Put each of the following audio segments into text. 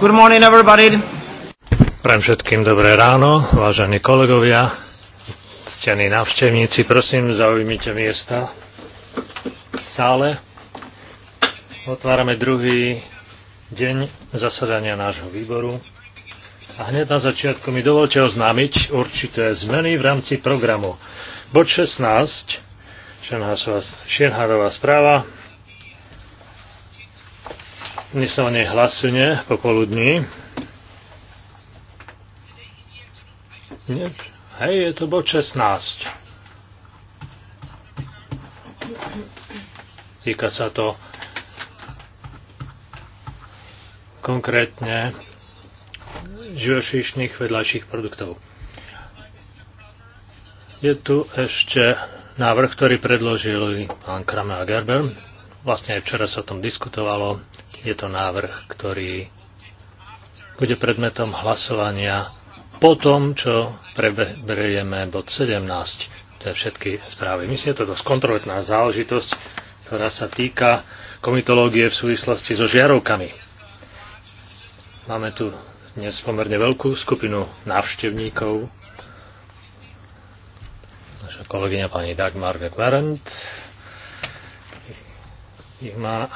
Good morning, everybody. Prajem všetkým dobré ráno, vážení kolegovia, ctení navštevníci, prosím, zaujímite miesta v sále. Otvárame druhý deň zasadania nášho výboru. A hneď na začiatku mi dovolte oznámiť určité zmeny v rámci programu. Bod 16, Šenhárová správa, dnes sa o nej hlasuje popoludní. hej, je to bod 16. Týka sa to konkrétne živočíšnych vedľajších produktov. Je tu ešte návrh, ktorý predložil pán Krame a Gerber vlastne aj včera sa o tom diskutovalo. Je to návrh, ktorý bude predmetom hlasovania po tom, čo preberieme bod 17, je všetky správy. Myslím, je to dosť kontroletná záležitosť, ktorá sa týka komitológie v súvislosti so žiarovkami. Máme tu dnes pomerne veľkú skupinu návštevníkov. Naša kolegyňa pani Dagmar Garant, ich má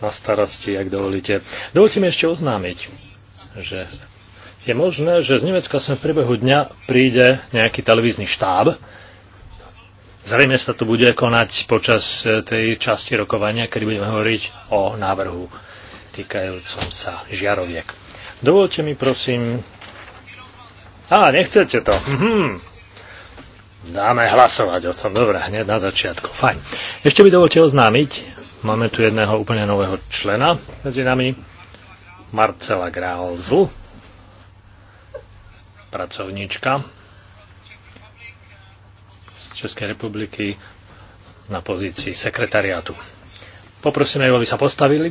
na starosti, ak dovolíte. Dovolte mi ešte oznámiť, že je možné, že z Nemecka sem v priebehu dňa príde nejaký televízny štáb. Zrejme sa to bude konať počas e, tej časti rokovania, kedy budeme hovoriť o návrhu týkajúcom sa žiaroviek. Dovolte mi prosím... Á, nechcete to. Mhm. Dáme hlasovať o tom. Dobre, hneď na začiatku. Fajn. Ešte by dovolte oznámiť, Máme tu jedného úplne nového člena medzi nami, Marcela Grálzu, pracovníčka z Českej republiky na pozícii sekretariátu. Poprosíme ju, aby sa postavili.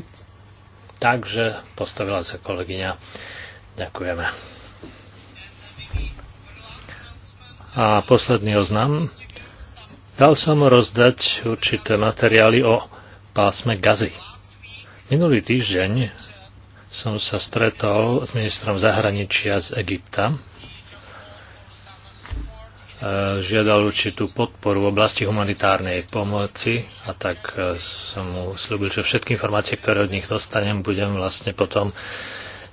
Takže postavila sa kolegyňa. Ďakujeme. A posledný oznam. Dal som rozdať určité materiály o pásme Gazy. Minulý týždeň som sa stretol s ministrom zahraničia z Egypta. E, žiadal určitú podporu v oblasti humanitárnej pomoci a tak e, som mu slúbil, že všetky informácie, ktoré od nich dostanem, budem vlastne potom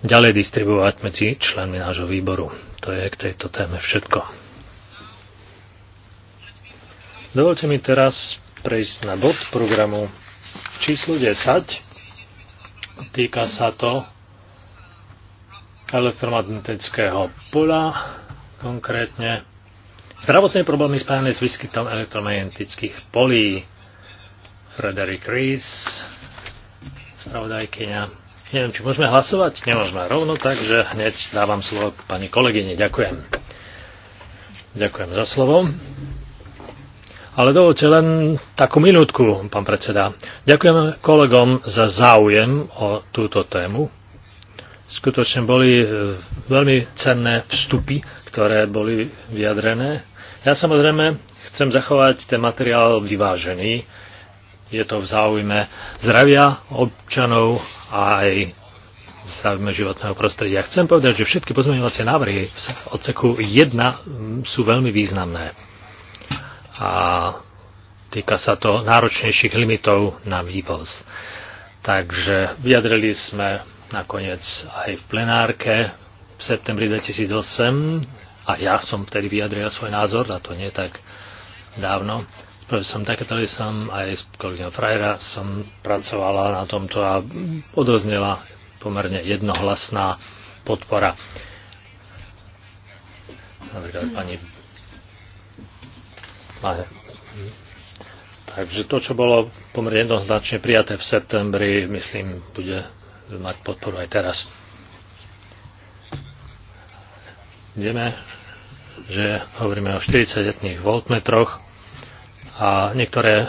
ďalej distribuovať medzi členmi nášho výboru. To je k tejto téme všetko. Dovolte mi teraz prejsť na bod programu Číslo 10 týka sa to elektromagnetického pola, konkrétne zdravotné problémy spájane s výskytom elektromagnetických polí. Frederick Rees, spravodajkyňa. Neviem, či môžeme hlasovať? Nemôžeme rovno, takže hneď dávam slovo pani kolegyne. Ďakujem. Ďakujem za slovo. Ale dovolte len takú minútku, pán predseda. Ďakujem kolegom za záujem o túto tému. Skutočne boli e, veľmi cenné vstupy, ktoré boli vyjadrené. Ja samozrejme chcem zachovať ten materiál vyvážený. Je to v záujme zdravia občanov a aj zdravíme záujme životného prostredia. Chcem povedať, že všetky pozmeňovacie návrhy v odseku 1 sú veľmi významné a týka sa to náročnejších limitov na vývoz. Takže vyjadrili sme nakoniec aj v plenárke v septembri 2008 a ja som vtedy vyjadril svoj názor, a to nie tak dávno. Spravil som takéto, som aj s kolegyňou Frajera som pracovala na tomto a odoznela pomerne jednohlasná podpora. Napríklad pani ale, takže to, čo bolo pomerne jednoznačne prijaté v septembri, myslím, bude mať podporu aj teraz. Vieme, že hovoríme o 40-etných voltmetroch a niektoré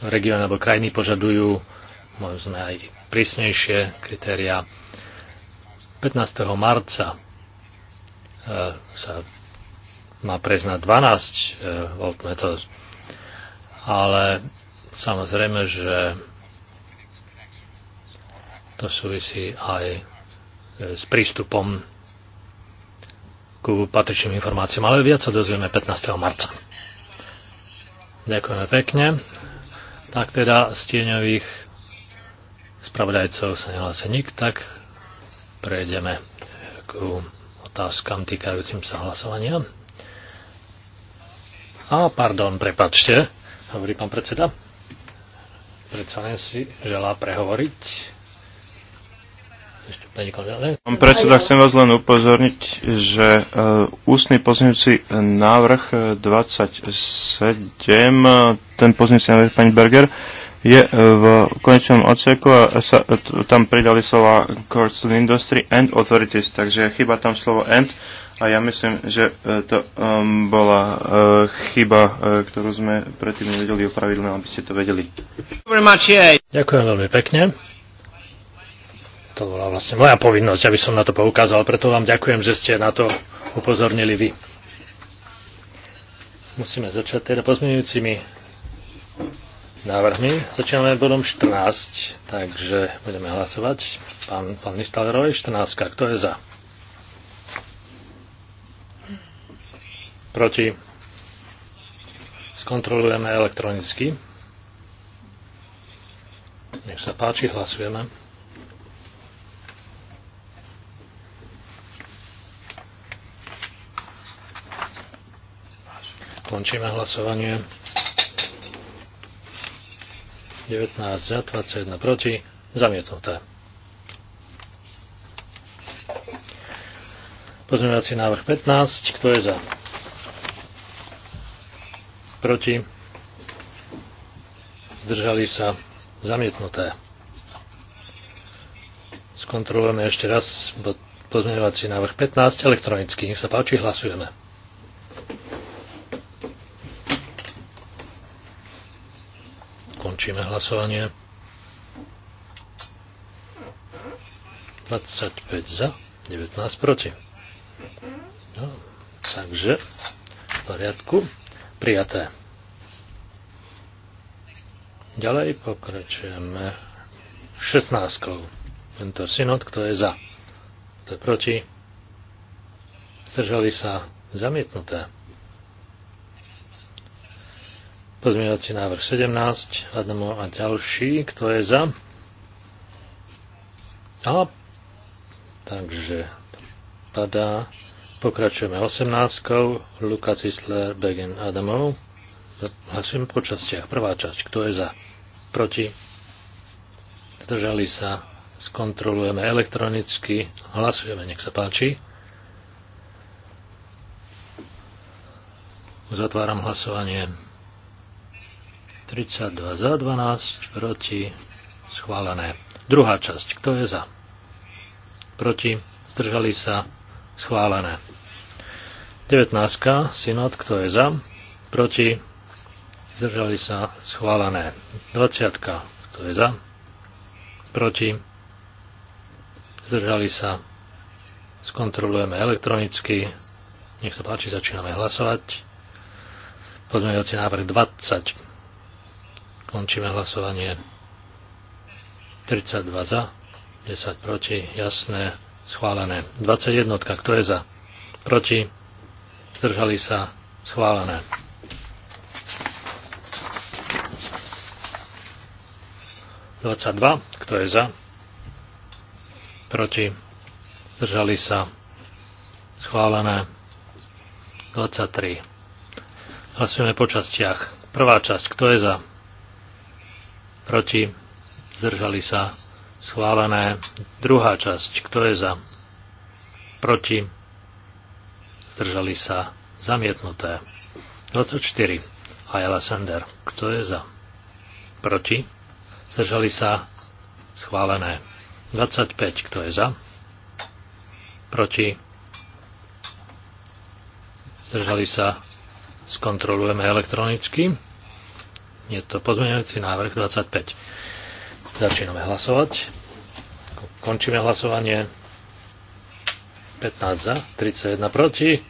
regióny alebo krajiny požadujú možno aj prísnejšie kritéria. 15. marca e, sa má prejsť na 12 V metód. Ale samozrejme, že to súvisí aj eh, s prístupom ku patričným informáciám, ale viac sa dozvieme 15. marca. Ďakujeme pekne. Tak teda z tieňových spravodajcov sa nehlási nik, tak prejdeme k otázkam týkajúcim sa hlasovania. A pardon, prepačte, hovorí pán predseda. Predsa len si želá prehovoriť. Pán predseda, chcem vás len upozorniť, že e, ústny pozniúci návrh 27, e, e, ten pozniúci návrh pani Berger, je v konečnom odseku a sa, tam pridali slova courts in industry and authorities, takže chyba tam slovo and a ja myslím, že e, to um, bola uh, chyba, uh, ktorú sme predtým nevedeli opraviť, len aby ste to vedeli. Ďakujem veľmi pekne. To bola vlastne moja povinnosť, aby som na to poukázal, preto vám ďakujem, že ste na to upozornili vy. Musíme začať teda pozmeňujúcimi návrhmi. Začíname bodom 14, takže budeme hlasovať. Pán, pán Nistalerovi, 14, kto je za? proti. Skontrolujeme elektronicky. Nech sa páči, hlasujeme. Končíme hlasovanie. 19 za, 21 proti, zamietnuté. Pozmeňovací návrh 15, kto je za? proti, zdržali sa zamietnuté. Skontrolujeme ešte raz pozmeňovací návrh 15 elektronicky. Nech sa páči, hlasujeme. Končíme hlasovanie. 25 za, 19 proti. No, takže v poriadku. Prijaté. Ďalej pokračujeme 16. Tento synod, kto je za, kto je proti, zdržali sa zamietnuté. Pozmeňovací návrh 17, Adamo a ďalší, kto je za. A takže padá Pokračujeme 18. Luka Cisler, Begen Adamov. Hlasujeme po častiach. Prvá časť. Kto je za? Proti? Zdržali sa? Skontrolujeme elektronicky. Hlasujeme. Nech sa páči. Uzatváram hlasovanie. 32 za, 12 proti. Schválené. Druhá časť. Kto je za? Proti? Zdržali sa? Schválené. 19. Synod, kto je za? Proti? Zdržali sa? Schválené. 20. Kto je za? Proti? Zdržali sa? Skontrolujeme elektronicky. Nech sa páči, začíname hlasovať. Pozmeňujúci návrh 20. Končíme hlasovanie. 32 za, 10 proti, jasné, schválené. 21. Kto je za? Proti? Zdržali sa? Schválené. Kto je za? Proti? Zdržali sa? Schválené. 23. Hlasujeme po častiach. Prvá časť. Kto je za? Proti? Zdržali sa? Schválené. Druhá časť. Kto je za? Proti? Zdržali sa. Zamietnuté. 24. Ayala Sander. Kto je za? Proti? Zdržali sa. Schválené. 25. Kto je za? Proti? Zdržali sa. Skontrolujeme elektronicky. Je to pozmeňujúci návrh 25. Začíname hlasovať. Končíme hlasovanie. 15 za, 31 proti.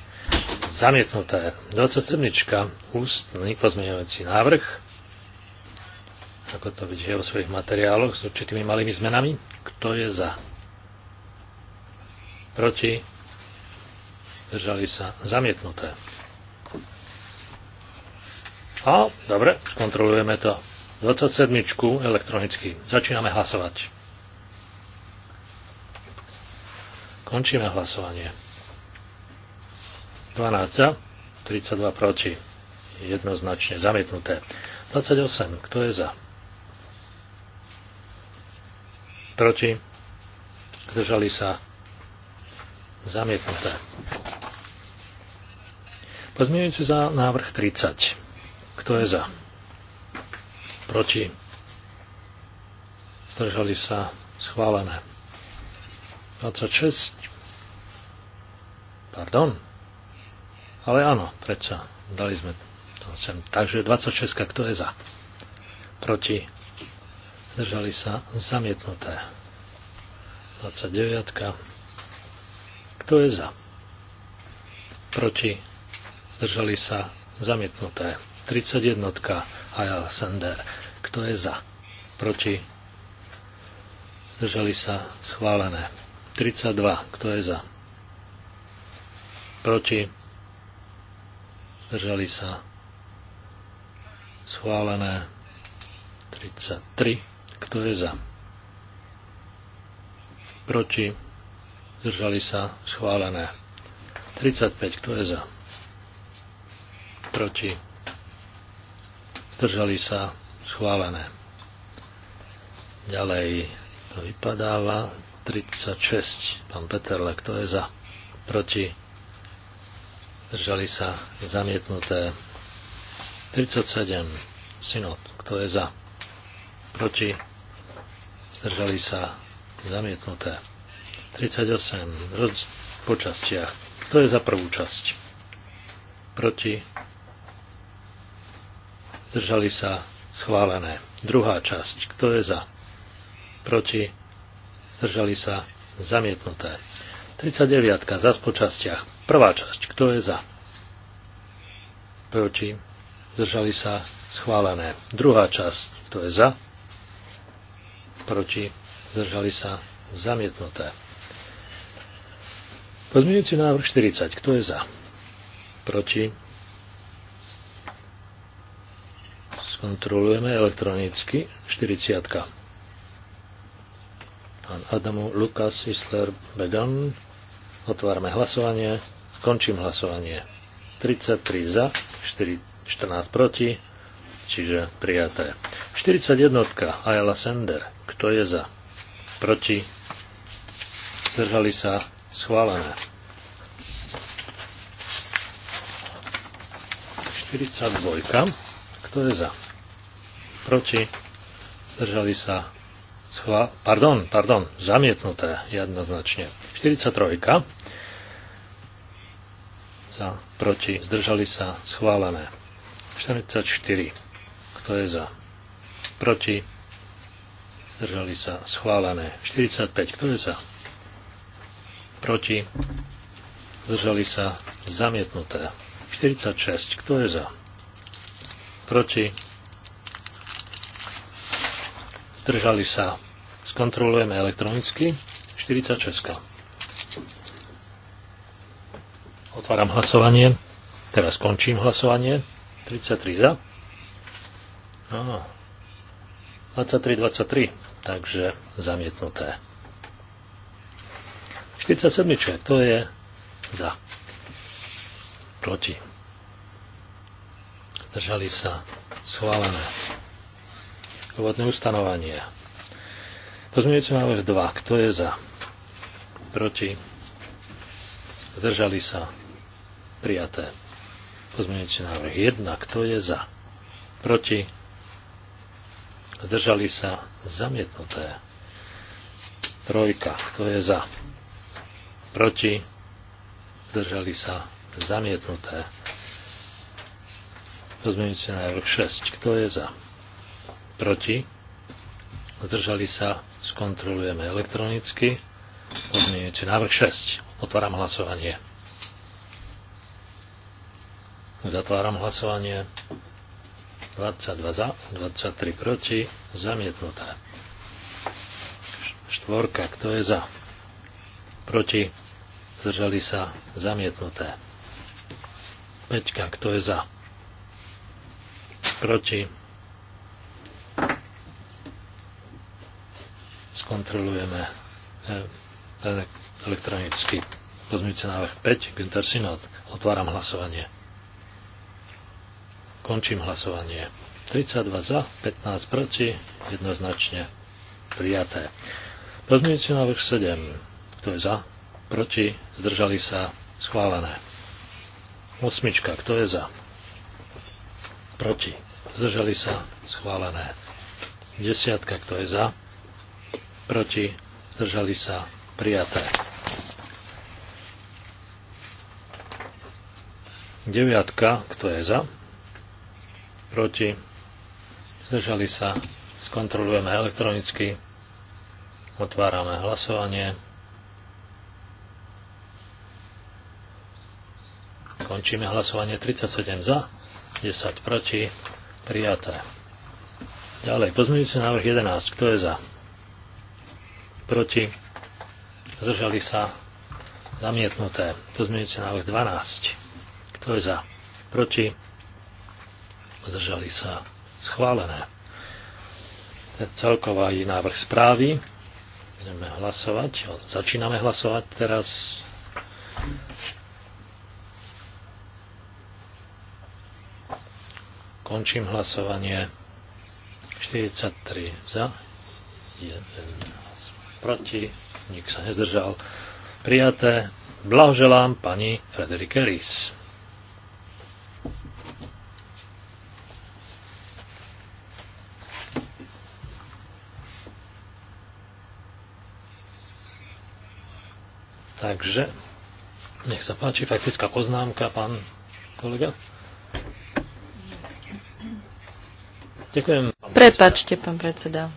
Zamietnuté. 27. Ústny pozmeňovací návrh. Ako to vidíte vo svojich materiáloch s určitými malými zmenami. Kto je za? Proti? Držali sa zamietnuté. A, dobre, skontrolujeme to 27 elektronicky. Začíname hlasovať. Končíme hlasovanie. 12 za, 32 proti. Jednoznačne zamietnuté. 28. Kto je za? Proti? Zdržali sa? Zamietnuté. Pozmienujúci za návrh 30. Kto je za? proti, zdržali sa, schválené. 26, pardon, ale áno, predsa, dali sme to sem. Takže 26, kto je za? Proti, zdržali sa, zamietnuté. 29, kto je za? Proti, zdržali sa, zamietnuté. 31 a Sender kto je za? Proti? Zdržali sa schválené. 32. Kto je za? Proti? Zdržali sa schválené. 33. Kto je za? Proti? Zdržali sa schválené. 35. Kto je za? Proti? Zdržali sa Schválené. Ďalej to vypadáva 36. Pán Peterle, kto je za? Proti? Držali sa zamietnuté. 37. Synod, kto je za? Proti? Zdržali sa zamietnuté. 38. Roz... Po častiach. Kto je za prvú časť? Proti? Zdržali sa Schválené. Druhá časť. Kto je za? Proti? Zdržali sa? Zamietnuté. 39. Zas po častiach. Prvá časť. Kto je za? Proti? Zdržali sa? Schválené. Druhá časť. Kto je za? Proti? Zdržali sa? Zamietnuté. Podmienujúci návrh 40. Kto je za? Proti? skontrolujeme elektronicky. 40. Pán Adamu Lukas Isler Began. Otvárame hlasovanie. Končím hlasovanie. 33 za, 4, 14 proti, čiže prijaté. 41. Ayala Sender. Kto je za? Proti? Zdržali sa? Schválené. 42. Kto je za? proti, zdržali sa schva- pardon, pardon, zamietnuté jednoznačne. 43 za, proti, zdržali sa, schválené. 44, kto je za, proti, zdržali sa, schválené. 45, kto je za, proti, zdržali sa, zamietnuté. 46, kto je za, proti, Zdržali sa. Skontrolujeme elektronicky. 46. Otváram hlasovanie. Teraz končím hlasovanie. 33 za. No. 23-23. Takže zamietnuté. 47. To je za. Proti. Zdržali sa. Schválené úvodné ustanovanie. Pozmeňujúci návrh 2. Kto je za? Proti? Zdržali sa? Prijaté. Pozmeňujúci návrh 1. Kto je za? Proti? Zdržali sa? Zamietnuté. Trojka. Kto je za? Proti? Zdržali sa? Zamietnuté. Pozmeňujúci návrh 6. Kto je za? proti, zdržali sa, skontrolujeme elektronicky, pozmienujete návrh 6, otváram hlasovanie. Zatváram hlasovanie. 22 za, 23 proti, zamietnuté. Štvorka, kto je za? Proti, zdržali sa, zamietnuté. Peťka, kto je za? Proti, skontrolujeme elektronicky. E, Pozmite návrh 5, Günther Synod. Otváram hlasovanie. Končím hlasovanie. 32 za, 15 proti, jednoznačne prijaté. Pozmite návrh 7. Kto je za? Proti? Zdržali sa? Schválené. Osmička. Kto je za? Proti. Zdržali sa? Schválené. Desiatka. Kto je za? proti, zdržali sa prijaté. 9. Kto je za? Proti? Zdržali sa? Skontrolujeme elektronicky. Otvárame hlasovanie. Končíme hlasovanie 37 za, 10 proti, prijaté. Ďalej, pozmeňujúci návrh 11. Kto je za? proti, zdržali sa, zamietnuté. Pozmeňujúci návrh 12. Kto je za? Proti, zdržali sa, schválené. Celková je návrh správy. Budeme hlasovať. Začíname hlasovať teraz. Končím hlasovanie. 43 za, 1 proti, nik sa nezdržal. Prijaté. Blahoželám pani Frederike Ries. Takže, nech sa páči, faktická poznámka, pán kolega. Ďakujem. Prepačte, pán predseda.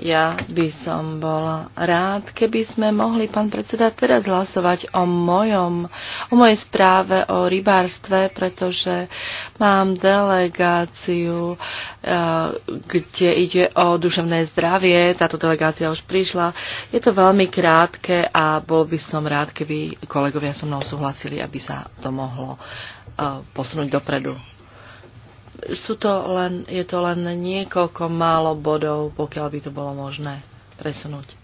Ja by som bol rád, keby sme mohli, pán predseda, teraz hlasovať o, mojom, o mojej správe o rybárstve, pretože mám delegáciu, eh, kde ide o duševné zdravie. Táto delegácia už prišla. Je to veľmi krátke a bol by som rád, keby kolegovia so mnou súhlasili, aby sa to mohlo eh, posunúť dopredu sú to len, je to len niekoľko málo bodov, pokiaľ by to bolo možné presunúť.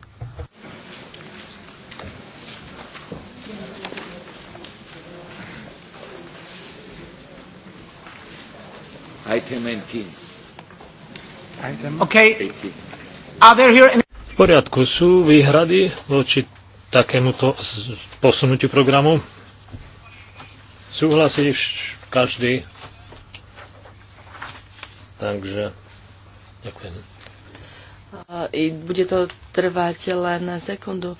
okay. Are there here any... V poriadku, sú výhrady voči takémuto posunutiu programu? Súhlasí každý Takže ďakujem. I bude to trvať len sekundu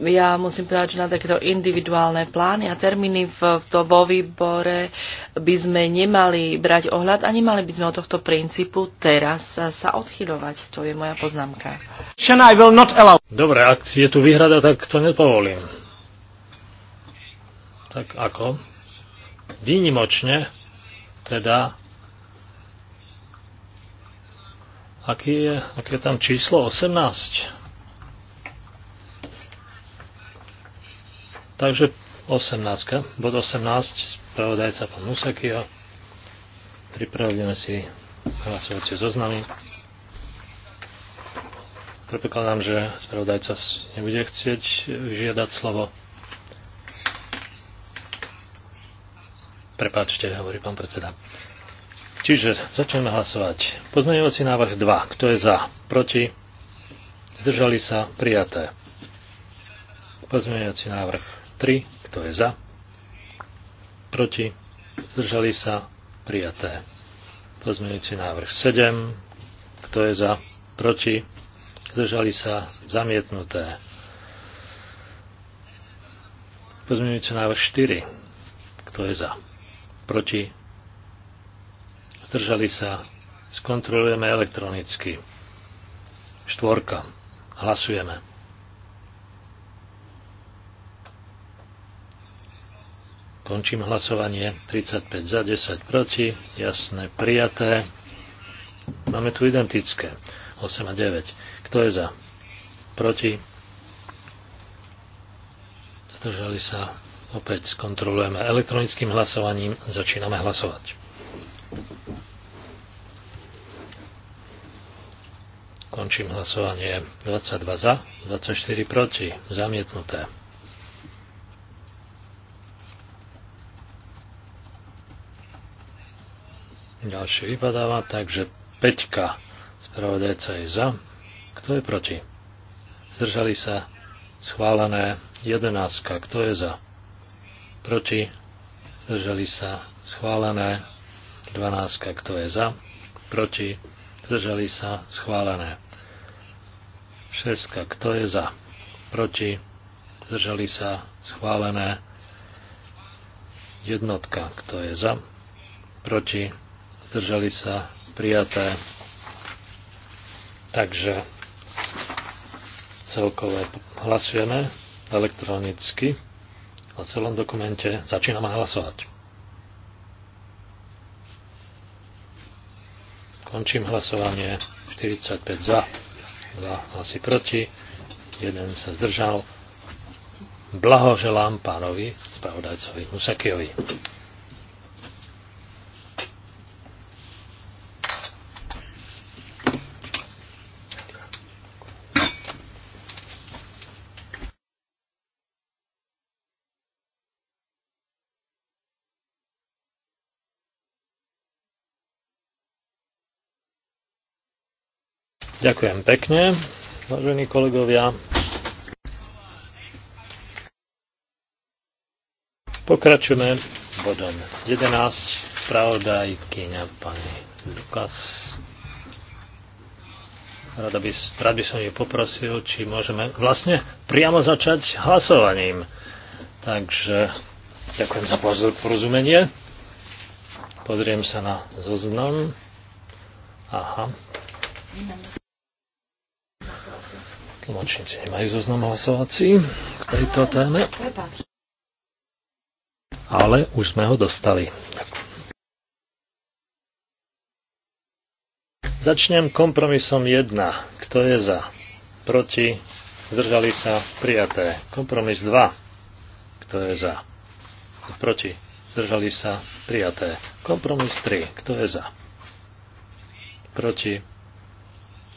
ja musím povedať, že na takéto individuálne plány a termíny v, v to vo výbore by sme nemali brať ohľad a nemali by sme od tohto princípu teraz sa odchylovať. To je moja poznámka. Dobre, ak je tu výhrada, tak to nepovolím. Tak ako? Výnimočne, teda Aký je, aké je tam číslo? 18. Takže 18. Bod 18. Spravodajca pán Musakio. Pripravíme si hlasovacie zoznamy. Predpokladám, že spravodajca nebude chcieť žiadať slovo. Prepačte, hovorí pán predseda. Čiže začneme hlasovať. Pozmeňovací návrh 2. Kto je za? Proti? Zdržali sa? Prijaté. Pozmeňovací návrh 3. Kto je za? Proti? Zdržali sa? Prijaté. Pozmeňujúci návrh 7. Kto je za? Proti? Zdržali sa? Zamietnuté. Pozmeňujúci návrh 4. Kto je za? Proti? zdržali sa, skontrolujeme elektronicky. Štvorka, hlasujeme. Končím hlasovanie. 35 za, 10 proti. Jasné, prijaté. Máme tu identické. 8 a 9. Kto je za? Proti? Zdržali sa. Opäť skontrolujeme elektronickým hlasovaním. Začíname hlasovať. Končím hlasovanie. 22 za, 24 proti. Zamietnuté. Ďalšie vypadáva, takže 5. Spravodajca je za. Kto je proti? Zdržali sa. Schválené 11. Kto je za? Proti? Zdržali sa. Schválené 12. Kto je za? Proti? zdržali sa, schválené. 6. Kto je za? Proti? Zdržali sa? Schválené. Jednotka. Kto je za? Proti? Zdržali sa? Prijaté. Takže celkové hlasujeme elektronicky o celom dokumente. Začíname hlasovať. Končím hlasovanie. 45 za, 2 hlasy proti, 1 sa zdržal. Blahoželám pánovi spravodajcovi Musakiovi. Ďakujem pekne, vážení kolegovia. Pokračujeme bodom 11, Pravodaj, kniha pani Lukas. Rada by, rád by som ju poprosil, či môžeme vlastne priamo začať hlasovaním. Takže ďakujem za porozumenie. Pozriem sa na zoznam. Aha. Tlmočníci nemajú zoznam hlasovací k tejto téme. Ale už sme ho dostali. Začnem kompromisom 1. Kto je za? Proti? Zdržali sa? Prijaté. Kompromis 2. Kto je za? Proti? Zdržali sa? Prijaté. Kompromis 3. Kto je za? Proti?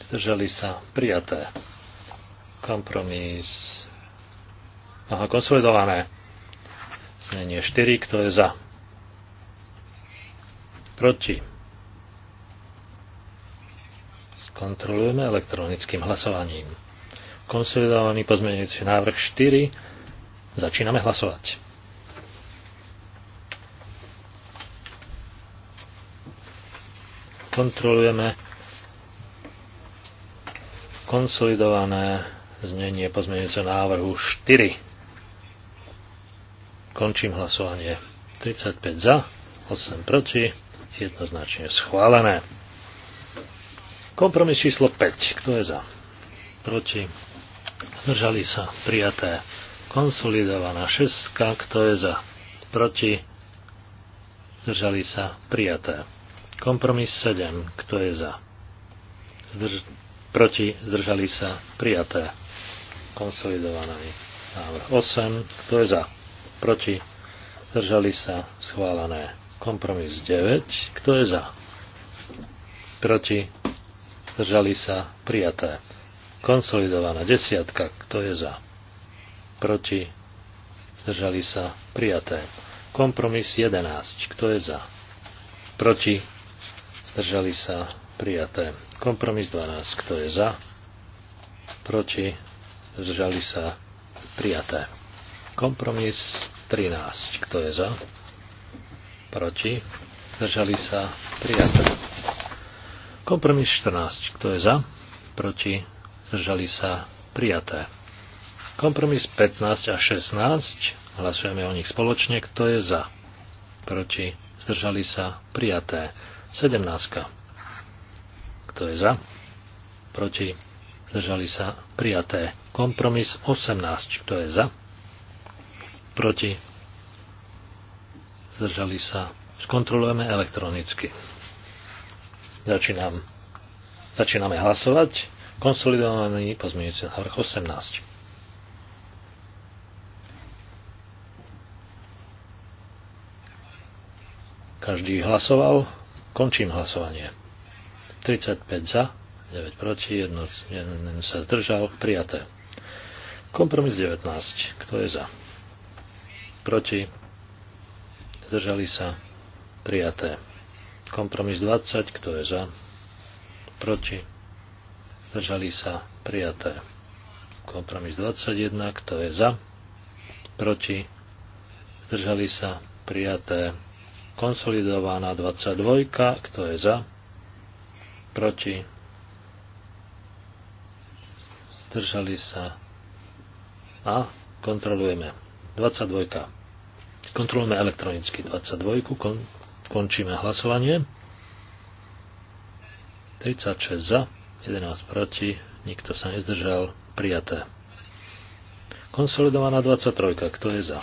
Zdržali sa? Prijaté. Kompromis. a no, konsolidované. Znenie 4, kto je za? Proti. Skontrolujeme elektronickým hlasovaním. Konsolidovaný pozmeňujúci návrh 4. Začíname hlasovať. Kontrolujeme konsolidované znenie pozmeňujúceho návrhu 4. Končím hlasovanie. 35 za, 8 proti, jednoznačne schválené. Kompromis číslo 5. Kto je za? Proti. Zdržali sa. Prijaté. Konsolidovaná 6. Kto je za? Proti. Zdržali sa. Prijaté. Kompromis 7. Kto je za? Zdrž... Proti. Zdržali sa. Prijaté konsolidovaný návrh 8. Kto je za? Proti? Zdržali sa? Schválené. Kompromis 9. Kto je za? Proti? Zdržali sa? Prijaté. Konsolidovaná desiatka. Kto je za? Proti? Zdržali sa? Prijaté. Kompromis 11. Kto je za? Proti? Zdržali sa? Prijaté. Kompromis 12. Kto je za? Proti? zžali sa prijaté. Kompromis 13. Kto je za? Proti? Zdržali sa prijaté. Kompromis 14. Kto je za? Proti? Zdržali sa prijaté. Kompromis 15 a 16. Hlasujeme o nich spoločne. Kto je za? Proti? Zdržali sa prijaté. 17. Kto je za? Proti? Zdržali sa prijaté. Kompromis 18. Kto je za? Proti? Zdržali sa. Skontrolujeme elektronicky. Začínam. Začíname hlasovať. Konsolidovaný pozmeňujúci návrh 18. Každý hlasoval. Končím hlasovanie. 35 za, 9 proti, 1, 1 sa zdržal, prijaté. Kompromis 19. Kto je za? Proti? Zdržali sa? Prijaté. Kompromis 20. Kto je za? Proti? Zdržali sa? Prijaté. Kompromis 21. Kto je za? Proti? Zdržali sa? Prijaté. Konsolidovaná 22. Kto je za? Proti? Zdržali sa? Prijaté a kontrolujeme. 22. Kontrolujeme elektronicky 22. Kon, končíme hlasovanie. 36 za, 11 proti, nikto sa nezdržal, prijaté. Konsolidovaná 23. Kto je za?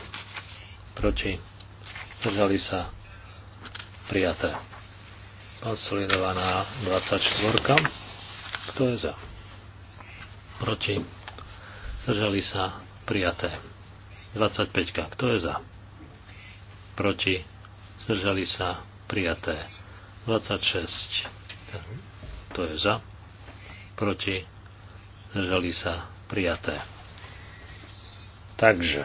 Proti? Zdržali sa? Prijaté. Konsolidovaná 24. Kto je za? Proti? Zdržali sa? prijaté. 25. Kto je za? Proti. Zdržali sa prijaté. 26. Kto je za? Proti. Zdržali sa prijaté. Takže.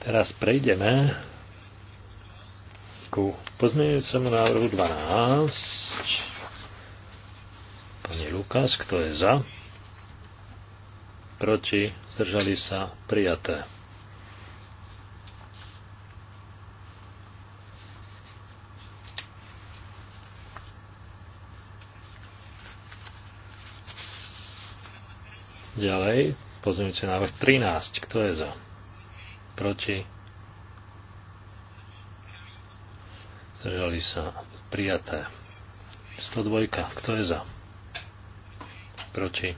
Teraz prejdeme ku pozmeňujúcemu návrhu 12. Pani Lukas, kto je za? Proti? Zdržali sa? Prijaté. Ďalej, pozmeňujúci návrh 13. Kto je za? Proti? Zdržali sa. Prijaté. 102. Kto je za? proti,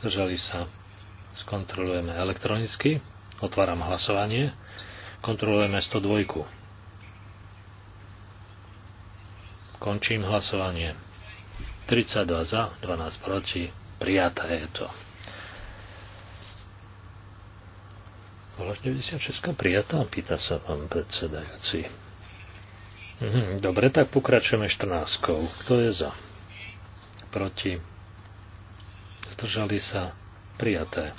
zdržali sa, skontrolujeme elektronicky, otváram hlasovanie, kontrolujeme 102. Končím hlasovanie. 32 za, 12 proti, prijaté je to. Bola 96 prijatá? Pýta sa pán predsedajúci. Mhm, dobre, tak pokračujeme 14. Kto je za? proti, zdržali sa, prijaté.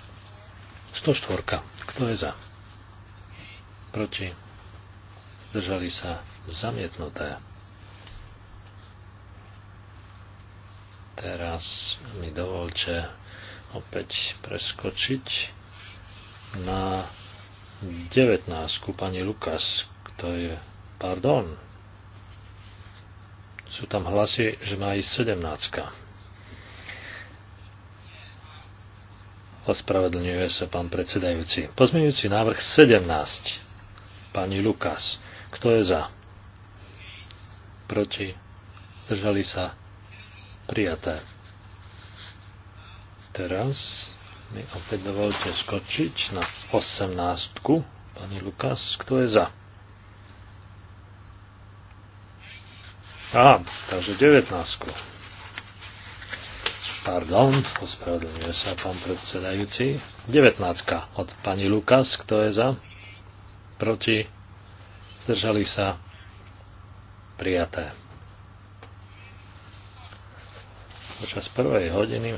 104. Kto je za? Proti, zdržali sa, zamietnuté. Teraz mi dovolte opäť preskočiť na 19. Pani Lukas, kto je... Pardon, sú tam hlasy, že má ísť 17. Ospravedlňuje sa pán predsedajúci. Pozmeňujúci návrh 17. Pani Lukas. Kto je za? Proti? držali sa? Prijaté. Teraz mi opäť dovolte skočiť na 18. Pani Lukas, kto je za? Á, takže 19. Pardon, ospravedlňuje sa pán predsedajúci. 19 od pani Lukas, kto je za? Proti? Zdržali sa? Prijaté. Počas prvej hodiny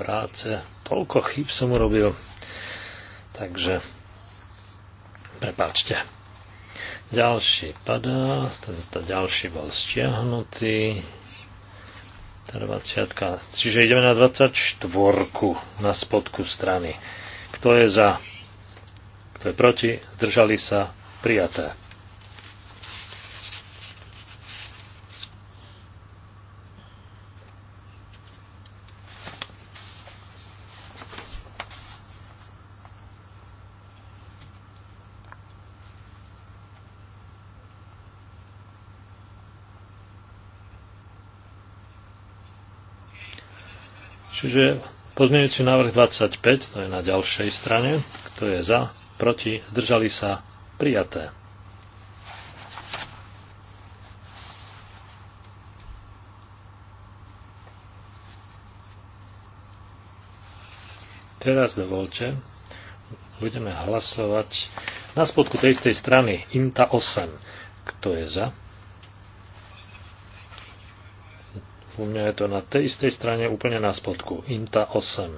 práce toľko chyb som urobil, takže prepáčte. Ďalší padá, tento ďalší bol stiahnutý. Tá 20. Čiže ideme na 24. na spodku strany. Kto je za? Kto je proti? Zdržali sa? Prijaté. Takže pozmeňujúci návrh 25, to je na ďalšej strane. Kto je za? Proti? Zdržali sa? Prijaté. Teraz dovolte, budeme hlasovať na spodku tej istej strany INTA 8. Kto je za? U mňa je to na tej istej strane úplne na spodku. INTA 8.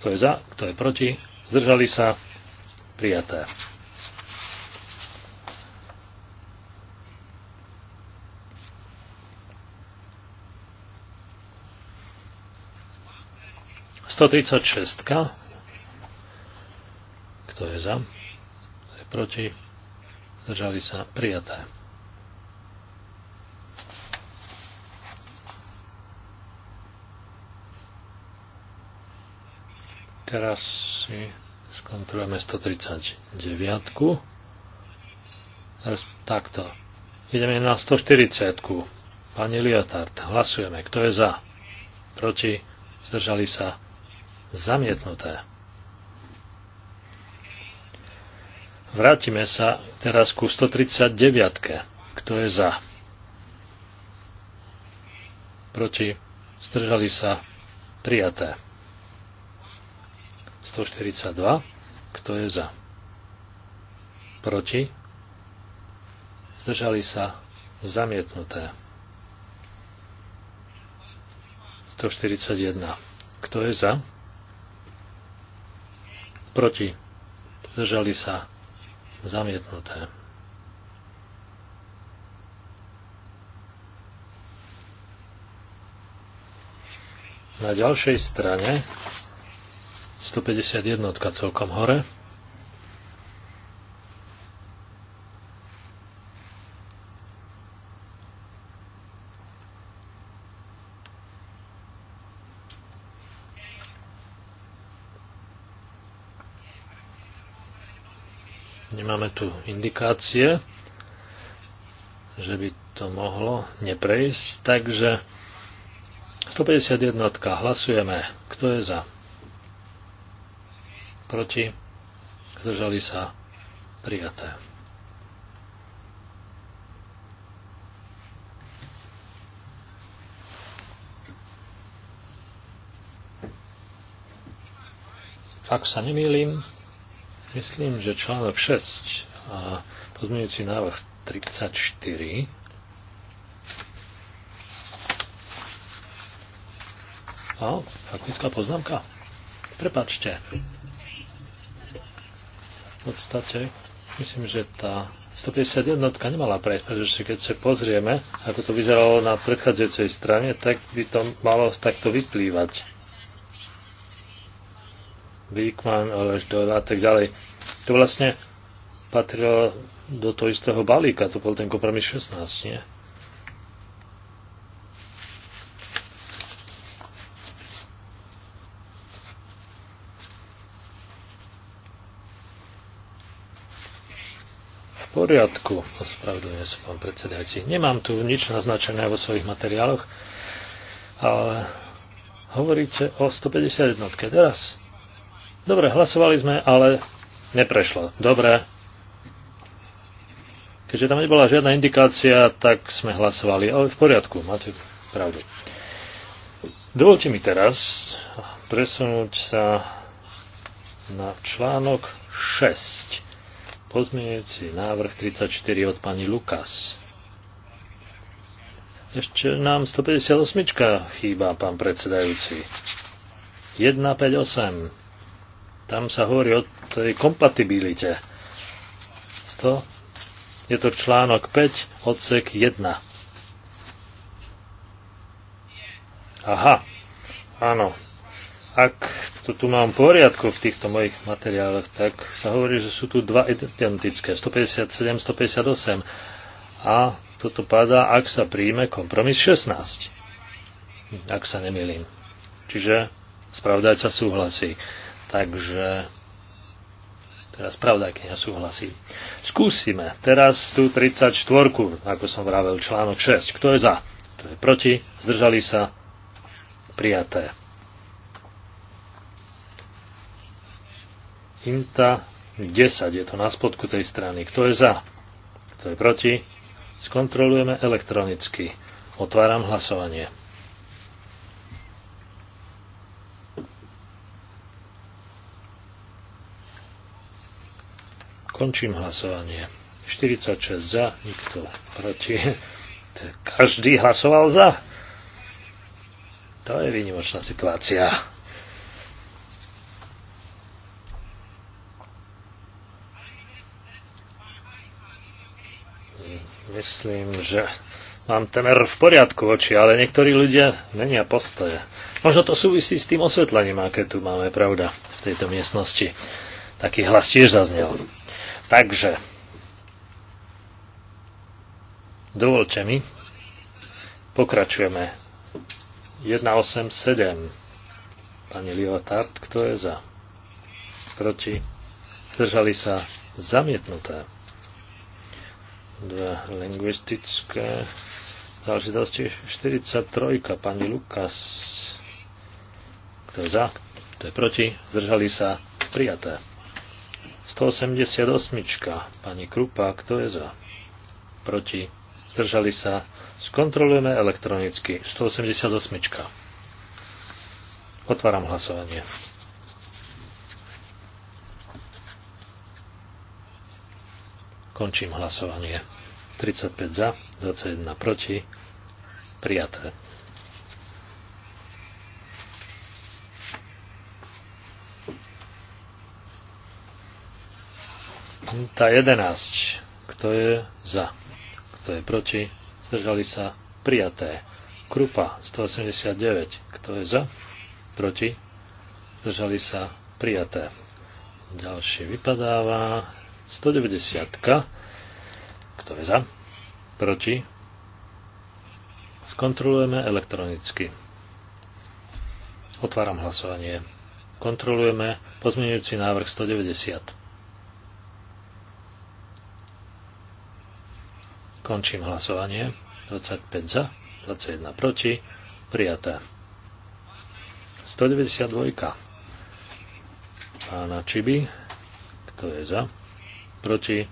Kto je za, kto je proti, zdržali sa, prijaté. Sto tridsať šestka. Kto je za? Kto je proti? Zdržali sa prijaté. Teraz si skontrolujeme 139. Teraz takto. Ideme na 140. Pani Liotard, hlasujeme. Kto je za? Proti? Zdržali sa? Zamietnuté. Vrátime sa teraz ku 139. Kto je za? Proti? Zdržali sa? Prijaté. 142. Kto je za? Proti? Zdržali sa zamietnuté. 141. Kto je za? Proti? Zdržali sa zamietnuté. Na ďalšej strane 151 celkom hore. Nemáme tu indikácie, že by to mohlo neprejsť, takže 151 hlasujeme. Kto je za? proti, zdržali sa prijaté. Ak sa nemýlim, myslím, že článok 6 a pozmeňujúci návrh 34 a faktická poznámka. Prepačte, podstate myslím, že tá 151 nemala prejsť, pretože keď sa pozrieme, ako to vyzeralo na predchádzajúcej strane, tak by to malo takto vyplývať. Víkman, Oleždor a tak ďalej. To vlastne patrilo do toho istého balíka, to bol ten kompromis 16, nie? poriadku, ospravedlňuje sa pán predsedajúci. Nemám tu nič naznačené vo svojich materiáloch, ale hovoríte o 151 teraz. Dobre, hlasovali sme, ale neprešlo. Dobre. Keďže tam nebola žiadna indikácia, tak sme hlasovali. Ale v poriadku, máte pravdu. Dovolte mi teraz presunúť sa na článok 6 pozmienujúci návrh 34 od pani Lukas. Ešte nám 158 chýba, pán predsedajúci. 158. Tam sa hovorí o tej kompatibilite. 100. Je to článok 5, odsek 1. Aha, áno, ak to tu mám poriadku v týchto mojich materiáloch, tak sa hovorí, že sú tu dva identické, 157, 158. A toto padá, ak sa príjme kompromis 16. Ak sa nemýlim. Čiže spravdajca súhlasí. Takže teraz pravdajkňa súhlasí. Skúsime teraz tú 34, ako som vravel, článok 6. Kto je za? Kto je proti? Zdržali sa? Prijaté. Inta 10 je to na spodku tej strany. Kto je za? Kto je proti? Skontrolujeme elektronicky. Otváram hlasovanie. Končím hlasovanie. 46 za, nikto proti. Každý hlasoval za. To je výnimočná situácia. Myslím, že mám temer v poriadku oči, ale niektorí ľudia menia postoje. Možno to súvisí s tým osvetlením, aké tu máme, pravda, v tejto miestnosti. Taký hlas tiež zaznel. Takže, dovolte mi, pokračujeme. 187. Pani Liotard, kto je za? Proti? Zdržali sa zamietnuté dve lingvistické záležitosti. 43, pani Lukas. Kto je za? Kto je proti? Zdržali sa? Prijaté. 188, pani Krupa. Kto je za? Proti? Zdržali sa? Skontrolujeme elektronicky. 188. Otváram hlasovanie. Končím hlasovanie. 35 za, 21 proti. Prijaté. Tá 11. Kto je za? Kto je proti? Zdržali sa? Prijaté. Krupa 189. Kto je za? Proti? Zdržali sa? Prijaté. Ďalšie vypadáva. 190. Kto je za? Proti? Skontrolujeme elektronicky. Otváram hlasovanie. Kontrolujeme pozmeňujúci návrh 190. Končím hlasovanie. 25 za, 21 proti. Prijaté. 192. Pána Čiby. Kto je za? proti,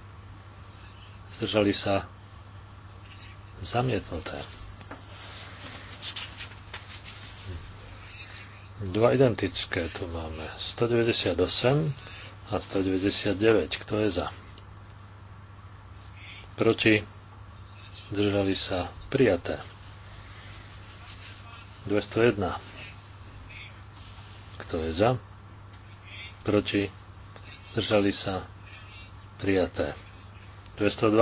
zdržali sa zamietnuté. Dva identické tu máme. 198 a 199. Kto je za? Proti? Zdržali sa prijaté. 201. Kto je za? Proti? Zdržali sa prijaté. 202.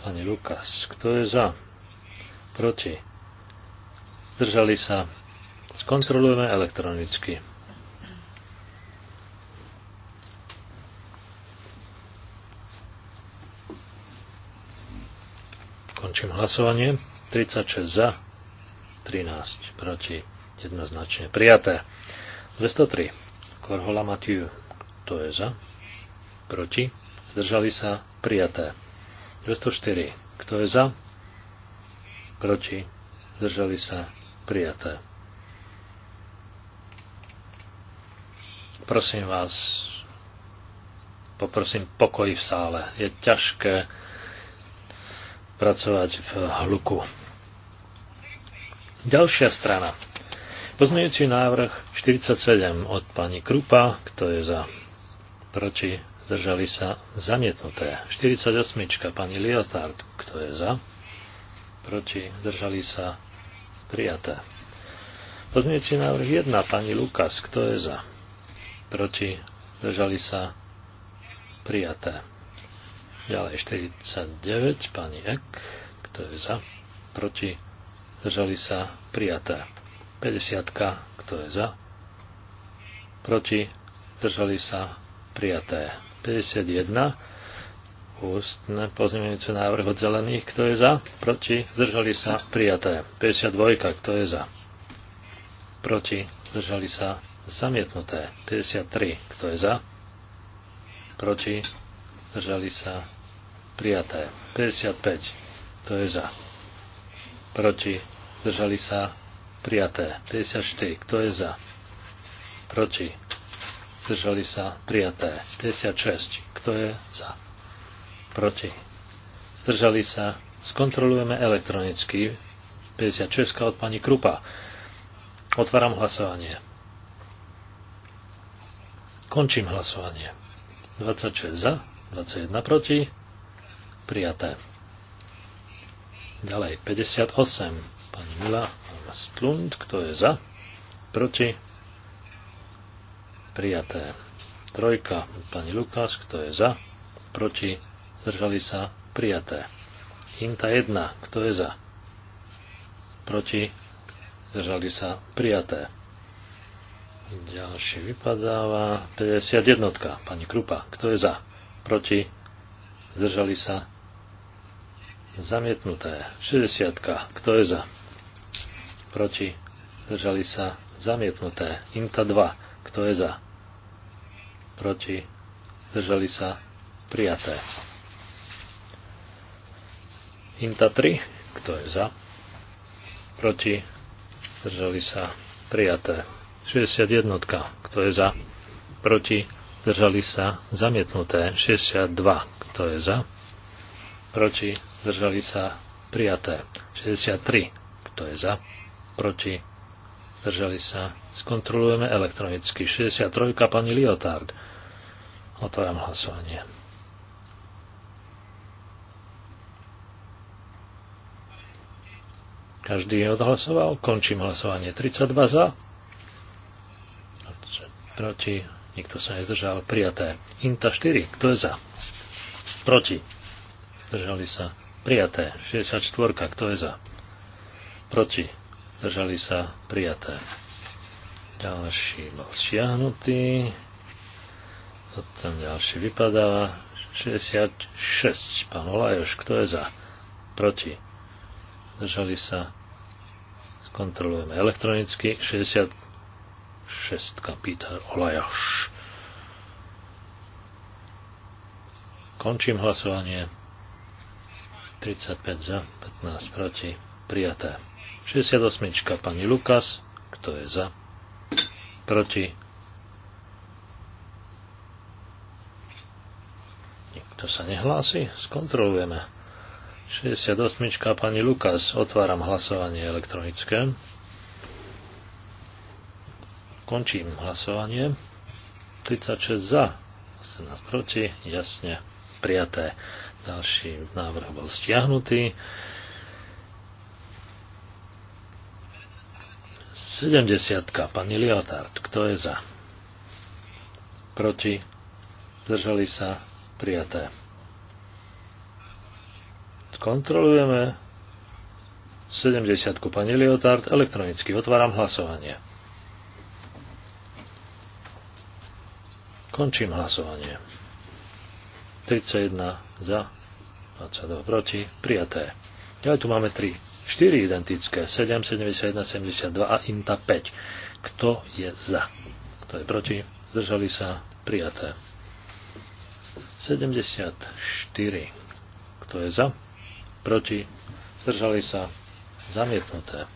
Pani Lukas, kto je za? Proti. Zdržali sa. Skontrolujeme elektronicky. Končím hlasovanie. 36 za, 13 proti. Jednoznačne prijaté. 203. Korhola Matiu. Kto je za? Proti? zdržali sa, prijaté. 204. Kto je za? Proti, zdržali sa, prijaté. Prosím vás, poprosím pokoj v sále. Je ťažké pracovať v hluku. Ďalšia strana. Pozmeňujúci návrh 47 od pani Krupa, kto je za proti zdržali sa zamietnuté. 48. pani Liotard, kto je za, proti, zdržali sa prijaté. Pozmieci návrh 1, pani Lukas, kto je za, proti, zdržali sa prijaté. Ďalej 49, pani Ek, kto je za, proti, zdržali sa prijaté. 50, kto je za, proti, zdržali sa prijaté. 51, ústne pozmeňujúce návrh od zelených, kto je za, proti, zdržali sa, prijaté. 52, kto je za, proti, zdržali sa, zamietnuté. 53, kto je za, proti, zdržali sa, prijaté. 55, kto je za, proti, zdržali sa, prijaté. 54, kto je za, proti, zdržali sa prijaté. 56. Kto je za? Proti. Zdržali sa. Skontrolujeme elektronicky. 56 od pani Krupa. Otváram hlasovanie. Končím hlasovanie. 26 za, 21 proti. Prijaté. Ďalej 58. Pani Mila Stlund, kto je za? Proti prijaté. Trojka, pani Lukas, kto je za, proti, zdržali sa, prijaté. Inta 1, kto je za, proti, zdržali sa, prijaté. Ďalšie vypadáva 51, pani Krupa, kto je za, proti, zdržali sa, zamietnuté. 60, kto je za, proti, zdržali sa, zamietnuté. Inta 2, kto je za, proti, zdržali sa, prijaté. Inta 3, kto je za, proti, zdržali sa, prijaté. 61, kto je za, proti, zdržali sa, zamietnuté. 62, kto je za, proti, zdržali sa, prijaté. 63, kto je za, proti, zdržali sa. Skontrolujeme elektronicky. 63. pani Liotard. Otváram hlasovanie. Každý odhlasoval. Končím hlasovanie. 32 za. Proti. Nikto sa nezdržal. Prijaté. Inta 4. Kto je za? Proti. Zdržali sa. Prijaté. 64. Kto je za? Proti Držali sa prijaté. Ďalší bol stiahnutý. Potom ďalší vypadáva. 66. Pán Olajoš, kto je za? Proti. držali sa. Skontrolujeme elektronicky. 66. Peter Olajoš. Končím hlasovanie. 35 za, 15 proti. Prijaté. 68. Pani Lukas. Kto je za? Proti? Nikto sa nehlási? Skontrolujeme. 68. Pani Lukas. Otváram hlasovanie elektronické. Končím hlasovanie. 36 za, 18 proti, jasne prijaté. Ďalší návrh bol stiahnutý. 70. Pani Liotard, kto je za? Proti? Zdržali sa? Prijaté. Kontrolujeme 70. Pani Liotard, elektronicky otváram hlasovanie. Končím hlasovanie. 31 za, 22 proti, prijaté. Ďalej tu máme 3 4 identické, 7, 71, 72 a INTA 5. Kto je za? Kto je proti? Zdržali sa? Prijaté. 74. Kto je za? Proti? Zdržali sa? Zamietnuté.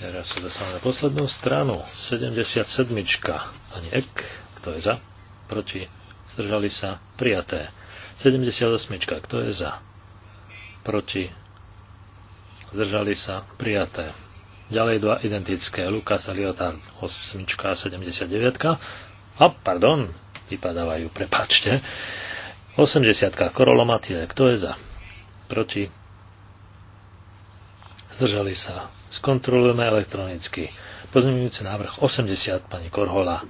Teraz sa zase na poslednú stranu. 77. Pani Ek. Kto je za? Proti? Zdržali sa? Prijaté. 78. Kto je za? proti, zdržali sa, prijaté. Ďalej dva identické, Lukas a Liotan 8 a 79. A pardon, vypadávajú, prepáčte. 80. Korolo Korolomatie, kto je za? Proti? Zdržali sa. Skontrolujeme elektronicky. Pozmeňujúci návrh 80, pani Korhola.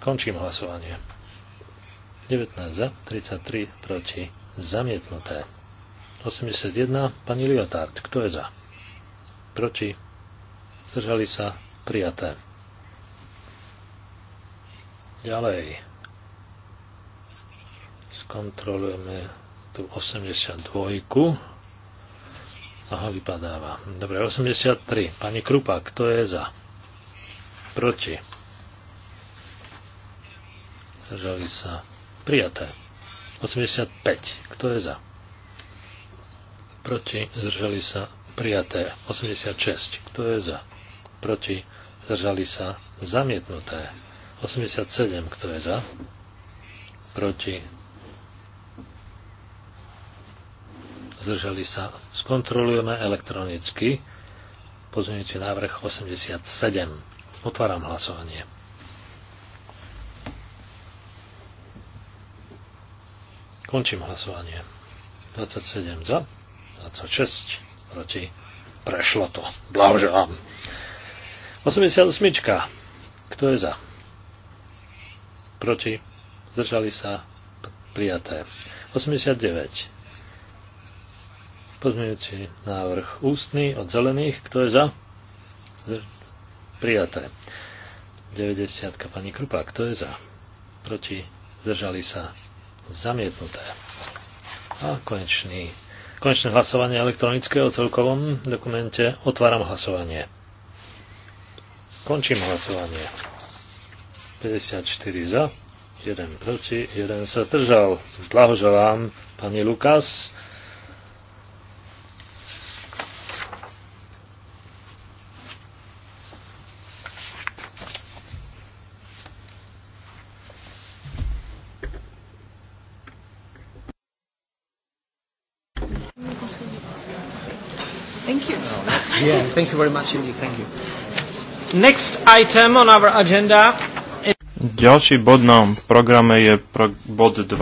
Končím hlasovanie. 19 za, 33 proti, zamietnuté. 81, pani Liotard, kto je za? Proti, zdržali sa, prijaté. Ďalej. Skontrolujeme tu 82. Aha, vypadáva. Dobre, 83. Pani Krupa, kto je za? Proti zdržali sa prijaté. 85. Kto je za? Proti zdržali sa prijaté. 86. Kto je za? Proti zdržali sa zamietnuté. 87. Kto je za? Proti zdržali sa. Skontrolujeme elektronicky pozmeňujúci návrh 87. Otváram hlasovanie. Končím hlasovanie. 27 za, 26 proti. Prešlo to. Blahoželám. 88. Kto je za? Proti. Zdržali sa. Prijaté. 89. Pozmeňujúci návrh ústny od zelených. Kto je za? Prijaté. 90. Pani Krupa. Kto je za? Proti. Zdržali sa Zamietnuté. A konečný, konečné hlasovanie elektronické o celkovom dokumente. Otváram hlasovanie. Končím hlasovanie. 54 za, 1 proti, 1 sa zdržal. Blahoželám pani Lukas. minutes. Oh, yeah, thank you very much indeed. Thank you. Next item on our agenda. Ďalší bod na programe je pro, bod 12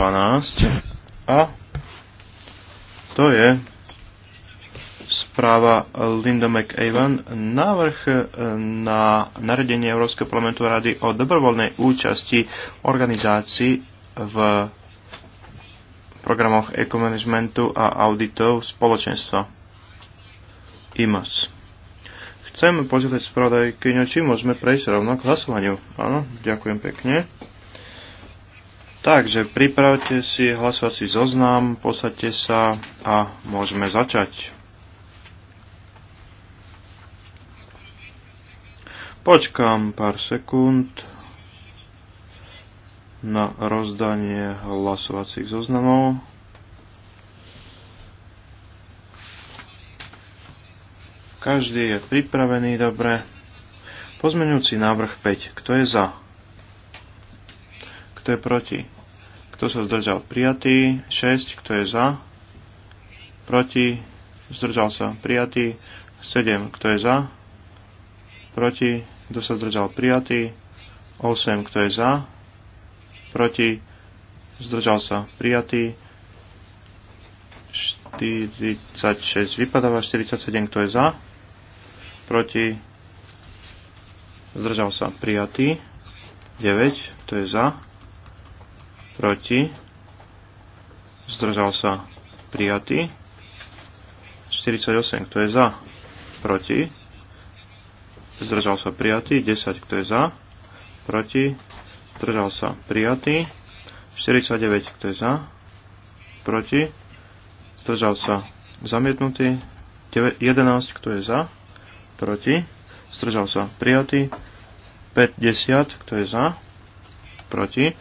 a to je správa Linda McAvan, návrh eh, na naredenie Európskeho parlamentu rady o dobrovoľnej účasti organizácií v programoch ekomanagementu a auditov spoločenstva. IMAS. Chcem požiadať spravodajkyňu, či môžeme prejsť rovno k hlasovaniu. Áno, ďakujem pekne. Takže pripravte si hlasovací zoznam, posaďte sa a môžeme začať. Počkám pár sekúnd na rozdanie hlasovacích zoznamov. Každý je pripravený, dobre. Pozmeňujúci návrh 5. Kto je za? Kto je proti? Kto sa zdržal? Prijatý. 6. Kto je za? Proti. Zdržal sa. Prijatý. 7. Kto je za? Proti. Kto sa zdržal? Prijatý. 8. Kto je za? Proti. Zdržal sa. Prijatý. 46 vypadáva, 47 kto je za, proti, zdržal sa prijatý, 9, to je za, proti, zdržal sa prijatý, 48, kto je za, proti, zdržal sa prijatý, 10, kto je za, proti, zdržal sa prijatý, 49, kto je za, proti, zdržal sa zamietnutý, 11, kto je za, proti, zdržal sa prijatý, 50, kto je za, proti,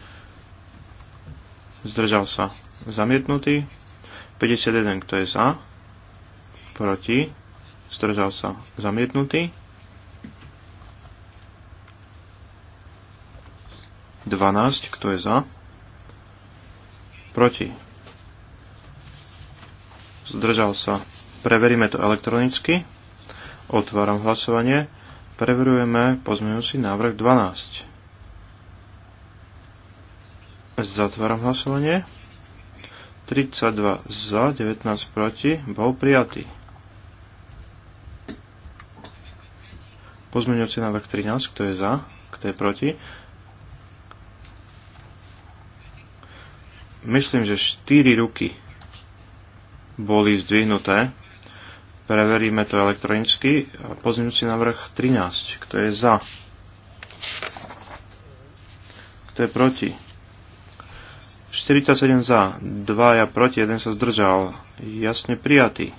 zdržal sa zamietnutý, 51, kto je za, proti, zdržal sa zamietnutý, 12, kto je za, proti, zdržal sa, preveríme to elektronicky, Otváram hlasovanie. Preverujeme pozmeňujúci návrh 12. Zatváram hlasovanie. 32 za, 19 proti, bol prijatý. Pozmeňujúci návrh 13, kto je za, kto je proti. Myslím, že 4 ruky boli zdvihnuté. Preveríme to elektronicky. Pozmeňujúci návrh 13. Kto je za? Kto je proti? 47 za, 2 ja proti, 1 sa zdržal. Jasne prijatý.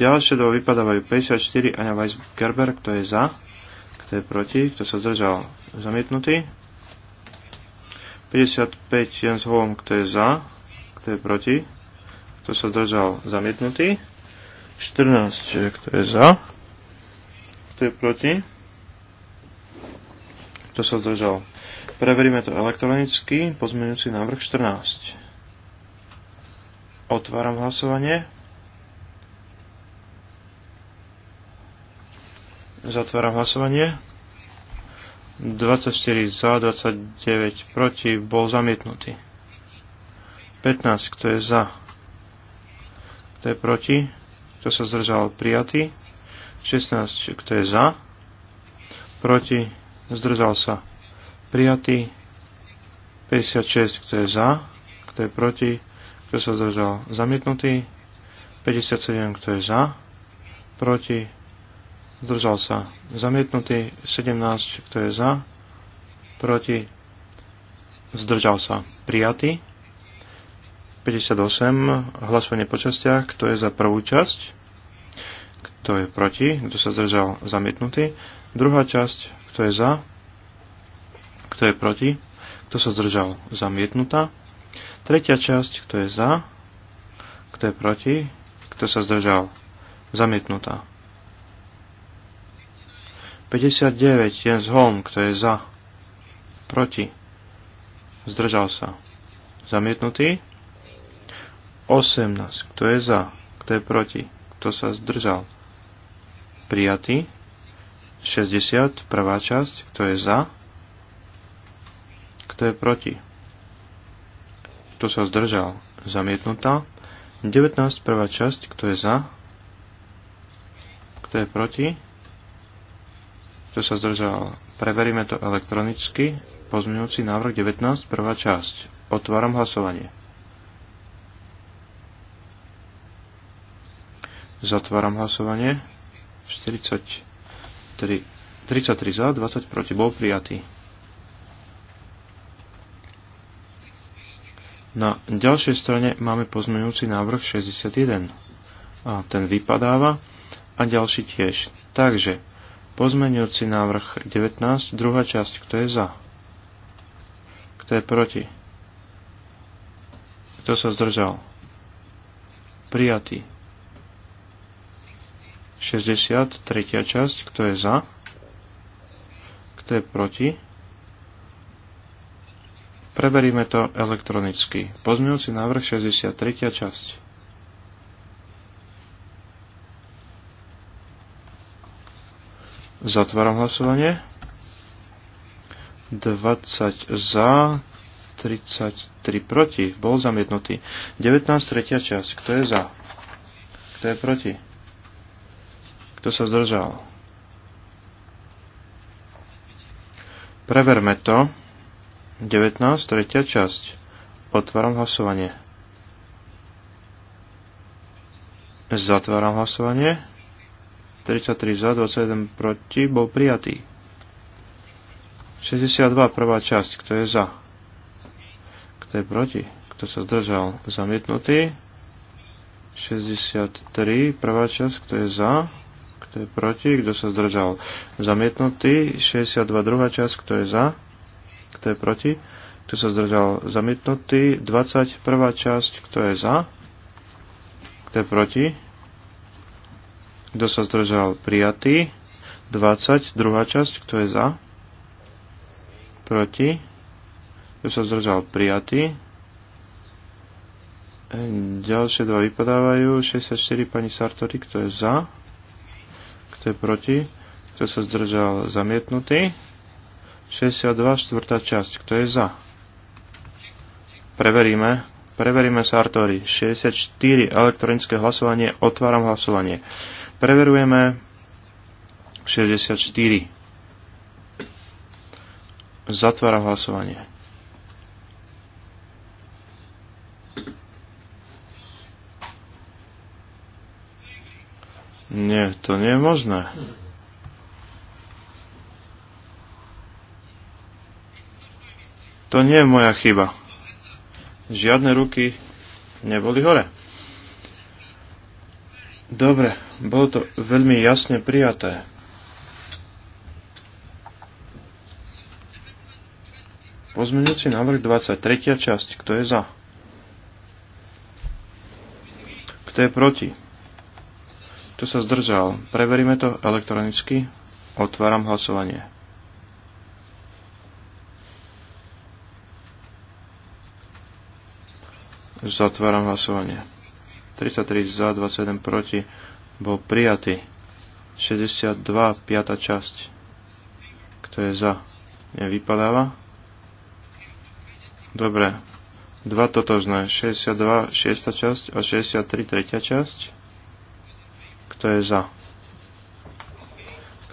Ďalšie dva vypadávajú 54 Aňa Weisgerber, kto je za, kto je proti, kto sa zdržal zamietnutý. 55 Jens Holm, kto je za, kto je proti, kto sa zdržal, zamietnutý. 14, e, kto je za, kto je proti, kto sa zdržal. Preveríme to elektronicky, pozmeňujúci návrh 14. Otváram hlasovanie. Zatváram hlasovanie. 24 za, 29 proti, bol zamietnutý. 15, kto je za, kto je proti? Kto sa zdržal? Prijatý. 16. Kto je za? Proti? Zdržal sa. Prijatý. 56. Kto je za? Kto je proti? Kto sa zdržal? Zamietnutý. 57. Kto je za? Proti? Zdržal sa. Zamietnutý. 17. Kto je za? Proti? Zdržal sa. Prijatý. 58, hlasovanie po častiach, kto je za prvú časť, kto je proti, kto sa zdržal zamietnutý, druhá časť, kto je za, kto je proti, kto sa zdržal zamietnutá, tretia časť, kto je za, kto je proti, kto sa zdržal zamietnutá. 59, Jens Holm, kto je za, proti, zdržal sa, zamietnutý, 18. Kto je za? Kto je proti? Kto sa zdržal? Prijatý. 60. Prvá časť. Kto je za? Kto je proti? Kto sa zdržal? Zamietnutá. 19. Prvá časť. Kto je za? Kto je proti? Kto sa zdržal? Preveríme to elektronicky. Pozmeňujúci návrh 19. Prvá časť. Otváram hlasovanie. Zatváram hlasovanie. 43, 33 za, 20 proti. Bol prijatý. Na ďalšej strane máme pozmenujúci návrh 61. A ten vypadáva a ďalší tiež. Takže pozmenujúci návrh 19, druhá časť, kto je za? Kto je proti? Kto sa zdržal? Prijatý. 60, tretia časť, kto je za, kto je proti. Preveríme to elektronicky. Pozmeňujúci návrh 63. časť. Zatváram hlasovanie. 20 za, 33 proti. Bol zamietnutý. 19. tretia časť. Kto je za? Kto je proti? Kto sa zdržal? Preverme to. 19. tretia časť. Otváram hlasovanie. Zatváram hlasovanie. 33 za, 21 proti, bol prijatý. 62, prvá časť, kto je za? Kto je proti? Kto sa zdržal? Zamietnutý. 63, prvá časť, kto je za? kto je proti, kto sa zdržal. Zamietnutý, 62 druhá časť, kto je za, kto je proti, kto sa zdržal. Zamietnutý, 21 časť, kto je za, kto je proti, kto sa zdržal. Prijatý, 20 druhá časť, kto je za, proti, kto sa zdržal. Prijatý. Ďalšie dva vypadávajú. 64 pani Sartori, kto je za kto je proti, kto sa zdržal zamietnutý. 62, štvrtá časť, kto je za. Preveríme, preveríme Sartori. 64, elektronické hlasovanie, otváram hlasovanie. Preverujeme 64. Zatváram hlasovanie. Nie, to nie je možné. To nie je moja chyba. Žiadne ruky neboli hore. Dobre, bolo to veľmi jasne prijaté. Pozmeňujúci návrh 23. časť. Kto je za? Kto je proti? Kto sa zdržal? Preveríme to elektronicky. Otváram hlasovanie. Zatváram hlasovanie. 33 za, 27 proti. Bol prijatý. 62, 5. časť. Kto je za? Nevypadáva? Dobre. Dva totožné. 62, 6. časť a 63, 3. časť. Kto je za?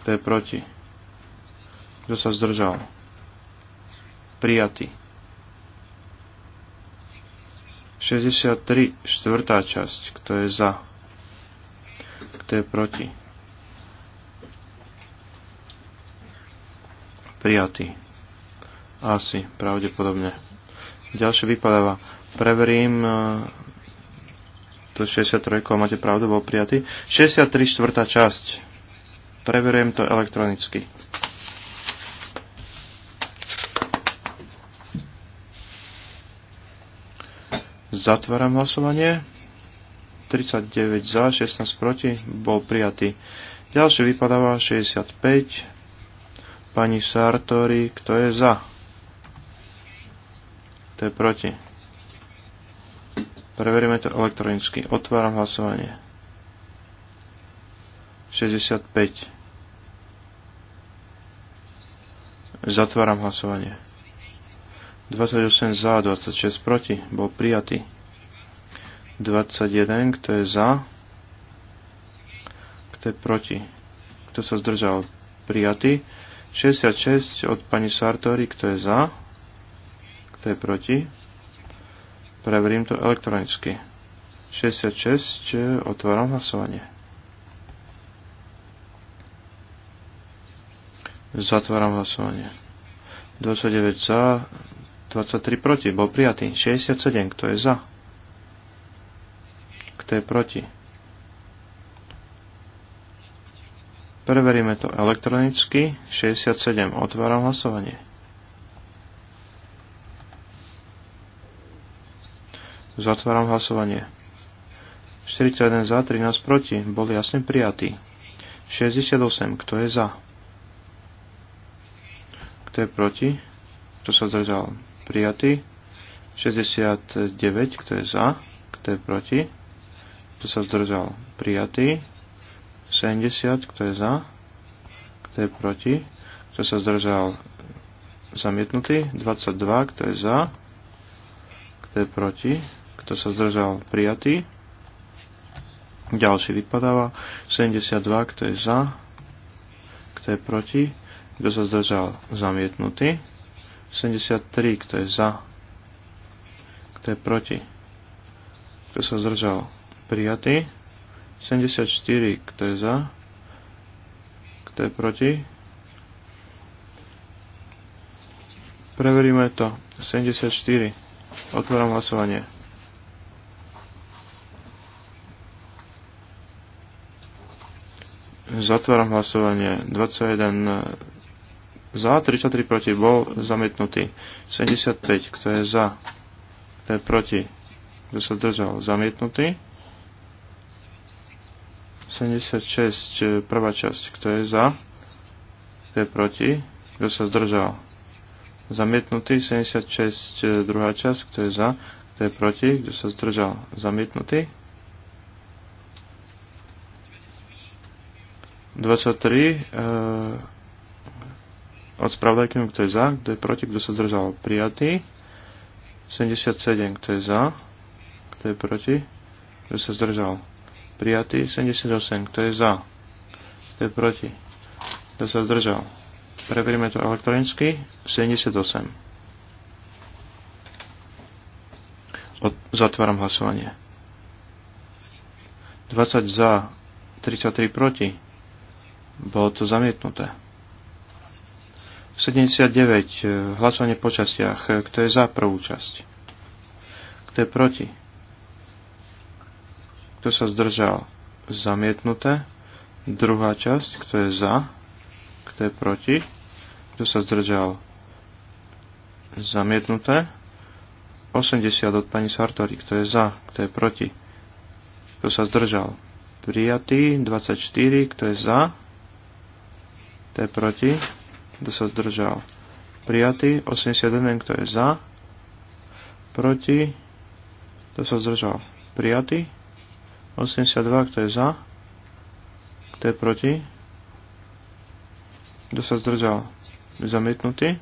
Kto je proti? Kto sa zdržal? Prijatý. 63. Štvrtá časť. Kto je za? Kto je proti? Prijatý. Asi, pravdepodobne. Ďalšie vypadáva. Preverím tú 63, máte pravdu, bol prijatý. 63, štvrtá časť. Preverujem to elektronicky. Zatváram hlasovanie. 39 za, 16 proti, bol prijatý. Ďalšie vypadáva 65. Pani Sartori, kto je za? Kto je proti? Preveríme to elektronicky. Otváram hlasovanie. 65. Zatváram hlasovanie. 28 za, 26 proti. Bol prijatý. 21, kto je za, kto je proti. Kto sa zdržal? Prijatý. 66 od pani Sartori, kto je za, kto je proti Preverím to elektronicky. 66, eh, otváram hlasovanie. Zatváram hlasovanie. 29 za, 23 proti, bol prijatý. 67, kto je za? Kto je proti? Preveríme to elektronicky. 67, otváram hlasovanie. Zatváram hlasovanie. 41 za, 13 proti. Bol jasne prijatý. 68. Kto je za? Kto je proti? Kto sa zdržal? Prijatý. 69. Kto je za? Kto je proti? Kto sa zdržal? Prijatý. 70. Kto je za? Kto je proti? Kto sa zdržal? Zamietnutý. 22. Kto je za? Kto je proti? Kto sa zdržal? Prijatý. Ďalší vypadáva. 72. Kto je za? Kto je proti? Kto sa zdržal? Zamietnutý. 73. Kto je za? Kto je proti? Kto sa zdržal? Prijatý. 74. Kto je za? Kto je proti? Preveríme to. 74. Otváram hlasovanie. Zatváram hlasovanie. 21 e, za, 33 proti. Bol zamietnutý. 75, kto je za, kto je proti. Kto sa zdržal? Zamietnutý. 76, e, prvá časť. Kto je za? Kto je proti? Kto sa zdržal? Zamietnutý. 76, e, druhá časť. Kto je za? Kto je proti? Kto sa zdržal? Zamietnutý. 23 Uh, eh, od spravodajkyňu, kto je za, kto je proti, kto sa zdržal, prijatý. 77, kto je za, kto je proti, kto sa zdržal, prijatý. 78, kto je za, kto je proti, kto sa zdržal. Preveríme to elektronicky. 78. Od, zatváram hlasovanie. 20 za, 33 proti. Bolo to zamietnuté. 79. Eh, hlasovanie po častiach. Eh, kto je za prvú časť? Kto je proti? Kto sa zdržal? Zamietnuté. Druhá časť. Kto je za? Kto je proti? Kto sa zdržal? Zamietnuté. 80 od pani Sartori. Kto je za? Kto je proti? Kto sa zdržal? Prijatý. 24. Kto je za? kto je proti, kto sa zdržal. Prijatý 81, kto je za, proti, kto sa zdržal. Prijatý 82, kto je za, kto je proti, kto sa zdržal. Zamietnutý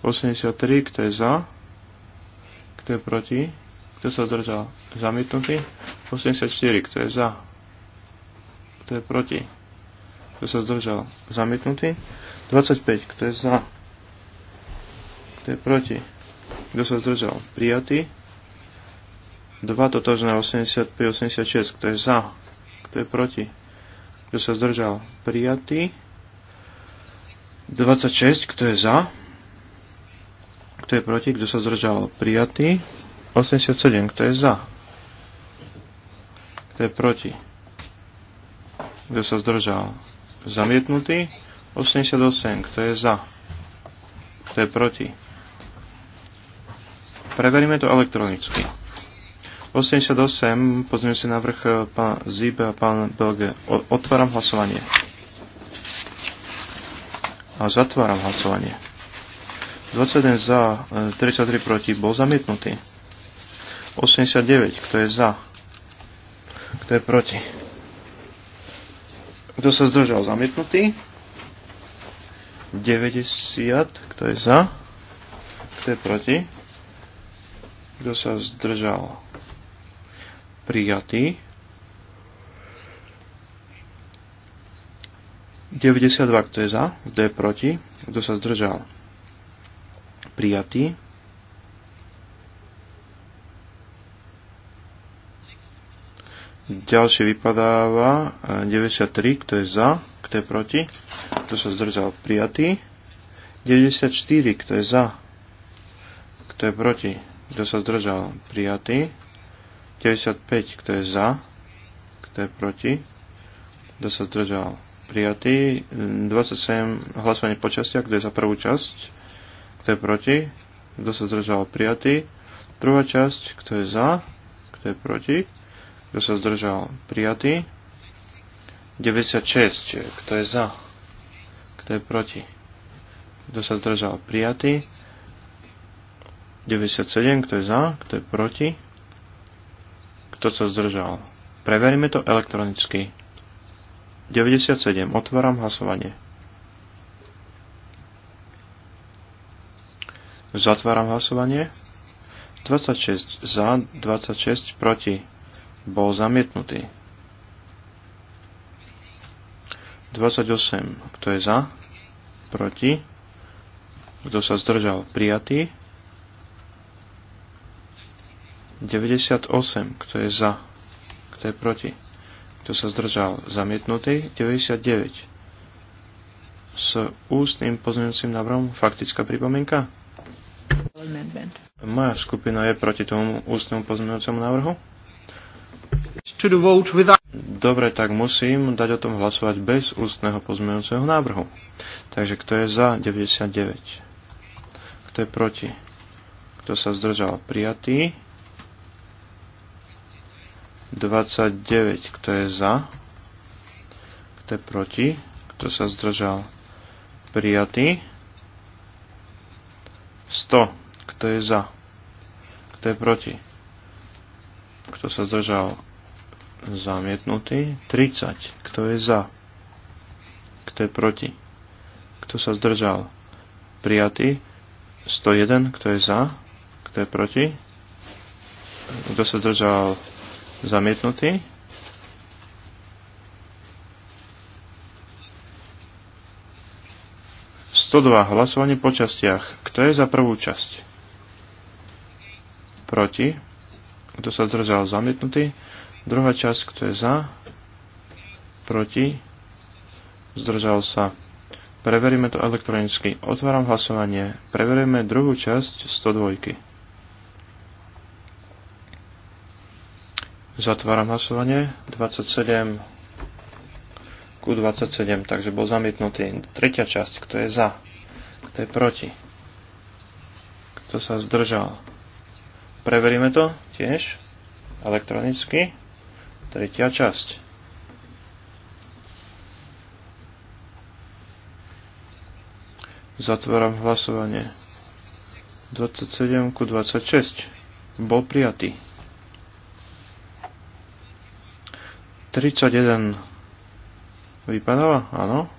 83, kto je za, kto je proti, kto sa zdržal. Zamietnutý 84, kto je za, kto je proti kto sa zdržal? Zamietnutý. 25. Kto je za? Kto je proti? Kto sa zdržal? Prijatý. 2. Totožné 85-86. Kto je za? Kto je proti? Kto sa zdržal? Prijatý. 26. Kto je za? Kto je proti? Kto sa zdržal? Prijatý. 87. Kto je za? Kto je proti? Kto sa zdržal? zamietnutý. 88, kto je za, kto je proti. Preveríme to elektronicky. 88, pozrieme si navrh eh, pán Zíbe a pán Belge. Otváram hlasovanie. A zatváram hlasovanie. 21 za, 33 eh, proti, bol zamietnutý. 89, kto je za, kto je proti. Kto sa zdržal? Zamietnutý. 90. Kto je za? Kto je proti? Kto sa zdržal? Prijatý. 92. Kto je za? Kto je proti? Kto sa zdržal? Prijatý. Ďalšie vypadáva 93, kto je za, kto je proti, kto sa zdržal prijatý. 94, kto je za, kto je proti, kto sa zdržal prijatý. 95, kto je za, kto je proti, kto sa zdržal prijatý. 27, hlasovanie počasia, kto je za prvú časť, kto je proti, kto sa zdržal prijatý. Druhá časť, kto je za, kto je proti, kto sa zdržal? Prijatý. 96. Kto je za? Kto je proti? Kto sa zdržal? Prijatý. 97. Kto je za? Kto je proti? Kto sa zdržal? Preveríme to elektronicky. 97. Otváram hlasovanie. Zatváram hlasovanie. 26 za, 26 proti bol zamietnutý. 28. Kto je za? Proti? Kto sa zdržal? Prijatý? 98. Kto je za? Kto je proti? Kto sa zdržal? Zamietnutý? 99. S ústnym pozmeňujúcim návrhom faktická pripomienka? Moja skupina je proti tomu ústnemu pozmeňujúcemu návrhu? Dobre, tak musím dať o tom hlasovať bez ústneho pozmeňujúceho návrhu. Takže kto je za 99? Kto je proti? Kto sa zdržal? Prijatý. 29. Kto je za? Kto je proti? Kto sa zdržal? Prijatý. 100. Kto je za? Kto je proti? Kto sa zdržal? zamietnutý. 30. Kto je za? Kto je proti? Kto sa zdržal? Prijatý. 101. Kto je za? Kto je proti? Kto sa zdržal? Zamietnutý. 102. Hlasovanie po častiach. Kto je za prvú časť? Proti. Kto sa zdržal? Zamietnutý. Druhá časť, kto je za, proti, zdržal sa. Preveríme to elektronicky. Otváram hlasovanie. Preveríme druhú časť 102. Zatváram hlasovanie. 27 ku 27, takže bol zamietnutý. Tretia časť, kto je za, kto je proti, kto sa zdržal. Preveríme to tiež elektronicky. Tretia časť. Zatváram hlasovanie. 27 ku 26. Bol prijatý. 31 vypadáva? Áno.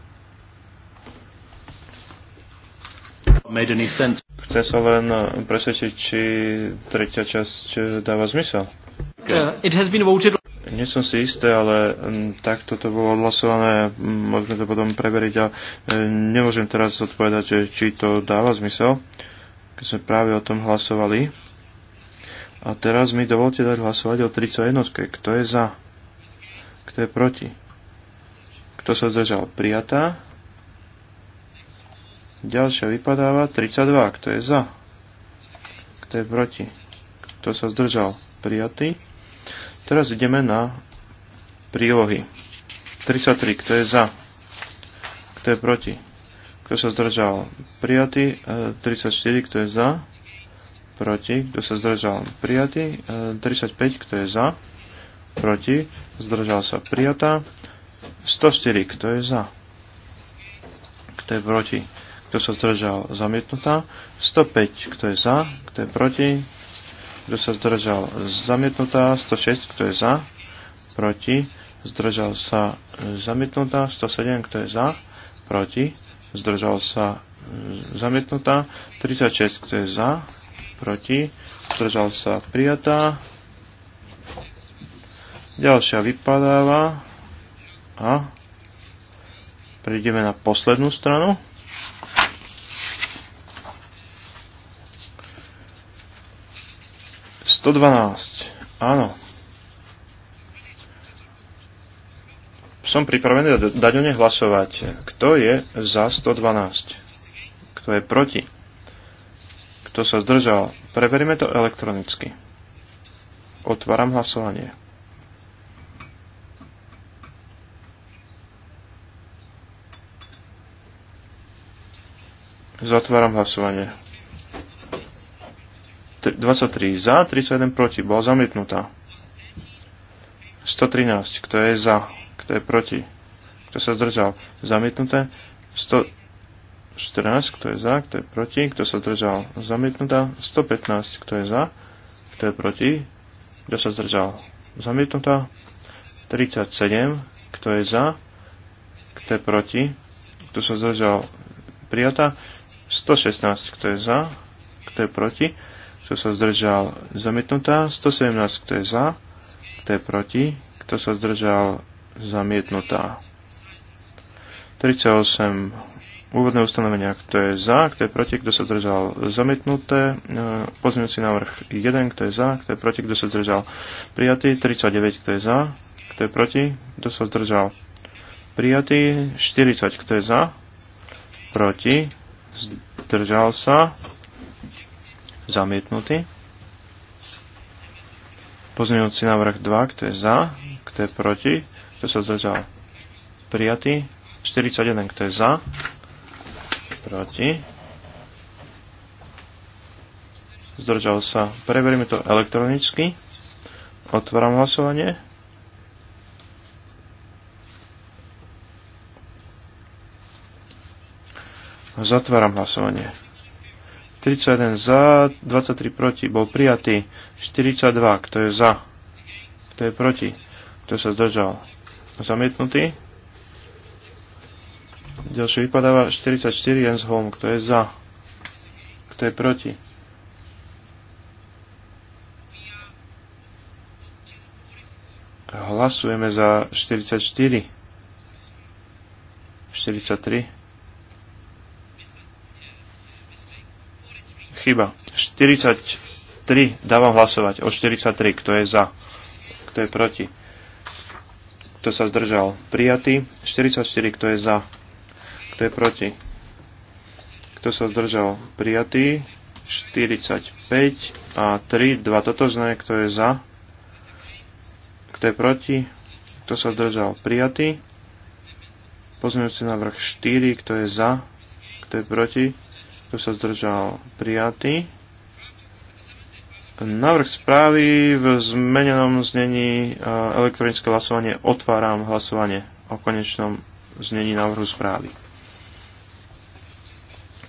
Chce sa len eh, presvedčiť, či tretia časť eh, dáva zmysel. Uh, it has been voted... Nie som si isté, ale mm, takto to bolo odhlasované, mm, môžeme to potom preveriť a e, nemôžem teraz odpovedať, že, či to dáva zmysel, keď sme práve o tom hlasovali. A teraz mi dovolte dať hlasovať o 31. Kto je za? Kto je proti? Kto sa zdržal? Prijatá. Ďalšia vypadáva 32. Kto je za? Kto je proti? Kto sa zdržal? Prijatý. Teraz ideme na prílohy. 33, kto je za? Kto je proti? Kto sa zdržal? Prijatý. 34, e, kto je za? Proti. Kto sa zdržal? Prijatý. 35, e, kto je za? Proti. Zdržal sa prijatá. 104, kto je za? Kto je proti? Kto sa zdržal? Zamietnutá. 105, kto je za? Kto je proti? kto sa zdržal zamietnutá, 106, kto je za, proti, zdržal sa e, zamietnutá, 107, kto je za, proti, zdržal sa e, zamietnutá, 36, kto je za, proti, zdržal sa prijatá, ďalšia vypadáva a prejdeme na poslednú stranu. 112. Áno. Som pripravený dať o ne hlasovať. Kto je za 112? Kto je proti? Kto sa zdržal? Preveríme to elektronicky. Otváram hlasovanie. Zatváram hlasovanie. 23 za, 31 proti. Bola zamietnutá. 113. Kto je za? Kto je proti? Kto sa zdržal? Zamietnuté. 114. Kto je za? Kto je proti? Kto sa zdržal? Zamietnutá. 115. Kto je za? Kto je proti? Kto sa zdržal? Zamietnutá. 37. Kto je za? Kto je proti? Kto sa zdržal? Prijatá. 116. Kto je za? Kto je proti? kto sa zdržal, zamietnutá. 117, kto je za, kto je proti, kto sa zdržal, zamietnutá. 38, úvodné ustanovenia, kto je za, kto je proti, kto sa zdržal, zamietnuté. E, pozmeňujúci návrh 1, kto je za, kto je proti, kto sa zdržal, prijatý. 39, kto je za, kto je proti, kto sa zdržal, prijatý. 40, kto je za, proti, zdržal sa, Zamietnutý. Pozmeňujúci návrh 2, kto je za, kto je proti, kto sa zdržal. Prijatý. 41, kto je za, proti. Zdržal sa. Preveríme to elektronicky. Otváram hlasovanie. Zatváram hlasovanie. 41 za, 23 proti, bol prijatý. 42, kto je za, kto je proti, kto sa zdržal. Zamietnutý. Ďalšie vypadáva 44 Jens Holm, kto je za, kto je proti. Hlasujeme za 44. 43. chyba. 43 dávam hlasovať. O 43, kto je za, kto je proti. Kto sa zdržal? Prijatý. 44, kto je za, kto je proti. Kto sa zdržal? Prijatý. 45 a 3, 2 toto totožné, kto je za, kto je proti, kto sa zdržal, prijatý. Pozmeňujúci návrh 4, kto je za, kto je proti, kto sa zdržal, prijatý. Návrh správy v zmenenom znení elektronické hlasovanie. Otváram hlasovanie o konečnom znení návrhu správy.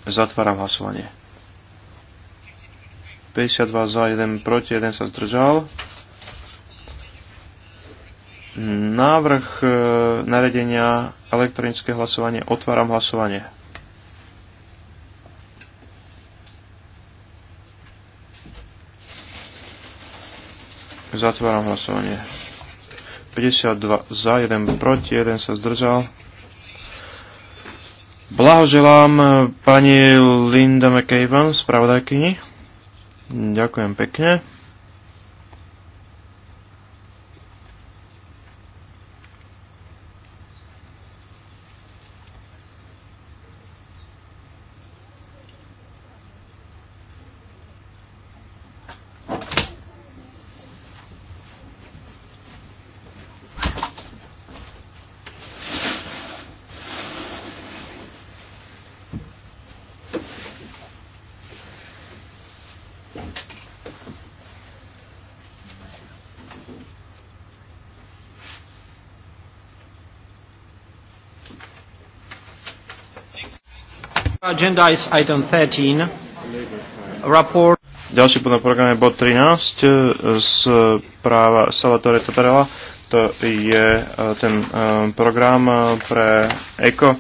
Zatváram hlasovanie. 52 za, 1 proti, 1 sa zdržal. Návrh e, naredenia elektronické hlasovanie. Otváram hlasovanie. Zatváram hlasovanie. 52 za, 1 proti, 1 sa zdržal. Blahoželám eh, pani Linda McCaven, spravodajkyni. Ďakujem pekne. agenda is item 13. Ďalší bod na programe je bod 13 e, z práva Salvatore Tatarela. To je e, ten e, program pre eko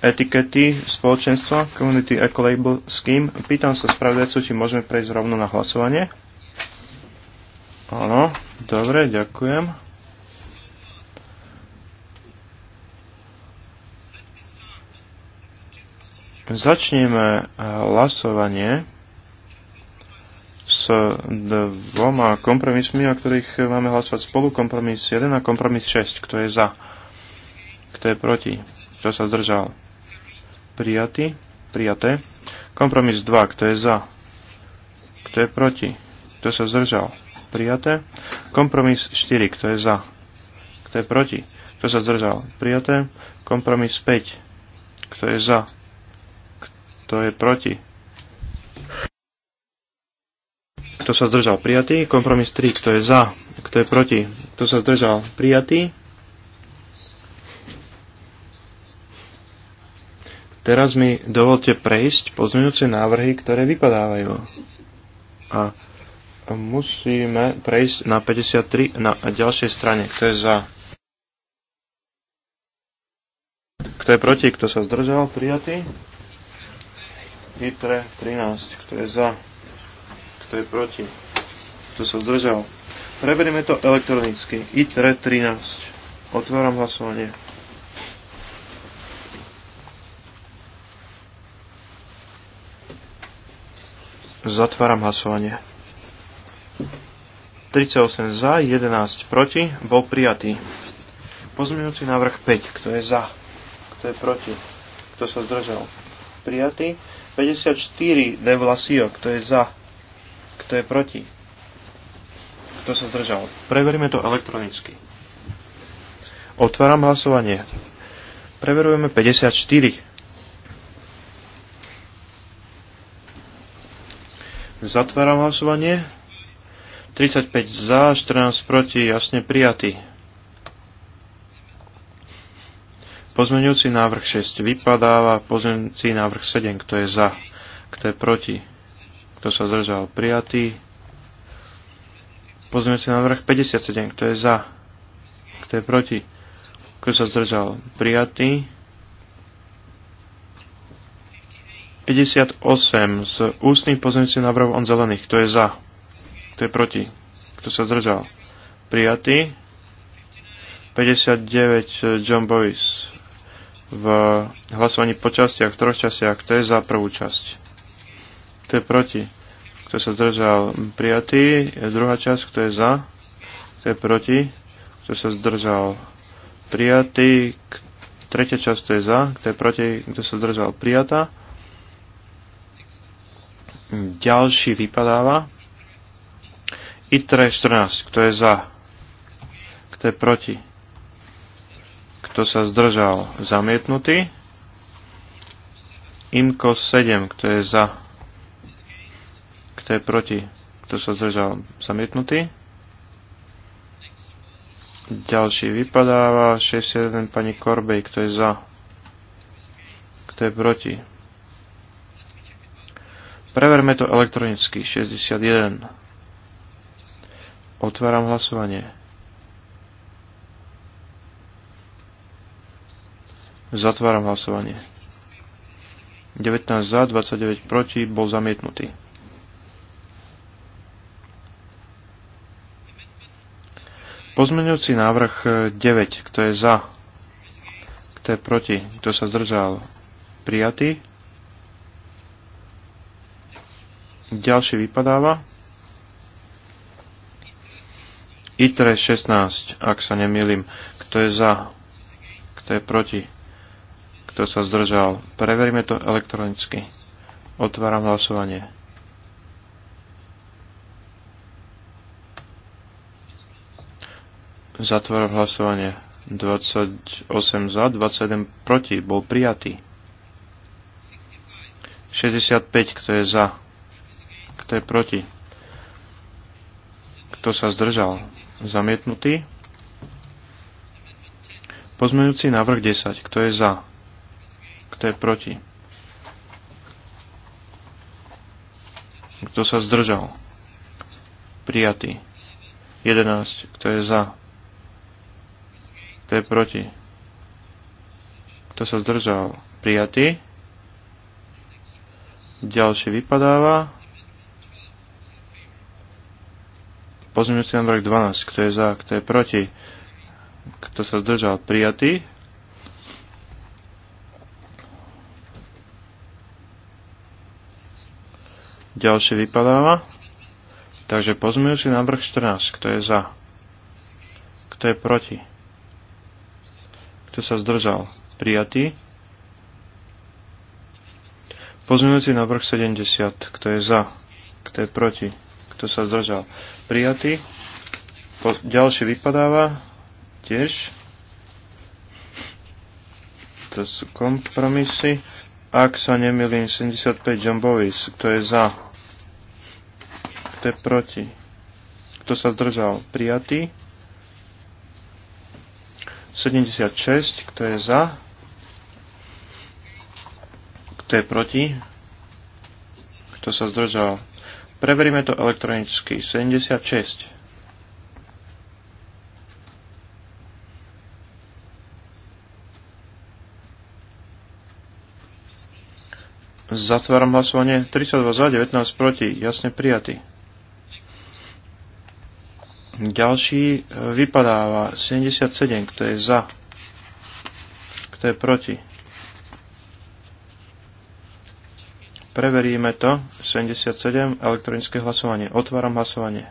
etikety spoločenstva Community Eco Label Scheme. Pýtam sa spravodajcu, či môžeme prejsť rovno na hlasovanie. Áno, dobre, ďakujem. Začneme eh, hlasovanie s dvoma kompromismi, o ktorých máme hlasovať spolu. Kompromis 1 a kompromis 6. Kto je za? Kto je proti? Kto sa zdržal? Prijatý? Prijaté. Kompromis 2. Kto je za? Kto je proti? Kto sa zdržal? Prijaté. Kompromis 4. Kto je za? Kto je proti? Kto sa zdržal? Prijaté. Kompromis 5. Kto je za? Kto je proti? Kto sa zdržal? Prijatý. Kompromis 3. Kto je za? Kto je proti? Kto sa zdržal? Prijatý. Teraz mi dovolte prejsť pozmeňujúce návrhy, ktoré vypadávajú. A musíme prejsť na 53 na ďalšej strane. Kto je za? Kto je proti? Kto sa zdržal? Prijatý. Nitre 13. Kto je za? Kto je proti? Kto sa zdržal? Preberieme to elektronicky. ITRE 13. Otváram hlasovanie. Zatváram hlasovanie. 38 za, 11 proti, bol prijatý. Pozmeňujúci návrh 5, kto je za, kto je proti, kto sa zdržal. Prijatý. 54 de Blasio, kto je za, kto je proti, kto sa zdržal. Preveríme to elektronicky. Otváram hlasovanie. Preverujeme 54. Zatváram hlasovanie. 35 za, 14 proti, jasne prijatý. Pozmeňujúci návrh 6 vypadáva, pozmeňujúci návrh 7, kto je za, kto je proti, kto sa zdržal, prijatý. Pozmeňujúci návrh 57, kto je za, kto je proti, kto sa zdržal, prijatý. 58 s ústnym pozmeňujúcim návrhom on zelených, kto je za, kto je proti, kto sa zdržal, prijatý. 59 John Boyce v hlasovaní po častiach, v troch častiach. Kto je za prvú časť? Kto je proti? Kto sa zdržal? Prijatý. Druhá časť. Kto je za? Kto je proti? Kto sa zdržal? Prijatý. Tretia časť. Kto je za? Kto je proti? Kto sa zdržal? Prijatá. Ďalší vypadáva. 3 14. Kto je za? Kto je proti? Kto sa zdržal? Zamietnutý. Imko 7. Kto je za? Kto je proti? Kto sa zdržal? Zamietnutý. Ďalší vypadáva 61 pani Korbej. Kto je za? Kto je proti? Preverme to elektronicky. 61. Otváram hlasovanie. Zatváram hlasovanie. 19 za, 29 proti, bol zamietnutý. Pozmeňujúci návrh 9, eh, kto je za, kto je proti, kto sa zdržal, prijatý. Ďalší vypadáva. ITRE 16, ak sa nemýlim, kto je za, kto je proti, kto sa zdržal? Preveríme to elektronicky. Otváram hlasovanie. Zatváram hlasovanie. 28 za, 27 proti. Bol prijatý. 65, kto je za? Kto je proti? Kto sa zdržal? Zamietnutý. Pozmeňujúci návrh 10. Kto je za? Kto je proti? Kto sa zdržal? Prijatý. 11. Kto je za? Kto je proti? Kto sa zdržal? Prijatý. Ďalší vypadáva. Pozmeňujúci návrh 12. Kto je za? Kto je proti? Kto sa zdržal? Prijatý. Ďalšie vypadáva. Takže na vrch 14. Kto je za? Kto je proti? Kto sa zdržal? Prijatý. na vrch 70. Kto je za? Kto je proti? Kto sa zdržal? Prijatý. Po, ďalší vypadáva. Tiež. To sú kompromisy. Ak sa nemilím, 75 John Bovis. Kto je za? Kto je proti? Kto sa zdržal? Prijatý. 76. Kto je za? Kto je proti? Kto sa zdržal? Preveríme to elektronicky. 76. Zatváram hlasovanie. 32 za, 19 proti. Jasne prijatý. Ďalší e, vypadáva 77, kto je za, kto je proti. Preveríme to. 77, elektronické hlasovanie. Otváram hlasovanie.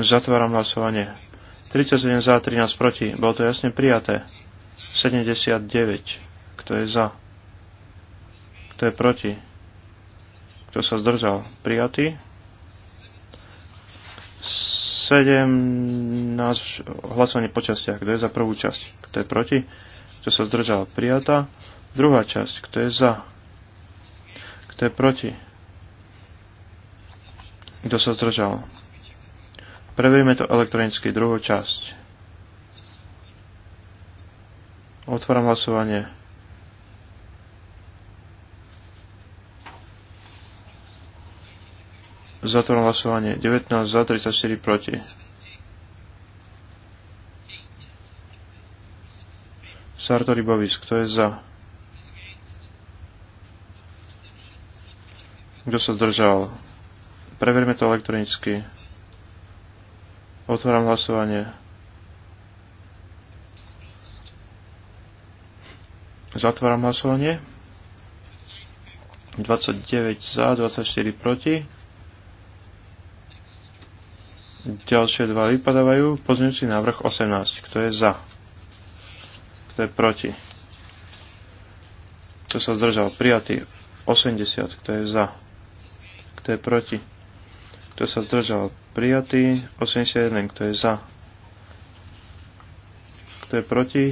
Zatváram hlasovanie. 37 za, 13 proti. Bolo to jasne prijaté. 79. Kto je za? Kto je proti? Kto sa zdržal? Prijatý. 17 hlasovanie po častiach. Kto je za prvú časť? Kto je proti? Kto sa zdržal? Prijatá. Druhá časť. Kto je za? Kto je proti? Kto sa zdržal? Preveríme to elektronicky, druhú časť. Otváram hlasovanie. Zatváram hlasovanie. 19 za, 34 proti. Sarto Sartori Bovis, kto je za? Kto sa zdržal? Preverme to elektronicky. Otváram hlasovanie. Zatváram hlasovanie. 29 za, 24 proti. Ďalšie dva vypadávajú. Pozmeňujúci návrh 18. Kto je za? Kto je proti? Kto sa zdržal? Prijatý. 80. Kto je za? Kto je proti? Kto sa zdržal? Prijatý. 81. Kto je za? Kto je proti?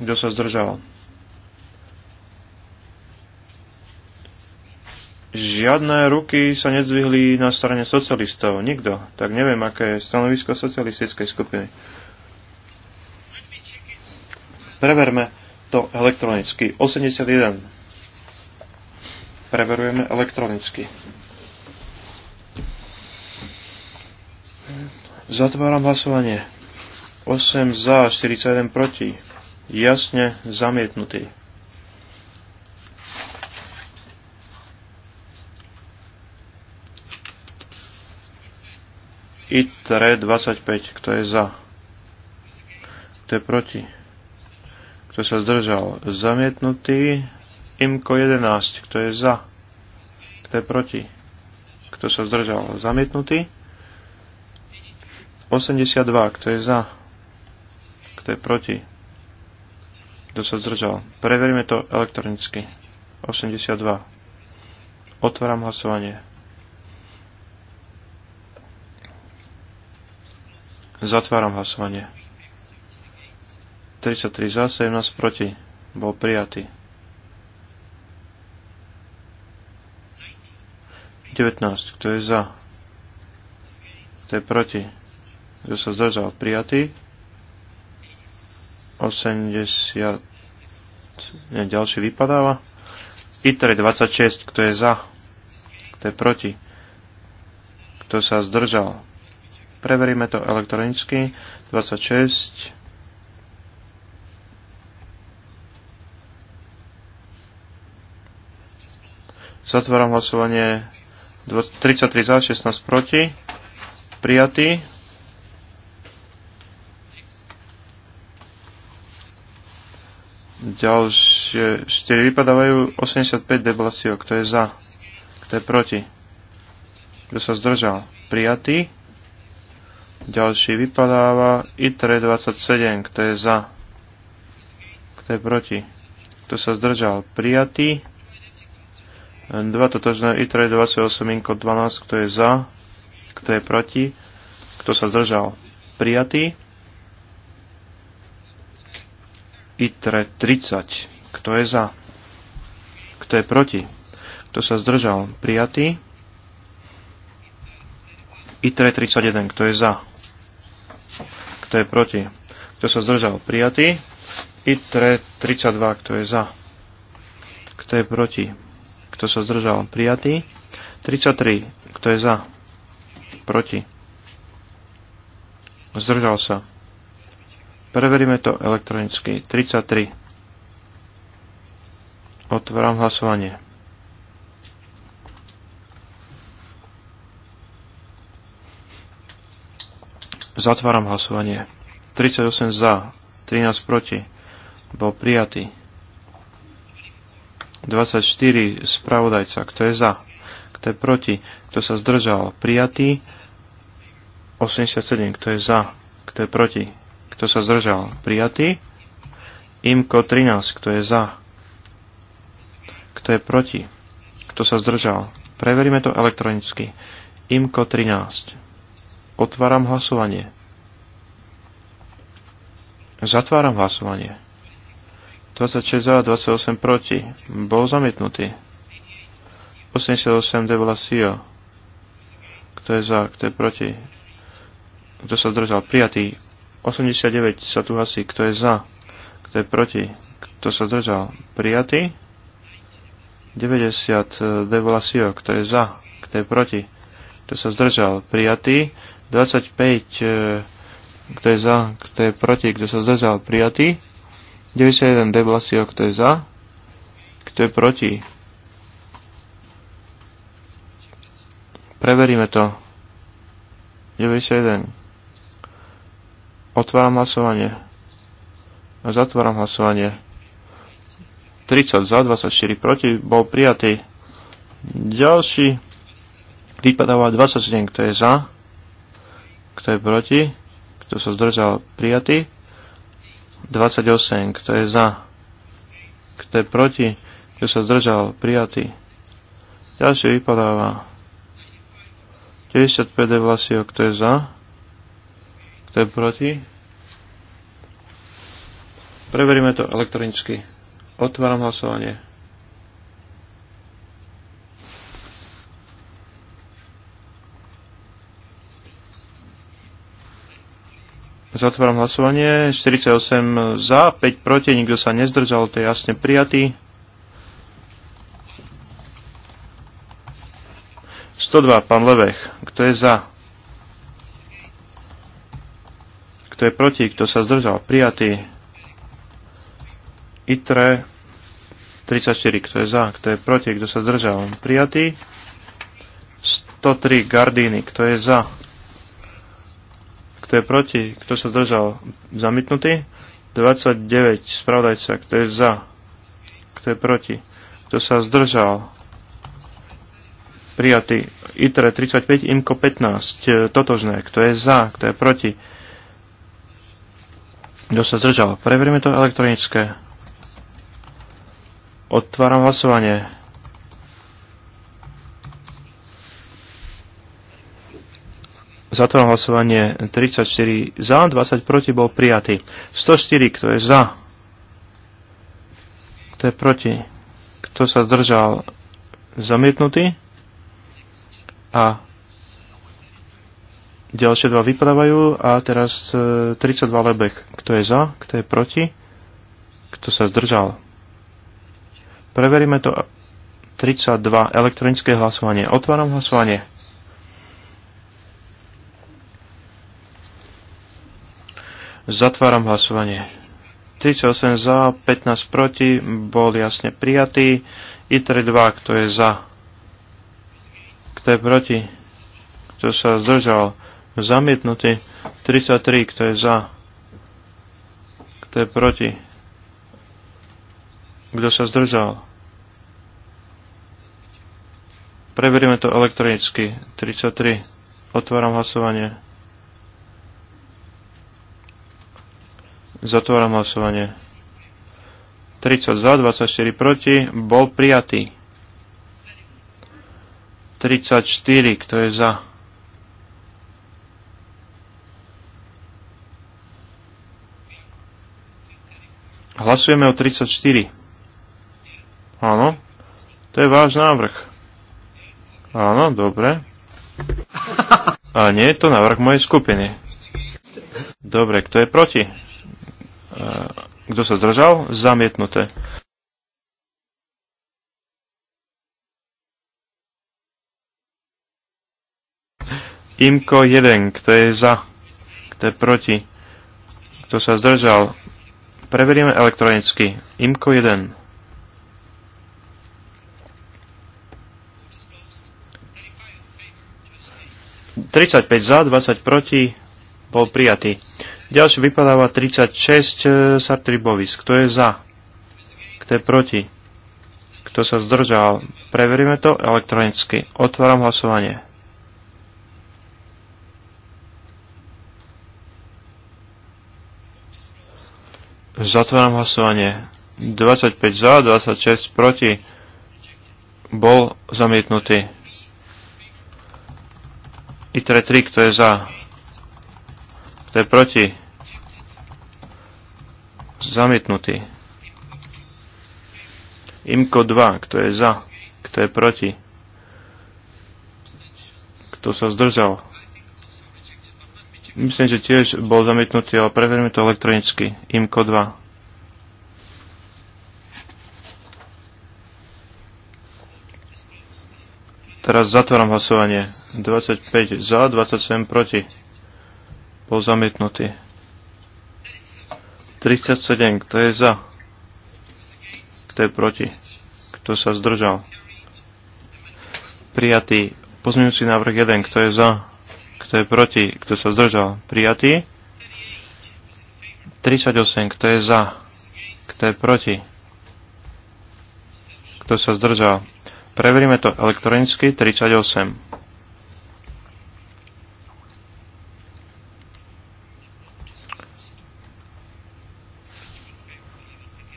Kto sa zdržal? Žiadne ruky sa nezvihli na strane socialistov. Nikto. Tak neviem, aké je stanovisko socialistickej skupiny. Preverme to elektronicky. 81. Preverujeme elektronicky. Zatváram hlasovanie. 8 za, 41 proti. Jasne zamietnutý. ITRE 25. Kto je za? Kto je proti? Kto sa zdržal? Zamietnutý. IMKO 11. Kto je za? Kto je proti? Kto sa zdržal? Zamietnutý. 82, kto je za? Kto je proti? Kto sa zdržal? Preveríme to elektronicky. 82. Otváram hlasovanie. Zatváram hlasovanie. 33 za, 17 proti. Bol prijatý. 19. Kto je za? Kto je proti? kto sa zdržal, prijatý. 80, nie, ďalší vypadáva. ITRE 26, kto je za, kto je proti, kto sa zdržal. Preveríme to elektronicky. 26. Zatváram hlasovanie 33 za, 16 proti. Prijatý. Ďalšie 4 vypadávajú 85 deblasiok. Kto je za? Kto je proti? Kto sa zdržal? Prijatý. Ďalší vypadáva ITRE 27. Kto je za? Kto je proti? Kto sa zdržal? Prijatý. 2 totožné ITRE 28 12. Kto je za? Kto je proti? Kto sa zdržal? Prijatý. Petre 30. Kto je za? Kto je proti? Kto sa zdržal? Prijatý. ITRE 31. Kto je za? Kto je proti? Kto sa zdržal? Prijatý. ITRE 32. Kto je za? Kto je proti? Kto sa zdržal? Prijatý. 33. Kto je za? Proti. Zdržal sa. Preveríme to elektronicky. 33. Otváram hlasovanie. Zatváram hlasovanie. 38 za, 13 proti. Bol prijatý. 24 spravodajca. Kto je za? Kto je proti? Kto sa zdržal? Prijatý. 87. Kto je za? Kto je proti? kto sa zdržal, prijatý. Imko 13, kto je za, kto je proti, kto sa zdržal. Preveríme to elektronicky. Imko 13. Otváram hlasovanie. Zatváram hlasovanie. 26 za, 28 proti. Bol zamietnutý. 88 de sio. Kto je za, kto je proti? Kto sa zdržal? Prijatý. 89 sa tu hasí. Kto je za? Kto je proti? Kto sa zdržal? Prijatý? 90 e, de Vlasio. Kto je za? Kto je proti? Kto sa zdržal? Prijatý? 25 e, kto je za, kto je proti, kto sa zdržal, prijatý. 91 devolasio kto je za, kto je proti. Preveríme to. 91. Otváram hlasovanie. Zatváram hlasovanie. 30 za, 24 proti. Bol prijatý. Ďalší vypadáva 27, kto je za, kto je proti, kto sa zdržal prijatý. 28, kto je za, kto je proti, kto sa zdržal prijatý. Ďalšie vypadáva 95 Devlasio, kto je za, kto je proti? Preveríme to elektronicky. Otváram hlasovanie. Zatváram hlasovanie. 48 za, 5 proti, nikto sa nezdržal, to je jasne prijatý. 102, pán Levech, kto je za? Kto je proti? Kto sa zdržal? Prijatý. ITRE 34. Kto je za? Kto je proti? Kto sa zdržal? Prijatý. 103. Gardíny. Kto je za? Kto je proti? Kto sa zdržal? Zamietnutý. 29. Spravodajca. Kto je za? Kto je proti? Kto sa zdržal? Prijatý. ITRE 35. IMKO 15. Totožné. Kto je za? Kto je proti? Kto sa zdržal? Preveríme to elektronické. Otváram hlasovanie. Zatváram hlasovanie 34 za, 20 proti bol prijatý. 104, kto je za? Kto je proti? Kto sa zdržal? Zamietnutý? A Ďalšie dva vypadávajú a teraz 32 e, lebek. Kto je za, kto je proti, kto sa zdržal. Preveríme to 32 elektronické hlasovanie. Otváram hlasovanie. Zatváram hlasovanie. 38 za, 15 proti, bol jasne prijatý. ITR 2, kto je za, kto je proti, kto sa zdržal, zamietnutý. 33, kto je za, kto je proti, kto sa zdržal. Preveríme to elektronicky. 33. Otváram hlasovanie. Zatváram hlasovanie. 30 za, 24 proti. Bol prijatý. 34, kto je za? Hlasujeme o 34. Áno. To je váš návrh. Áno, dobre. A nie je to návrh mojej skupiny. Dobre, kto je proti? E, kto sa zdržal? Zamietnuté. Imko 1, kto je za? Kto je proti? Kto sa zdržal? Preveríme elektronicky. IMCO 1. 35 za, 20 proti, bol prijatý. Ďalšie vypadáva 36 e, Sartri Bovis. Kto je za? Kto je proti? Kto sa zdržal? Preveríme to elektronicky. Otváram hlasovanie. Zatváram hlasovanie. 25 za, 26 proti. Bol zamietnutý. ITRE 3, kto je za? Kto je proti? Zamietnutý. IMKO 2, kto je za? Kto je proti? Kto sa zdržal? Myslím, že tiež bol zamietnutý, ale preverme to elektronicky. IMCO 2. Teraz zatváram hlasovanie. 25 za, 27 proti. Bol zamietnutý. 37, kto je za? Kto je proti? Kto sa zdržal? Prijatý. Pozmeňujúci návrh 1, kto je za? Kto je proti? Kto sa zdržal? Prijatý. 38. Kto je za? Kto je proti? Kto sa zdržal? Preveríme to elektronicky. 38.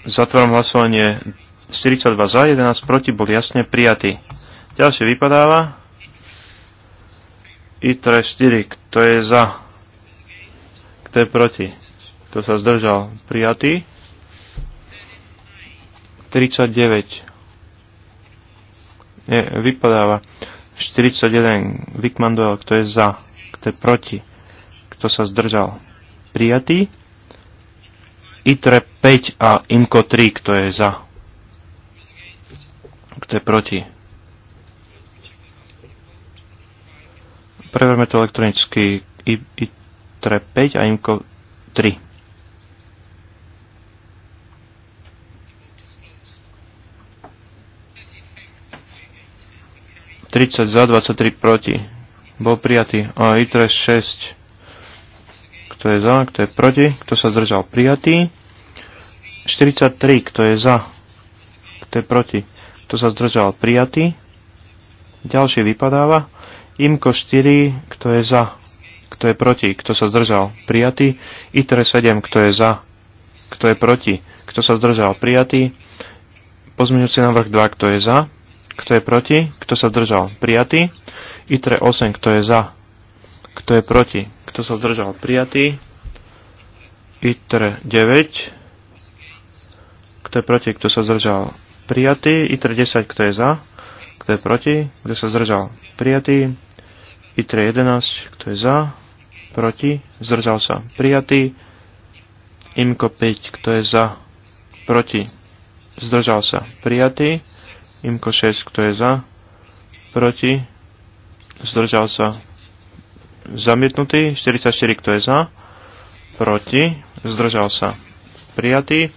Zatvorom hlasovanie 42 za, 11 proti, bol jasne prijatý. Ďalšie vypadáva. ITRE 4. Kto je za? Kto je proti? Kto sa zdržal? Prijatý. 39. Nie, vypadáva. 41. Vikman Doyle. Kto je za? Kto je proti? Kto sa zdržal? Prijatý. ITRE 5 a IMCO 3. Kto je za? Kto je proti? Preverme to elektronicky. I, ITRE 5 a IMCO 3. 30 za, 23 proti. Bol prijatý. A I3 6. Kto je za, kto je proti, kto sa zdržal prijatý. 43, kto je za, kto je proti, kto sa zdržal prijatý. Ďalšie vypadáva. Imko 4, kto je za, kto je proti, kto sa zdržal, prijatý. ITRE 7, kto je za, kto je proti, kto sa zdržal, prijatý. Pozmeňujúci návrh 2, kto je za, kto je proti, kto sa zdržal, prijatý. ITRE 8, kto je za, kto je proti, kto sa zdržal, prijatý. ITRE 9, kto je proti, kto sa zdržal, prijatý. ITRE 10, kto je za, kto je proti, kto sa zdržal, prijatý. ITRE 11, kto je za, proti, zdržal sa, prijatý. IMKO 5, kto je za, proti, zdržal sa, prijatý. IMKO 6, kto je za, proti, zdržal sa, zamietnutý. 44, kto je za, proti, zdržal sa, prijatý.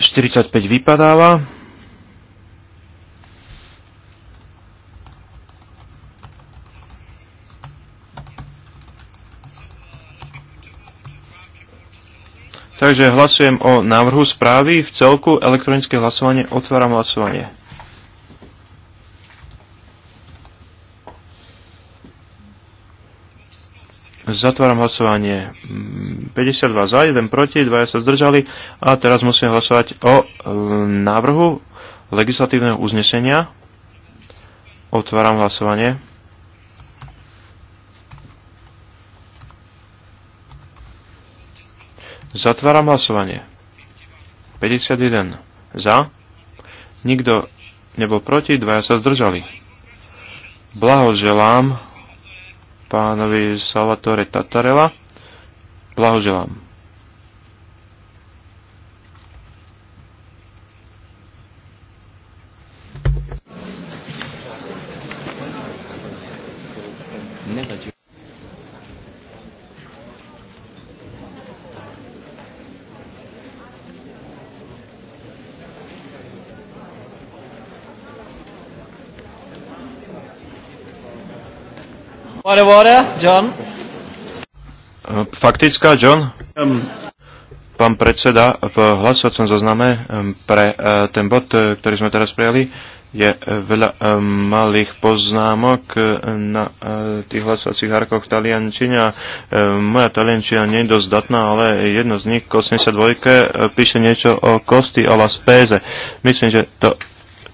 45 vypadáva. Takže hlasujem o návrhu správy v celku elektronické hlasovanie. Otváram hlasovanie. Zatváram hlasovanie. 52 za, 1 proti, 2 sa zdržali. A teraz musím hlasovať o e, návrhu legislatívneho uznesenia. Otváram hlasovanie. Zatváram hlasovanie. 51 za. Nikto nebol proti, dvaja sa zdržali. Blahoželám pánovi Salvatore Tatarela. Blahoželám. What about John? Eh, faktická, John? Um, Pán predseda, v hlasovacom zozname pre eh, ten bod, eh, ktorý sme teraz prijali, je veľa malých poznámok na tých hlasovacích harkoch v taliančine a moja taliančina nie je dosť datná, ale jedno z nich, 82, píše niečo o kosti a las péze. Myslím, že to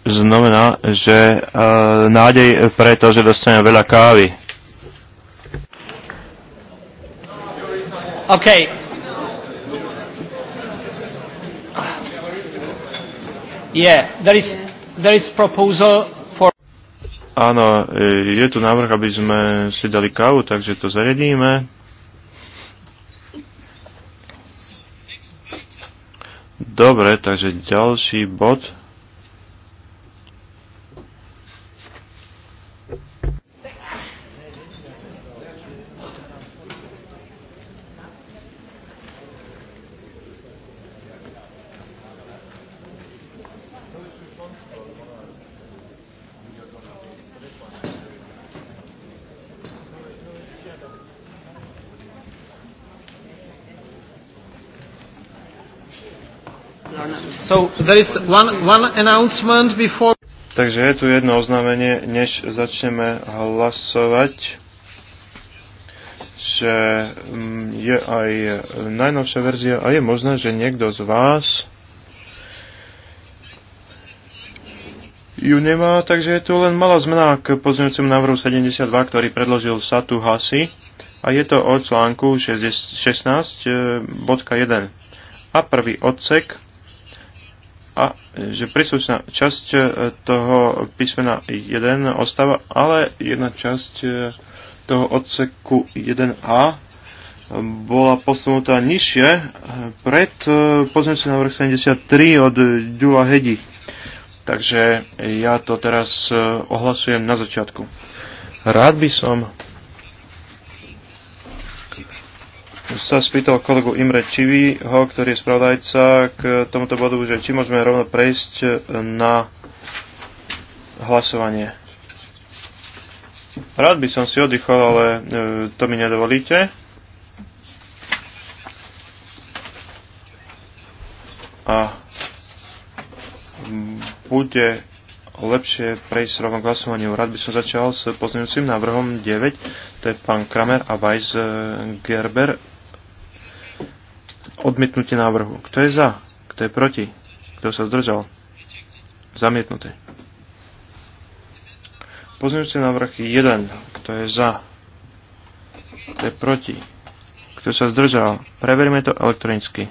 znamená, že nádej preto, že dostane veľa kávy. Okay. Yeah, there is, there is proposal for... Áno, je tu návrh, aby sme si dali kávu, takže to zariadíme. Dobre, takže ďalší bod. there is one, one announcement before... Takže je tu jedno oznámenie, než začneme hlasovať že mm, je aj najnovšia verzia a je možné, že niekto z vás ju nemá, takže je tu len malá zmena k pozňujúcim návrhu 72, ktorý predložil Satu Hasi a je to o článku 16.1 e, a prvý odsek a že príslušná časť e, toho písmena 1 ostáva, ale jedna časť e, toho odseku 1a e, bola posunutá nižšie pred pozmeňujúci návrh 73 od Ďula Hedi. Takže ja to teraz ohlasujem na začiatku. Rád by som sa spýtal kolegu Imre Čiviho, ktorý je spravodajca k tomuto bodu, že či môžeme rovno prejsť e, na hlasovanie. Rád by som si oddychol, ale e, to mi nedovolíte. A bude lepšie prejsť rovno k hlasovaniu. Rád by som začal s pozmeňujúcim návrhom 9, to je pán Kramer a Weiss e, Gerber Odmietnutie návrhu. Kto je za? Kto je proti? Kto sa zdržal? Zamietnuté. Pozmeňujúci návrh 1. Kto je za? Kto je proti? Kto sa zdržal? preverme to elektronicky.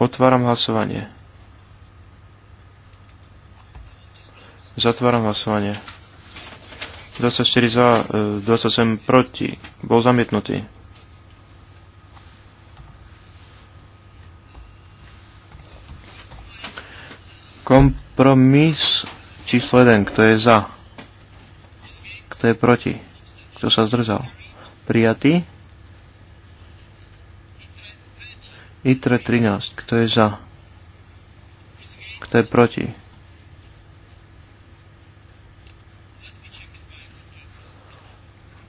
Otváram hlasovanie. Zatváram hlasovanie. 24 za, 27 e, proti. Bol zamietnutý. Kompromis číslo 1. Kto je za? Kto je proti? Kto sa zdržal? Prijatý? ITRE 13. Kto je za? Kto je proti?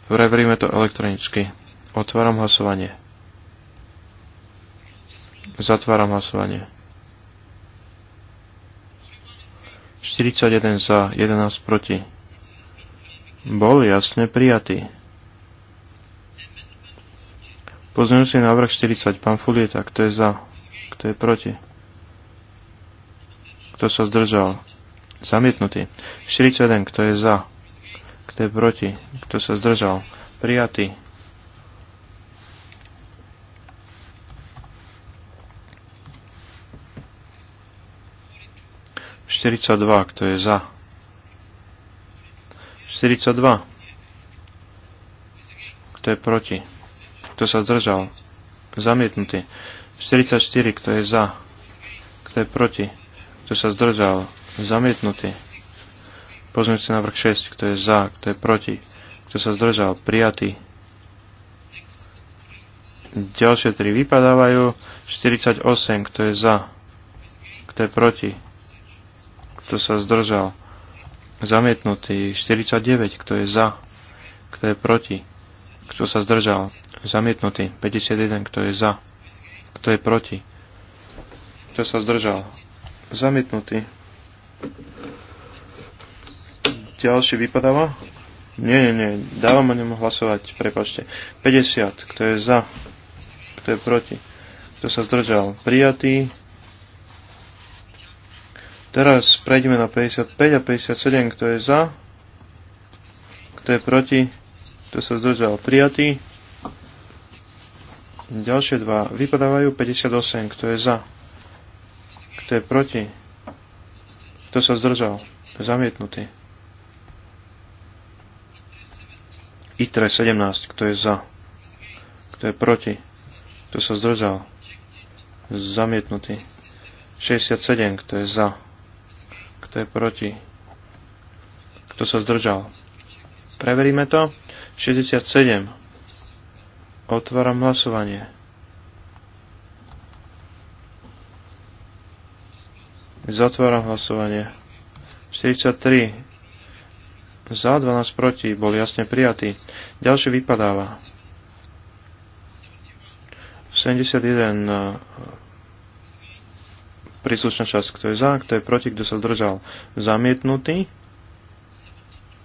Preveríme to elektronicky. Otváram hlasovanie. Zatváram hlasovanie. 41 za, 11 proti. Bol jasne prijatý. si návrh 40, pán Fulieta, kto je za, kto je proti. Kto sa zdržal? Zamietnutý. 41, kto je za, kto je proti, kto sa zdržal. Prijatý. 42, kto je za? 42. Kto je proti? Kto sa zdržal? Zamietnutý. 44, kto je za? Kto je proti? Kto sa zdržal? Zamietnutý. Pozmeňujúci návrh 6, kto je za? Kto je proti? Kto sa zdržal? Prijatý. Ďalšie 3 vypadávajú. 48, kto je za? Kto je proti? kto sa zdržal, zamietnutý 49, kto je za, kto je proti, kto sa zdržal, zamietnutý 51, kto je za, kto je proti, kto sa zdržal, zamietnutý. Ďalší vypadáva? Nie, nie, nie, dávam o ňom hlasovať, prepačte. 50, kto je za, kto je proti, kto sa zdržal, prijatý. Teraz prejdeme na 55 a 57, kto je za, kto je proti, kto sa zdržal prijatý. Ďalšie dva vypadávajú 58, kto je za, kto je proti, kto sa zdržal, zamietnutý. ITRE 17, kto je za, kto je proti, kto sa zdržal, zamietnutý. 67, kto je za, kto je proti? Kto sa zdržal? Preveríme to. 67. Otváram hlasovanie. Zatváram hlasovanie. 43 za, 12 proti, bol jasne prijatý. Ďalší vypadáva. 71 Príslušná časť, kto je za, kto je proti, kto sa zdržal. Zamietnutý.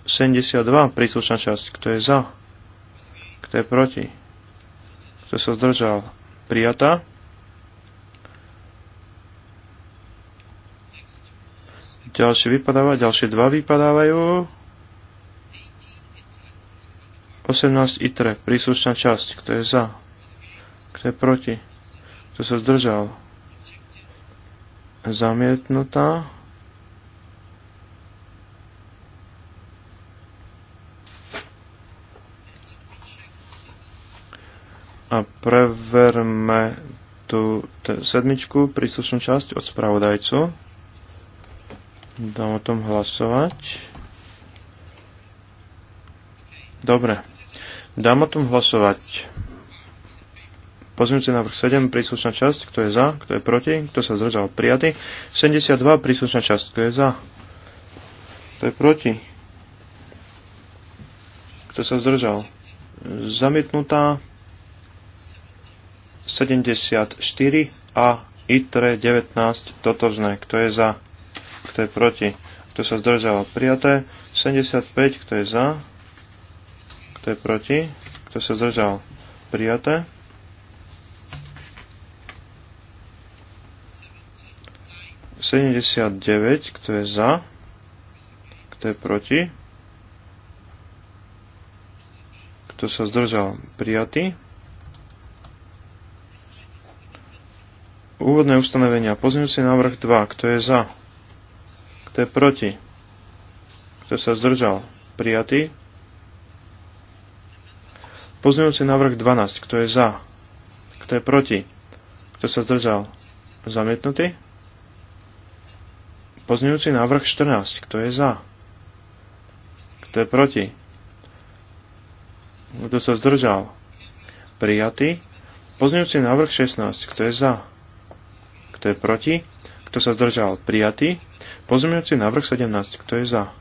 72. Príslušná časť, kto je za, kto je proti, kto sa zdržal. Prijatá. Ďalšie vypadáva, ďalšie dva vypadávajú. 18 ITRE, príslušná časť, kto je za, kto je proti, kto sa zdržal zamietnutá. A preverme tú sedmičku, príslušnú časť od spravodajcu. Dám o tom hlasovať. Dobre. Dám o tom hlasovať. Pozmeňujúci návrh 7, príslušná časť, kto je za, kto je proti, kto sa zdržal, prijatý. 72, príslušná časť, kto je za, kto je proti, kto sa zdržal, zamietnutá. 74 a ITRE 19 totožné, kto je za, kto je proti, kto sa zdržal, prijaté. 75, kto je za, kto je proti, kto sa zdržal, prijaté. 79, kto je za, kto je proti, kto sa zdržal, prijatý. Úvodné ustanovenia. Pozmeňujúci návrh 2. Kto je za? Kto je proti? Kto sa zdržal? Prijatý. Pozmeňujúci návrh 12. Kto je za? Kto je proti? Kto sa zdržal? Zamietnutý. Pozňujúci návrh 14. Kto je za? Kto je proti? Kto sa zdržal? Prijatý. Pozňujúci návrh 16. Kto je za? Kto je proti? Kto sa zdržal? Prijatý. Pozňujúci návrh 17. Kto je za?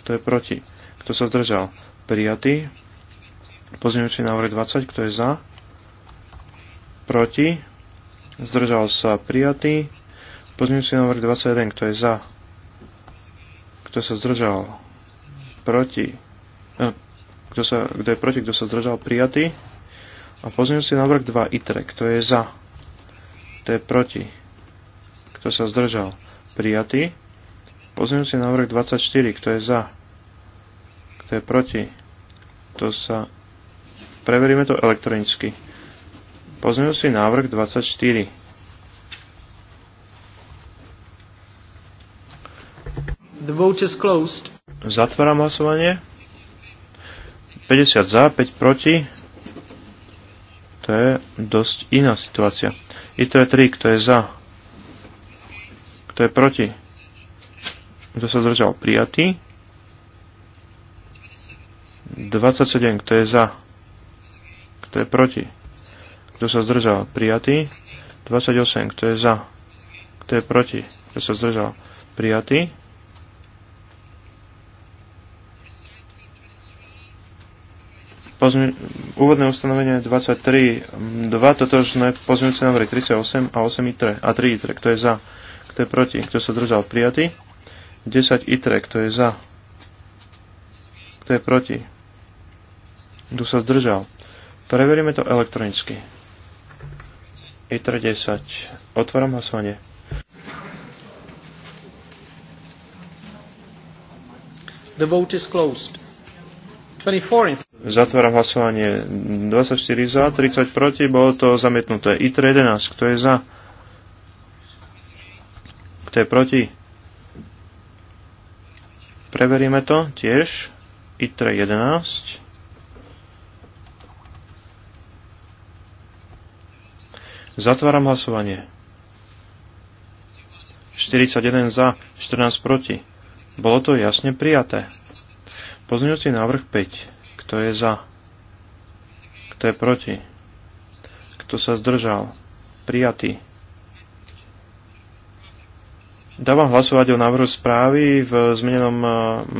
Kto je proti? Kto sa zdržal? Prijatý. Pozňujúci návrh 20. Kto je za? Proti. Zdržal sa prijatý. Pozmeňujúci návrh 21, kto je za? Kto sa zdržal? Proti? No, kto, sa, kto je proti? Kto sa zdržal? Prijatý? A pozmeňujúci návrh 2, ITRE, kto je za? Kto je proti? Kto sa zdržal? Prijatý? Pozmeňujúci návrh 24, kto je za? Kto je proti? Kto sa... Preveríme to elektronicky. Pozmeňujúci návrh 24. The vote is closed. Zatváram hlasovanie. 50 za, 5 proti. To je dosť iná situácia. I to je 3, kto je za. Kto je proti. Kto sa zdržal? Prijatý. 27, kto je za. Kto je proti. Kto sa zdržal? Prijatý. 28, kto je za. Kto je proti. Kto sa zdržal? Prijatý. Pozmi- úvodné ustanovenie 23, 2, totožné pozmeňujúce návrhy 38 a 8 ITRE a 3 ITRE, kto je za, kto je proti, kto sa držal prijatý, 10 ITRE, kto je za, kto je proti, kto sa zdržal. Preveríme to elektronicky. ITRE 10. Otváram hlasovanie. The vote is closed. 24 in Zatváram hlasovanie 24 za, 30 proti, bolo to zamietnuté. Itre 11, kto je za? Kto je proti? Preveríme to tiež. ITR 11. Zatváram hlasovanie. 41 za, 14 proti. Bolo to jasne prijaté. Pozňujúci návrh 5. Kto je za? Kto je proti? Kto sa zdržal? Prijatý. Dávam hlasovať o návrhu správy v zmenenom e,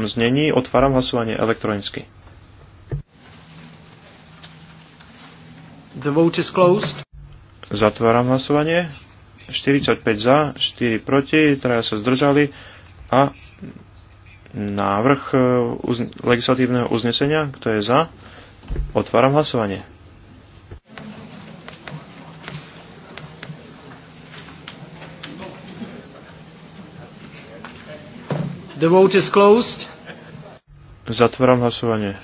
znení. Otváram hlasovanie elektronicky. The vote is closed. Zatváram hlasovanie. 45 za, 4 proti, traja sa zdržali a návrh e, uzn- legislatívneho uznesenia. Kto je za? Otváram hlasovanie. The vote is closed. Zatváram hlasovanie.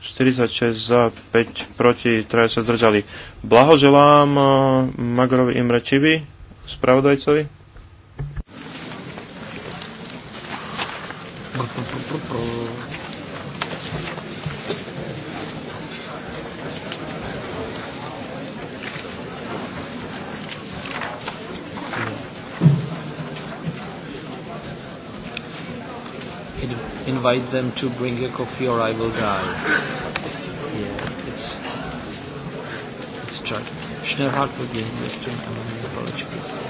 46 za, 5 proti, 3 sa zdržali. Blahoželám e, Magrovi Imrečivi, spravodajcovi. invite them to bring a coffee or I will die. Yeah, it's it's tragic. Schnellhardt will be in Richtung. Apologies.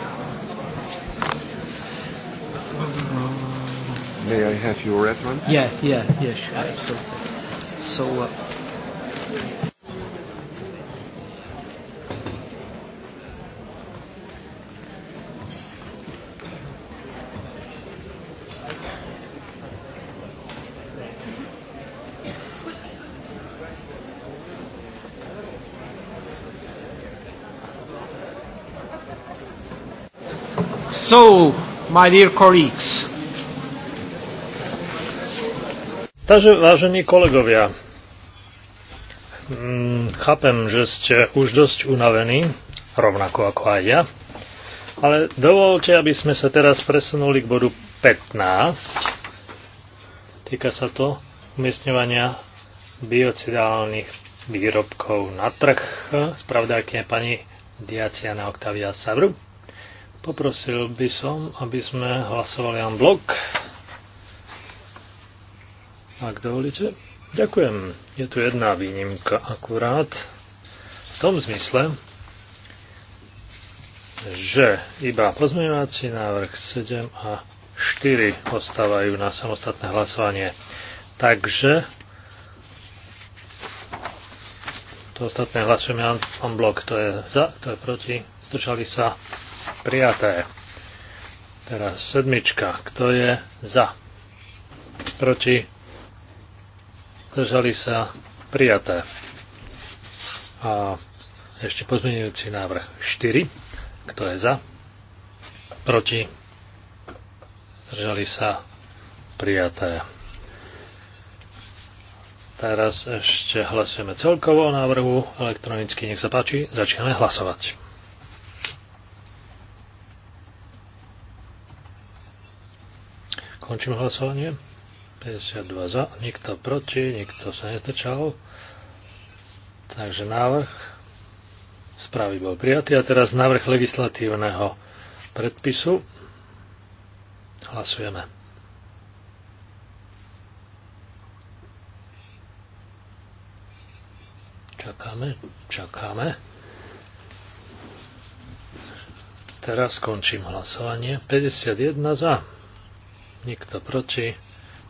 May I have your reference? Yeah, yeah, yeah, sure, absolutely. So. Uh, So, my dear colleagues, Takže, vážení kolegovia, mm, chápem, že ste už dosť unavení, rovnako ako aj ja, ale dovolte, aby sme sa teraz presunuli k bodu 15. Týka sa to umiestňovania biocidálnych výrobkov na trh. Spravdajkne pani Diaciana Octavia Savru. Poprosil by som, aby sme hlasovali en blok ak dovolíte. Ďakujem. Je tu jedna výnimka akurát. V tom zmysle, že iba pozmeňovací návrh 7 a 4 ostávajú na samostatné hlasovanie. Takže to ostatné hlasujeme on blok. To je za, to je proti. Zdržali sa prijaté. Teraz sedmička. Kto je za? Proti Držali sa, prijaté. A ešte pozmeňujúci návrh 4. Kto je za? Proti? držali sa? Prijaté. Teraz ešte hlasujeme celkovo o návrhu elektronicky. Nech sa páči, začíname hlasovať. Končím hlasovanie. 52 za, nikto proti, nikto sa nestrčal. Takže návrh správy bol prijatý. A teraz návrh legislatívneho predpisu. Hlasujeme. Čakáme, čakáme. Teraz skončím hlasovanie. 51 za, nikto proti.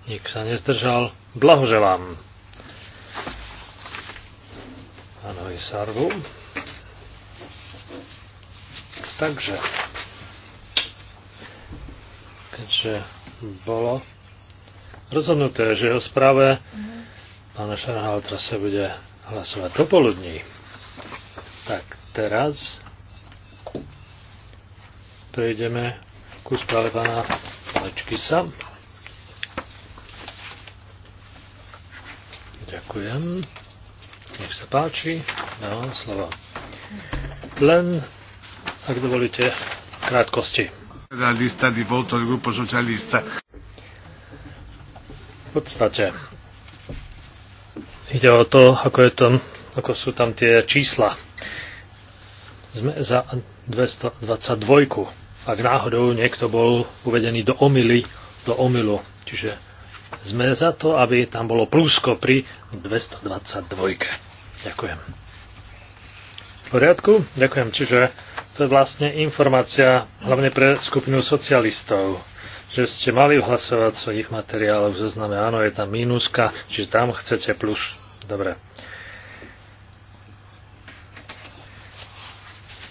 Nik sa nezdržal. Blahoželám. Áno, i sarvu. Takže, keďže bolo rozhodnuté, že o správe mhm. pána Šarhaltra sa bude hlasovať popoludní, tak teraz prejdeme ku správe pána Lečkisa. Ďakujem. Nech sa páči. Dávam no, slovo. Len, ak dovolíte, krátkosti. V podstate ide o to, ako, je tam, ako sú tam tie čísla. Sme za 222, ak náhodou niekto bol uvedený do omily, do omylu, čiže sme za to, aby tam bolo plusko pri 222. Ďakujem. V poriadku? Ďakujem. Čiže to je vlastne informácia hlavne pre skupinu socialistov že ste mali v hlasovacích materiáloch zozname, áno, je tam mínuska, čiže tam chcete plus. Dobre.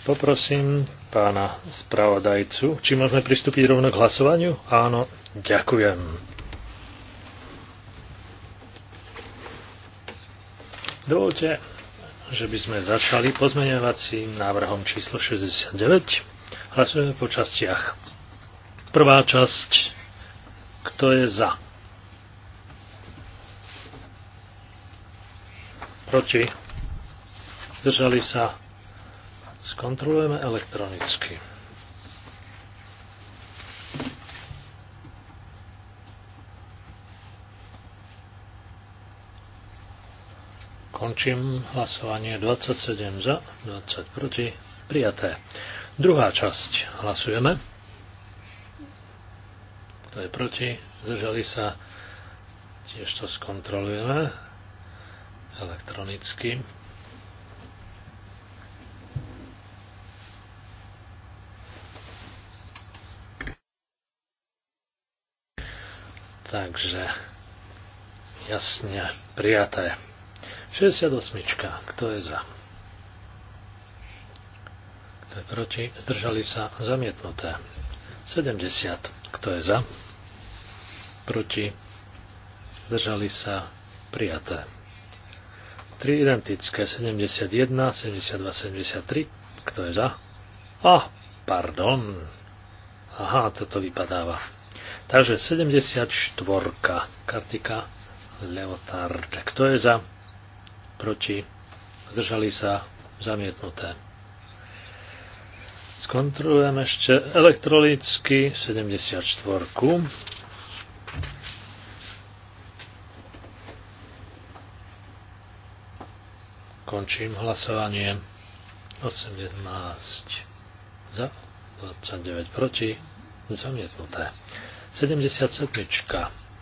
Poprosím pána spravodajcu, či môžeme pristúpiť rovno k hlasovaniu? Áno, ďakujem. Dovolte, že by sme začali pozmeňovacím návrhom číslo 69. Hlasujeme po častiach. Prvá časť, kto je za? Proti? Držali sa? Skontrolujeme elektronicky. Končím hlasovanie 27 za, 20 proti, prijaté. Druhá časť hlasujeme. Kto je proti? Zdržali sa. Tiež to skontrolujeme elektronicky. Takže jasne prijaté. 68. Kto je za? Kto je proti? Zdržali sa zamietnuté. 70. Kto je za? Proti? Zdržali sa prijaté. 3 identické. 71, 72, 73. Kto je za? A, pardon. Aha, toto vypadáva. Takže 74. Kartika Leotard. Kto je za? proti, zdržali sa, zamietnuté. Skontrolujem ešte elektronicky 74. Končím hlasovanie. 18 za, 29 proti, zamietnuté. 77.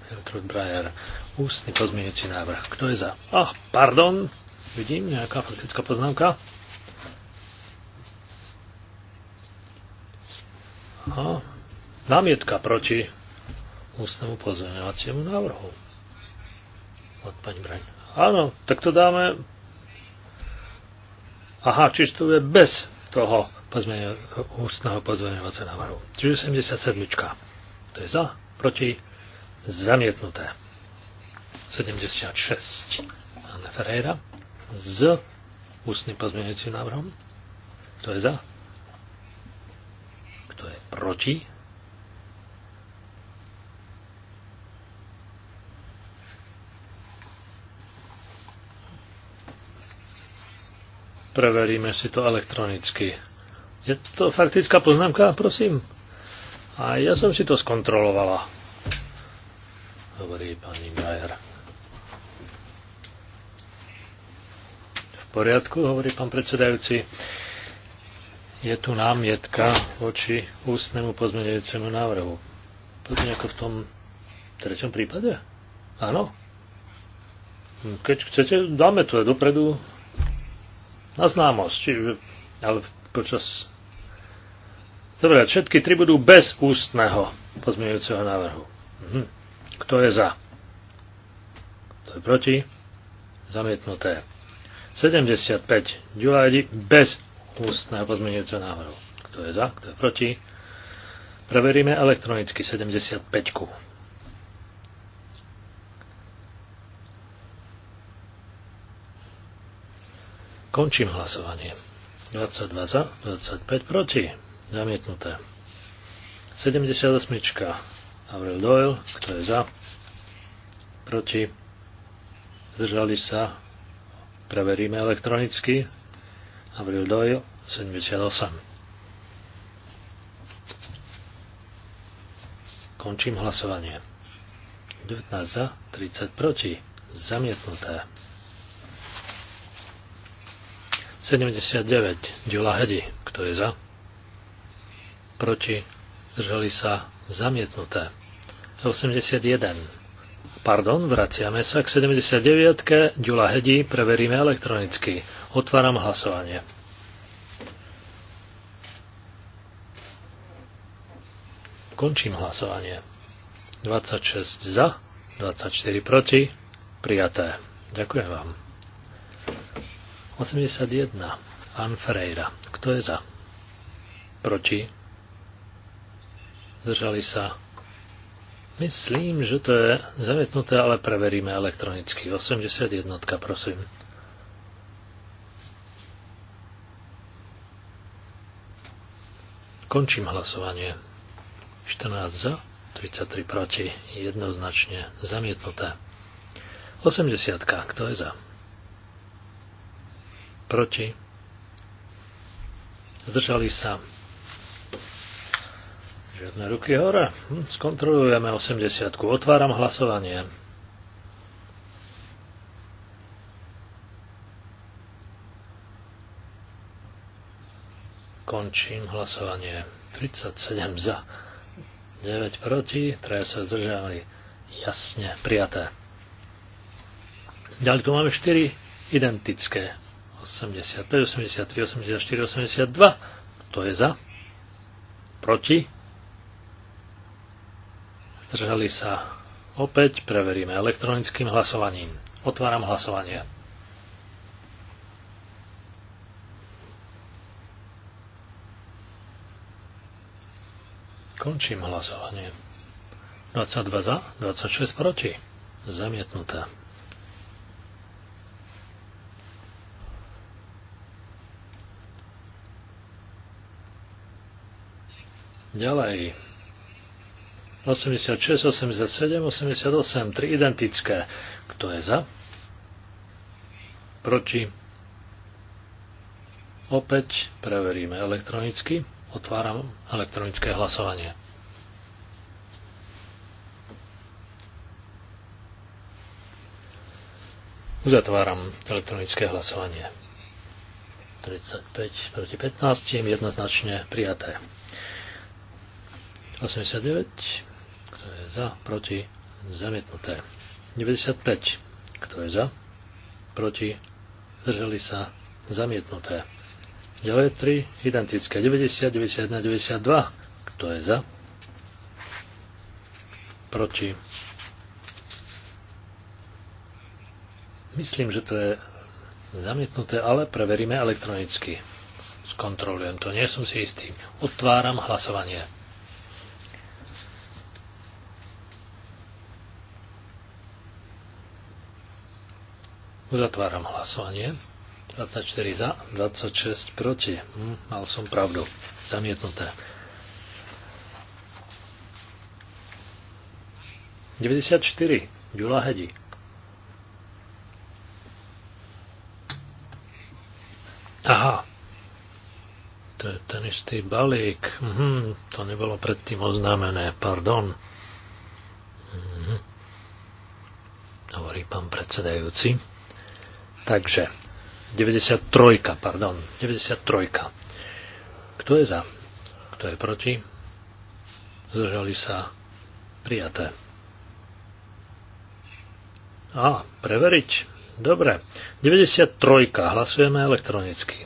Gertrude Breyer. Ústny pozmeňujúci návrh. Kto je za? Ach, pardon. Vidím, nejaká faktická poznámka. A namietka proti ústnemu pozmeňovaciemu návrhu. Od pani Braň. Áno, tak to dáme... Aha, čiže to je bez toho pozmeňo, ústneho pozmeňovacieho návrhu. Čiže 77. To je za, proti, zamietnuté. 76 Anna Ferreira s ústnym pozmeňujúcim návrhom. Kto je za? Kto je proti? Preveríme si to elektronicky. Je to faktická poznámka, prosím? A ja som si to skontrolovala hovorí pani Majer. V poriadku, hovorí pán predsedajúci. Je tu námietka voči ústnemu pozmeňujúcemu návrhu. Podobne ako v tom treťom prípade? Áno. Hm, keď chcete, dáme to dopredu na známosť. Čiže, ale počas... Dobre, všetky tri budú bez ústneho pozmeňujúceho návrhu. Mhm. Kto je za? Kto je proti? Zamietnuté. 75. Ďulajdi bez ústneho pozmeňujúceho návrhu. Kto je za? Kto je proti? Preveríme elektronicky 75. -ku. Končím hlasovanie. 22 za, 25 proti. Zamietnuté. 78. Avril Doyle, kto je za, proti, zdržali sa, preveríme elektronicky, Avril Doyle, 78. Končím hlasovanie. 19 za, 30 proti, zamietnuté. 79, Dula hedy, kto je za? Proti, zdržali sa, Zamietnuté. 81. Pardon, vraciame sa k 79. Ďula Hedi, preveríme elektronicky. Otváram hlasovanie. Končím hlasovanie. 26 za, 24 proti, prijaté. Ďakujem vám. 81. Ann Ferreira. Kto je za? Proti? Zdržali sa. Myslím, že to je zamietnuté, ale preveríme elektronicky. 81, prosím. Končím hlasovanie. 14 za, 33 proti, jednoznačne zamietnuté. 80. Kto je za? Proti. Zdržali sa Žiadne ruky hore. Hm, skontrolujeme 80. Otváram hlasovanie. Končím hlasovanie. 37 za, 9 proti, 3 sa zdržali. Jasne, prijaté. Ďalej tu máme 4 identické. 85, 83, 84, 82. Kto je za? Proti? Zdržali sa. Opäť preveríme elektronickým hlasovaním. Otváram hlasovanie. Končím hlasovanie. 22 za, 26 proti. Zamietnuté. Ďalej. 86, 87, 88, 3 identické. Kto je za? Proti? Opäť preveríme elektronicky. Otváram elektronické hlasovanie. Uzatváram elektronické hlasovanie. 35 proti 15, jednoznačne prijaté. 89. Kto je za? Proti? Zamietnuté. 95. Kto je za? Proti? Zdržali sa? Zamietnuté. Ďalej 3 identické. 90, 91, 92. Kto je za? Proti? Myslím, že to je zamietnuté, ale preveríme elektronicky. Skontrolujem to, nie som si istý. Otváram hlasovanie. Uzatváram hlasovanie. 24 za, 26 proti. Hm, mal som pravdu. Zamietnuté. 94. Ďula Hedi. Aha. To je ten istý balík. Mhm, to nebolo predtým oznámené. Pardon. Mhm. Hovorí pán predsedajúci. Takže 93, pardon, 93. Kto je za? Kto je proti? Zdržali sa prijaté. A, preveriť. Dobre. 93. Hlasujeme elektronicky.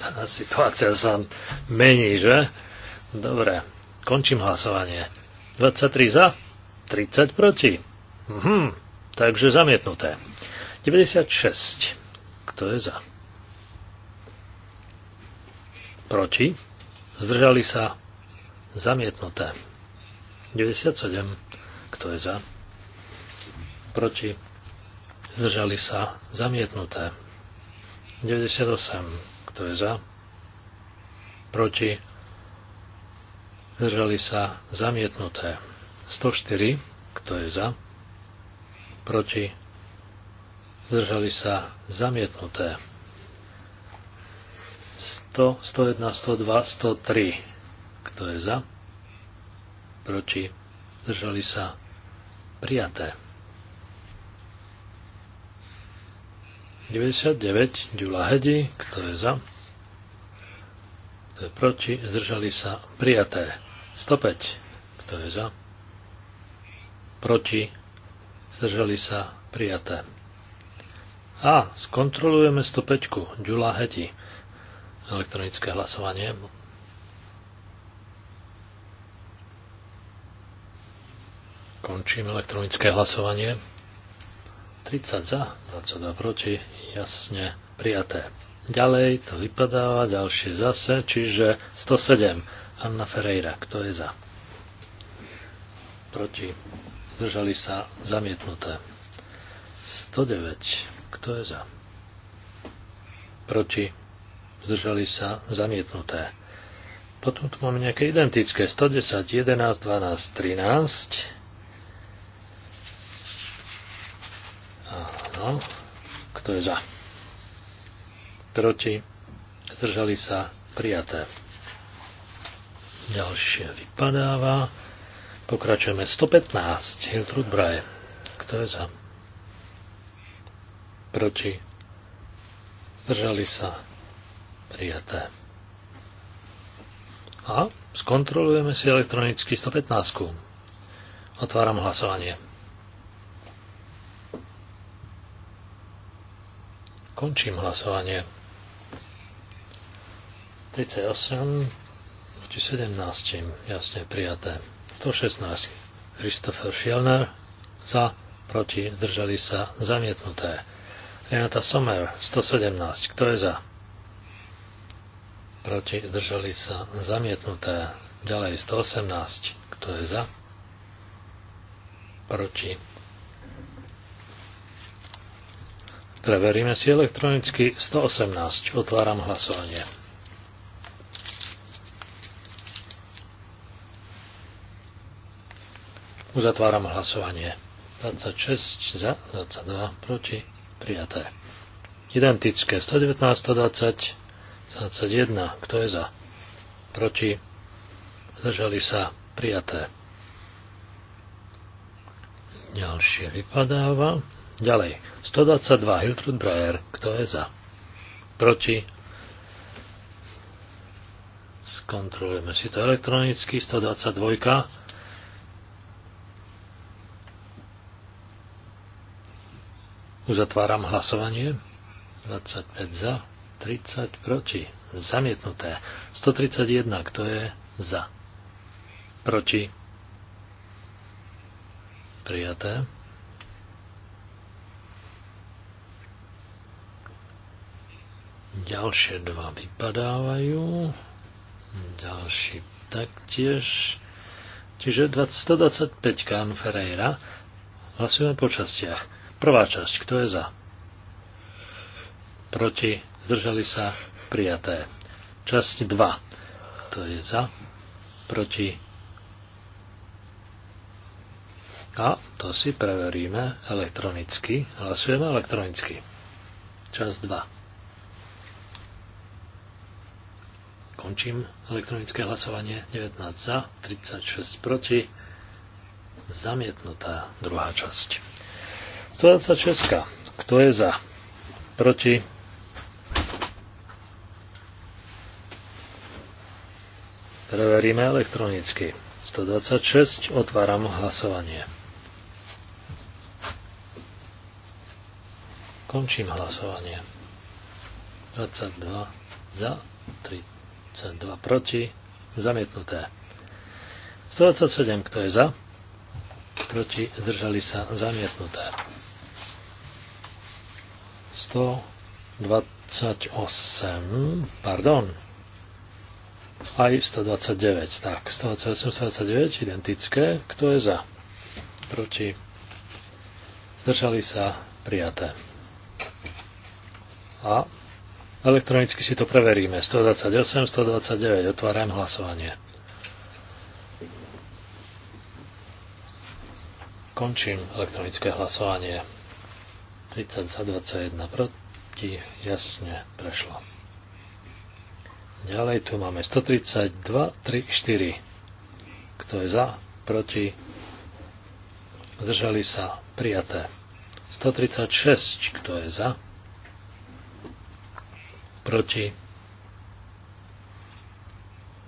Tá situácia sa mení, že? Dobre. Končím hlasovanie. 23 za, 30 proti. Mhm. Takže zamietnuté. 96. Kto je za? Proti? Zdržali sa? Zamietnuté. 97. Kto je za? Proti? Zdržali sa? Zamietnuté. 98. Kto je za? Proti? Zdržali sa? Zamietnuté. 104. Kto je za? proti, zdržali sa zamietnuté. 100, 101, 102, 103. Kto je za? Proti, zdržali sa prijaté. 99, Ďula Hedi, kto je za? Kto je proti, zdržali sa prijaté. 105, kto je za? Proti, Zdržali sa prijaté. A skontrolujeme 105. Ďula Heti. Elektronické hlasovanie. Končím elektronické hlasovanie. 30 za, 22 proti, jasne prijaté. Ďalej to vypadáva, ďalšie zase, čiže 107. Anna Ferreira, kto je za? Proti zdržali sa zamietnuté. 109. Kto je za? Proti. Zdržali sa zamietnuté. Potom tu máme nejaké identické. 110, 11, 12, 13. Áno. Kto je za? Proti. Zdržali sa prijaté. Ďalšie vypadáva. Pokračujeme 115. Hiltrud Braje. Kto je za? Proti. Zdržali sa. Prijaté. A skontrolujeme si elektronicky 115. Otváram hlasovanie. Končím hlasovanie. 38 17. Jasne prijaté. 116. Christopher Fielner za, proti, zdržali sa, zamietnuté. Renata Sommer, 117. Kto je za? Proti, zdržali sa, zamietnuté. Ďalej, 118. Kto je za? Proti. Preveríme si elektronicky 118. Otváram hlasovanie. Uzatváram hlasovanie. 26 za, 22 proti, prijaté. Identické 119, 120, 21. Kto je za? Proti. Zdržali sa prijaté. Ďalšie vypadáva. Ďalej. 122 Hiltrud Breyer. Kto je za? Proti. Skontrolujeme si to elektronicky. 122. Uzatváram hlasovanie. 25 za, 30 proti. Zamietnuté. 131, kto je za? Proti. Prijaté. Ďalšie dva vypadávajú. Ďalší taktiež. Čiže 125 Ferreira. Hlasujeme po častiach Prvá časť, kto je za? Proti, zdržali sa, prijaté. Časť 2, kto je za? Proti. A to si preveríme elektronicky. Hlasujeme elektronicky. Časť 2. Končím elektronické hlasovanie. 19 za, 36 proti. Zamietnutá druhá časť. 126. Kto je za? Proti? Preveríme elektronicky. 126. Otváram hlasovanie. Končím hlasovanie. 22 za, 32 proti, zamietnuté. 127, kto je za? Proti, zdržali sa, zamietnuté. 128, pardon, aj 129, tak, 128, 129, identické, kto je za, proti, zdržali sa, prijaté. A elektronicky si to preveríme, 128, 129, otváram hlasovanie. Končím elektronické hlasovanie. 30 za 21 proti, jasne prešlo. Ďalej tu máme 132, 3, 4. Kto je za, proti, zdržali sa, prijaté. 136, kto je za, proti,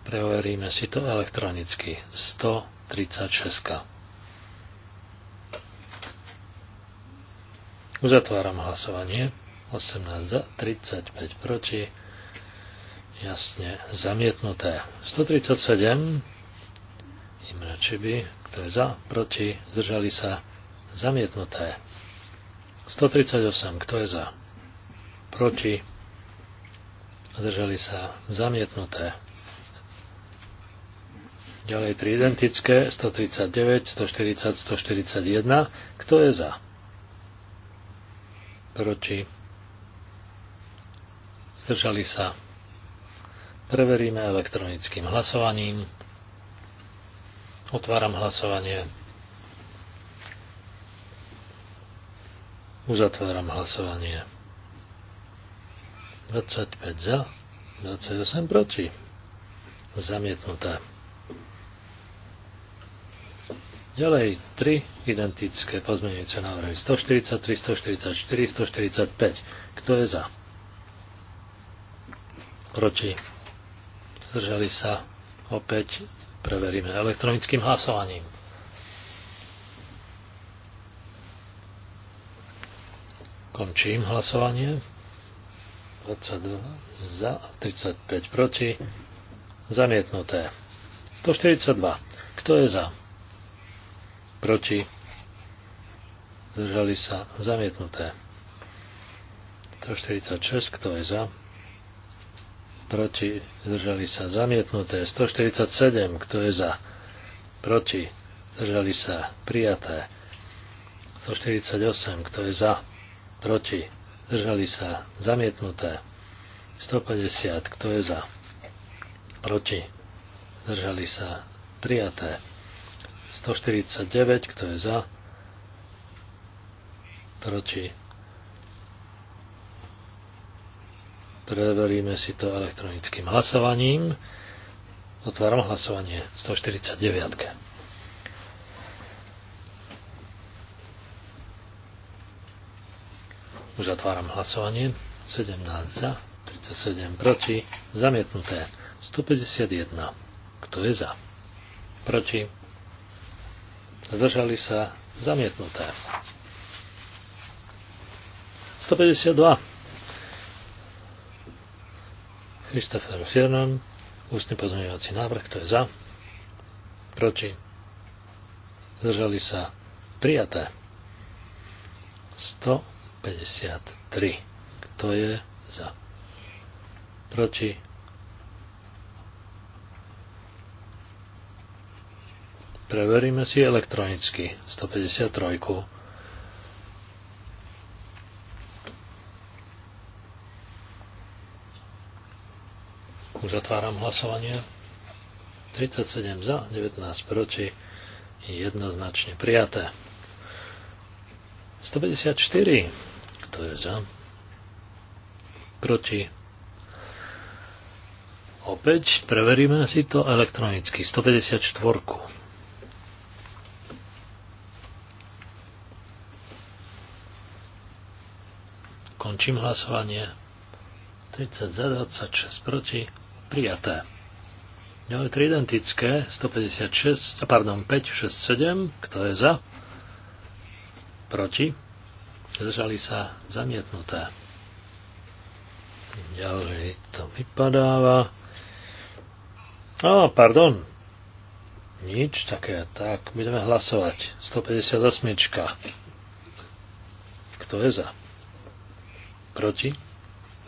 preveríme si to elektronicky. 136. Uzatváram hlasovanie. 18 za, 35 proti. Jasne zamietnuté. 137. Imre Čiby, kto je za, proti, zdržali sa. Zamietnuté. 138. Kto je za? Proti. Zdržali sa. Zamietnuté. Ďalej tri identické. 139, 140, 141. Kto je za? storočí. zdržali sa. Preveríme elektronickým hlasovaním. Otváram hlasovanie. Uzatváram hlasovanie. 25 za, 28 proti. Zamietnuté. Ďalej 3 identické pozmeňujúce návrhy 143, 144, 145. Kto je za? Proti? Zdržali sa? Opäť preveríme elektronickým hlasovaním. Končím hlasovanie. 22 za, 35 proti. Zamietnuté. 142. Kto je za? proti, zdržali sa zamietnuté. 146, kto je za, proti, zdržali sa zamietnuté. 147, kto je za, proti, zdržali sa prijaté. 148, kto je za, proti, zdržali sa zamietnuté. 150, kto je za, proti, zdržali sa prijaté. 149, kto je za, proti. Preveríme si to elektronickým hlasovaním. Otváram hlasovanie 149. Už otváram hlasovanie. 17 za, 37 proti, zamietnuté. 151. Kto je za? Proti? zdržali sa zamietnuté. 152. Christopher Fiernan, ústny pozmeňovací návrh, kto je za, proti, zdržali sa prijaté. 153. Kto je za? Proti Preveríme si elektronicky 153. Uzatváram hlasovanie. 37 za, 19 proti. Jednoznačne prijaté. 154. Kto je za? Proti. Opäť preveríme si to elektronicky. 154. Končím hlasovanie. 30 za 26 proti. Prijaté. Ďalej 3 identické. 156, a pardon, 5, 6, 7. Kto je za? Proti. Zdržali sa zamietnuté. Ďalej to vypadáva. A, pardon. Nič také. Tak, budeme hlasovať. 158. Kto je za? proti,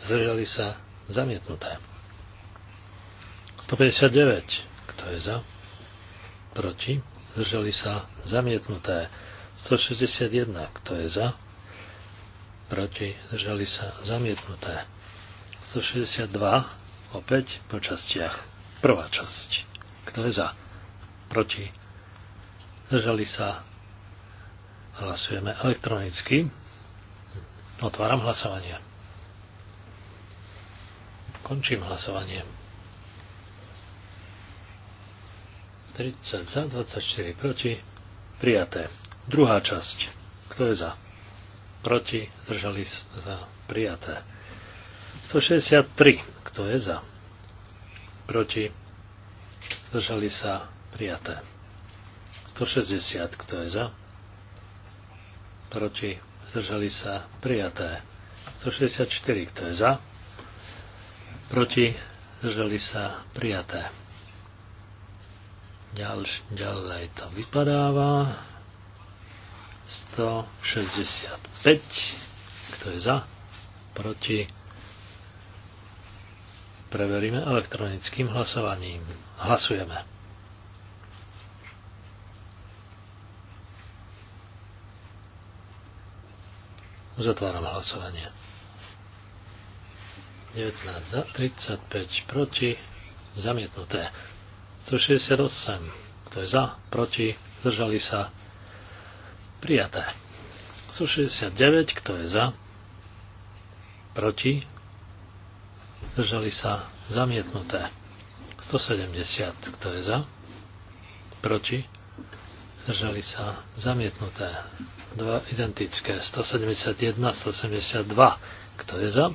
zdržali sa zamietnuté. 159, kto je za, proti, zdržali sa zamietnuté. 161, kto je za, proti, zdržali sa zamietnuté. 162, opäť po častiach. Prvá časť, kto je za, proti, zdržali sa Hlasujeme elektronicky. Otváram hlasovanie. Končím hlasovanie. 30 za, 24 proti. Prijaté. Druhá časť. Kto je za? Proti. Zdržali sa. Prijaté. 163. Kto je za? Proti. Zdržali sa. Prijaté. 160. Kto je za? Proti zdržali sa prijaté. 164, kto je za, proti, zdržali sa prijaté. Ďalš, ďalej to vypadáva. 165, kto je za, proti, preveríme elektronickým hlasovaním. Hlasujeme. Uzatváram hlasovanie. 19 za, 35 proti, zamietnuté. 168, kto je za, proti, zdržali sa, prijaté. 169, kto je za, proti, zdržali sa, zamietnuté. 170, kto je za, proti, zdržali sa zamietnuté. Dva identické, 171, 172. Kto je za?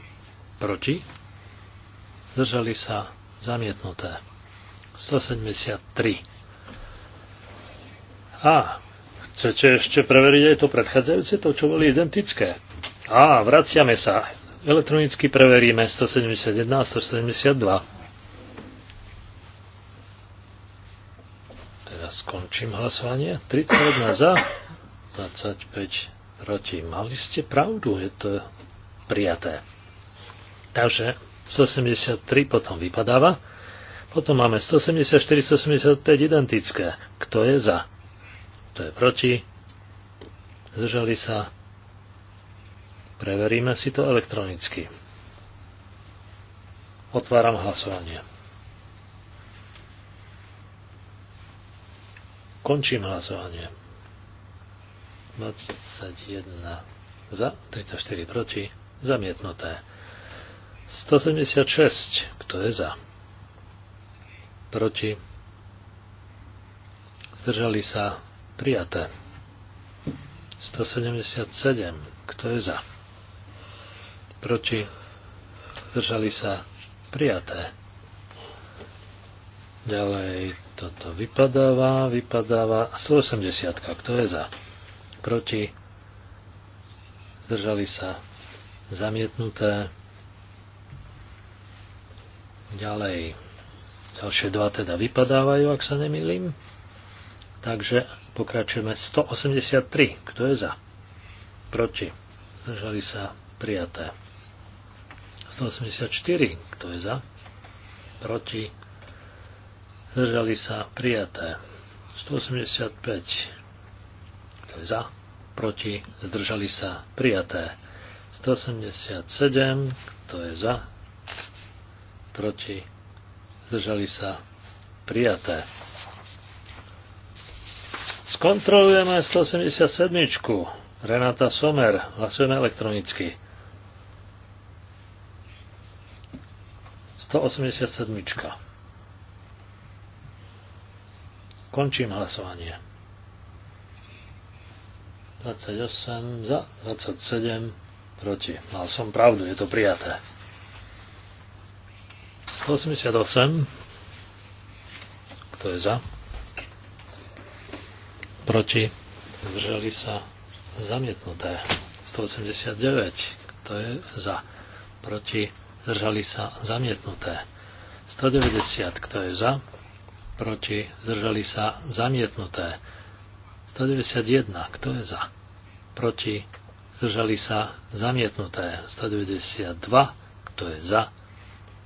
Proti? Zdržali sa zamietnuté. 173. A, chcete ešte preveriť aj to predchádzajúce, to, čo boli identické? A, vraciame sa. Elektronicky preveríme 171 a 172. Končím hlasovanie. 31 za, 25 proti. Mali ste pravdu, je to prijaté. Takže 183 potom vypadáva. Potom máme 174, 175 identické. Kto je za? Kto je proti? Zdržali sa? Preveríme si to elektronicky. Otváram hlasovanie. Končím hlasovanie. 21 za, 34 proti, zamietnuté. 176, kto je za? Proti. Zdržali sa prijaté. 177, kto je za? Proti. Zdržali sa prijaté. Ďalej toto vypadáva, vypadáva 180. Kto je za? Proti? Zdržali sa? Zamietnuté? Ďalej. Ďalšie dva teda vypadávajú, ak sa nemýlim. Takže pokračujeme 183. Kto je za? Proti? Zdržali sa? Prijaté. 184. Kto je za? Proti? Zdržali sa prijaté. 185. Kto je za? Proti? Zdržali sa prijaté. 187. Kto je za? Proti? Zdržali sa prijaté. Skontrolujeme 187. Renata Somer. Hlasujeme elektronicky. 187. Končím hlasovanie. 28 za, 27 proti. Mal som pravdu, je to prijaté. 188. Kto je za? Proti. Zdržali sa zamietnuté. 189. Kto je za? Proti. Zdržali sa zamietnuté. 190. Kto je za? proti, zdržali sa, zamietnuté. 191, kto je za, proti, zdržali sa, zamietnuté. 192, kto je za,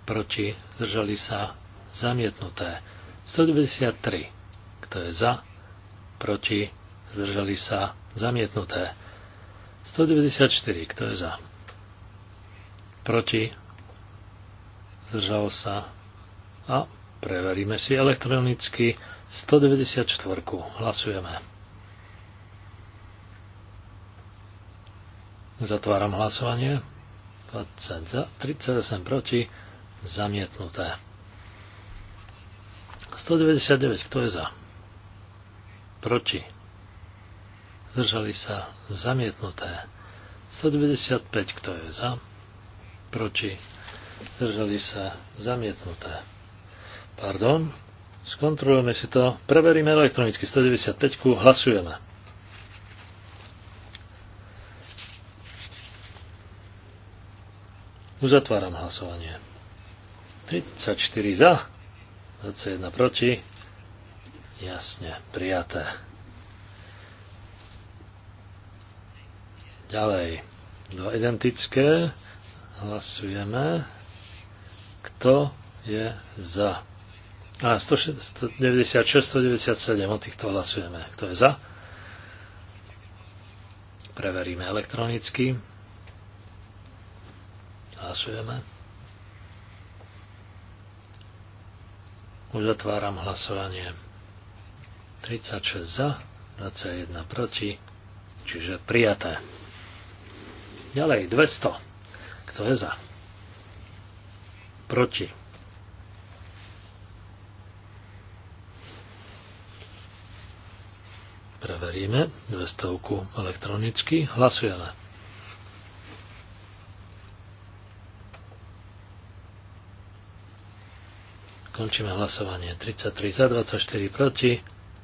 proti, zdržali sa, zamietnuté. 193, kto je za, proti, zdržali sa, zamietnuté. 194, kto je za, proti, zdržal sa a Preveríme si elektronicky 194. Hlasujeme. Zatváram hlasovanie. 20 za, 38 proti, zamietnuté. 199, kto je za? Proti. Zdržali sa zamietnuté. 195, kto je za? Proti. Zdržali sa zamietnuté. Pardon. Skontrolujeme si to. Preveríme elektronicky. 195. Hlasujeme. Uzatváram hlasovanie. 34 za, 21 proti. Jasne, prijaté. Ďalej. Dva identické. Hlasujeme. Kto je za? A 196, 197, o týchto hlasujeme. Kto je za? Preveríme elektronicky. Hlasujeme. Uzatváram hlasovanie. 36 za, 21 proti, čiže prijaté. Ďalej, 200. Kto je za? Proti. overíme 200 elektronicky. Hlasujeme. Končíme hlasovanie. 33 za, 24 proti.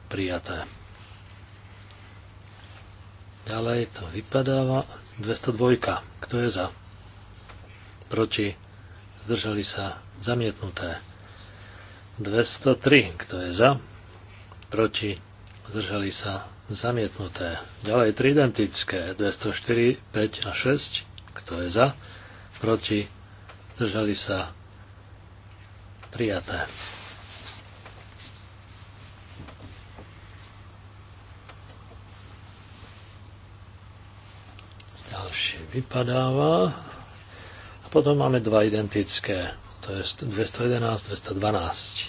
Prijaté. Ďalej to vypadáva. 202. Kto je za? Proti. Zdržali sa. Zamietnuté. 203. Kto je za? Proti Držali sa zamietnuté. Ďalej tri identické, 204, 5 a 6, kto je za, proti, držali sa prijaté. Ďalšie vypadáva. A potom máme dva identické, to je 211, 212.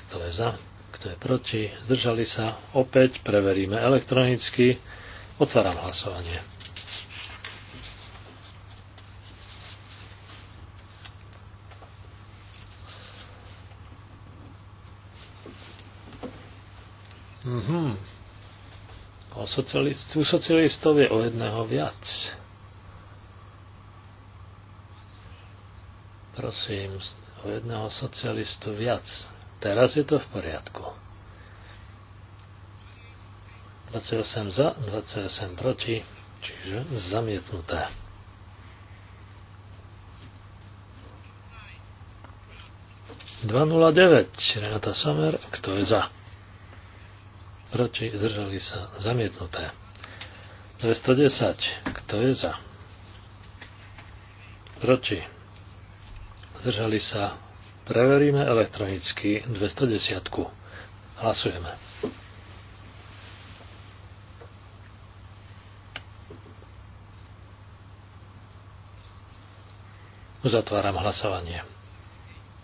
Kto je za? kto je proti, zdržali sa, opäť preveríme elektronicky. Otváram hlasovanie. Mhm. O socialist- u socialistov je o jedného viac. Prosím, o jedného socialistu viac. Teraz je to v poriadku. 28 za, 28 proti, čiže zamietnuté. Dva nula Renata Samer, kto je za? Proti, zdržali sa, zamietnuté. 210, kto je za? Proti, zdržali sa, Preveríme elektronicky 210. Hlasujeme. Uzatváram hlasovanie.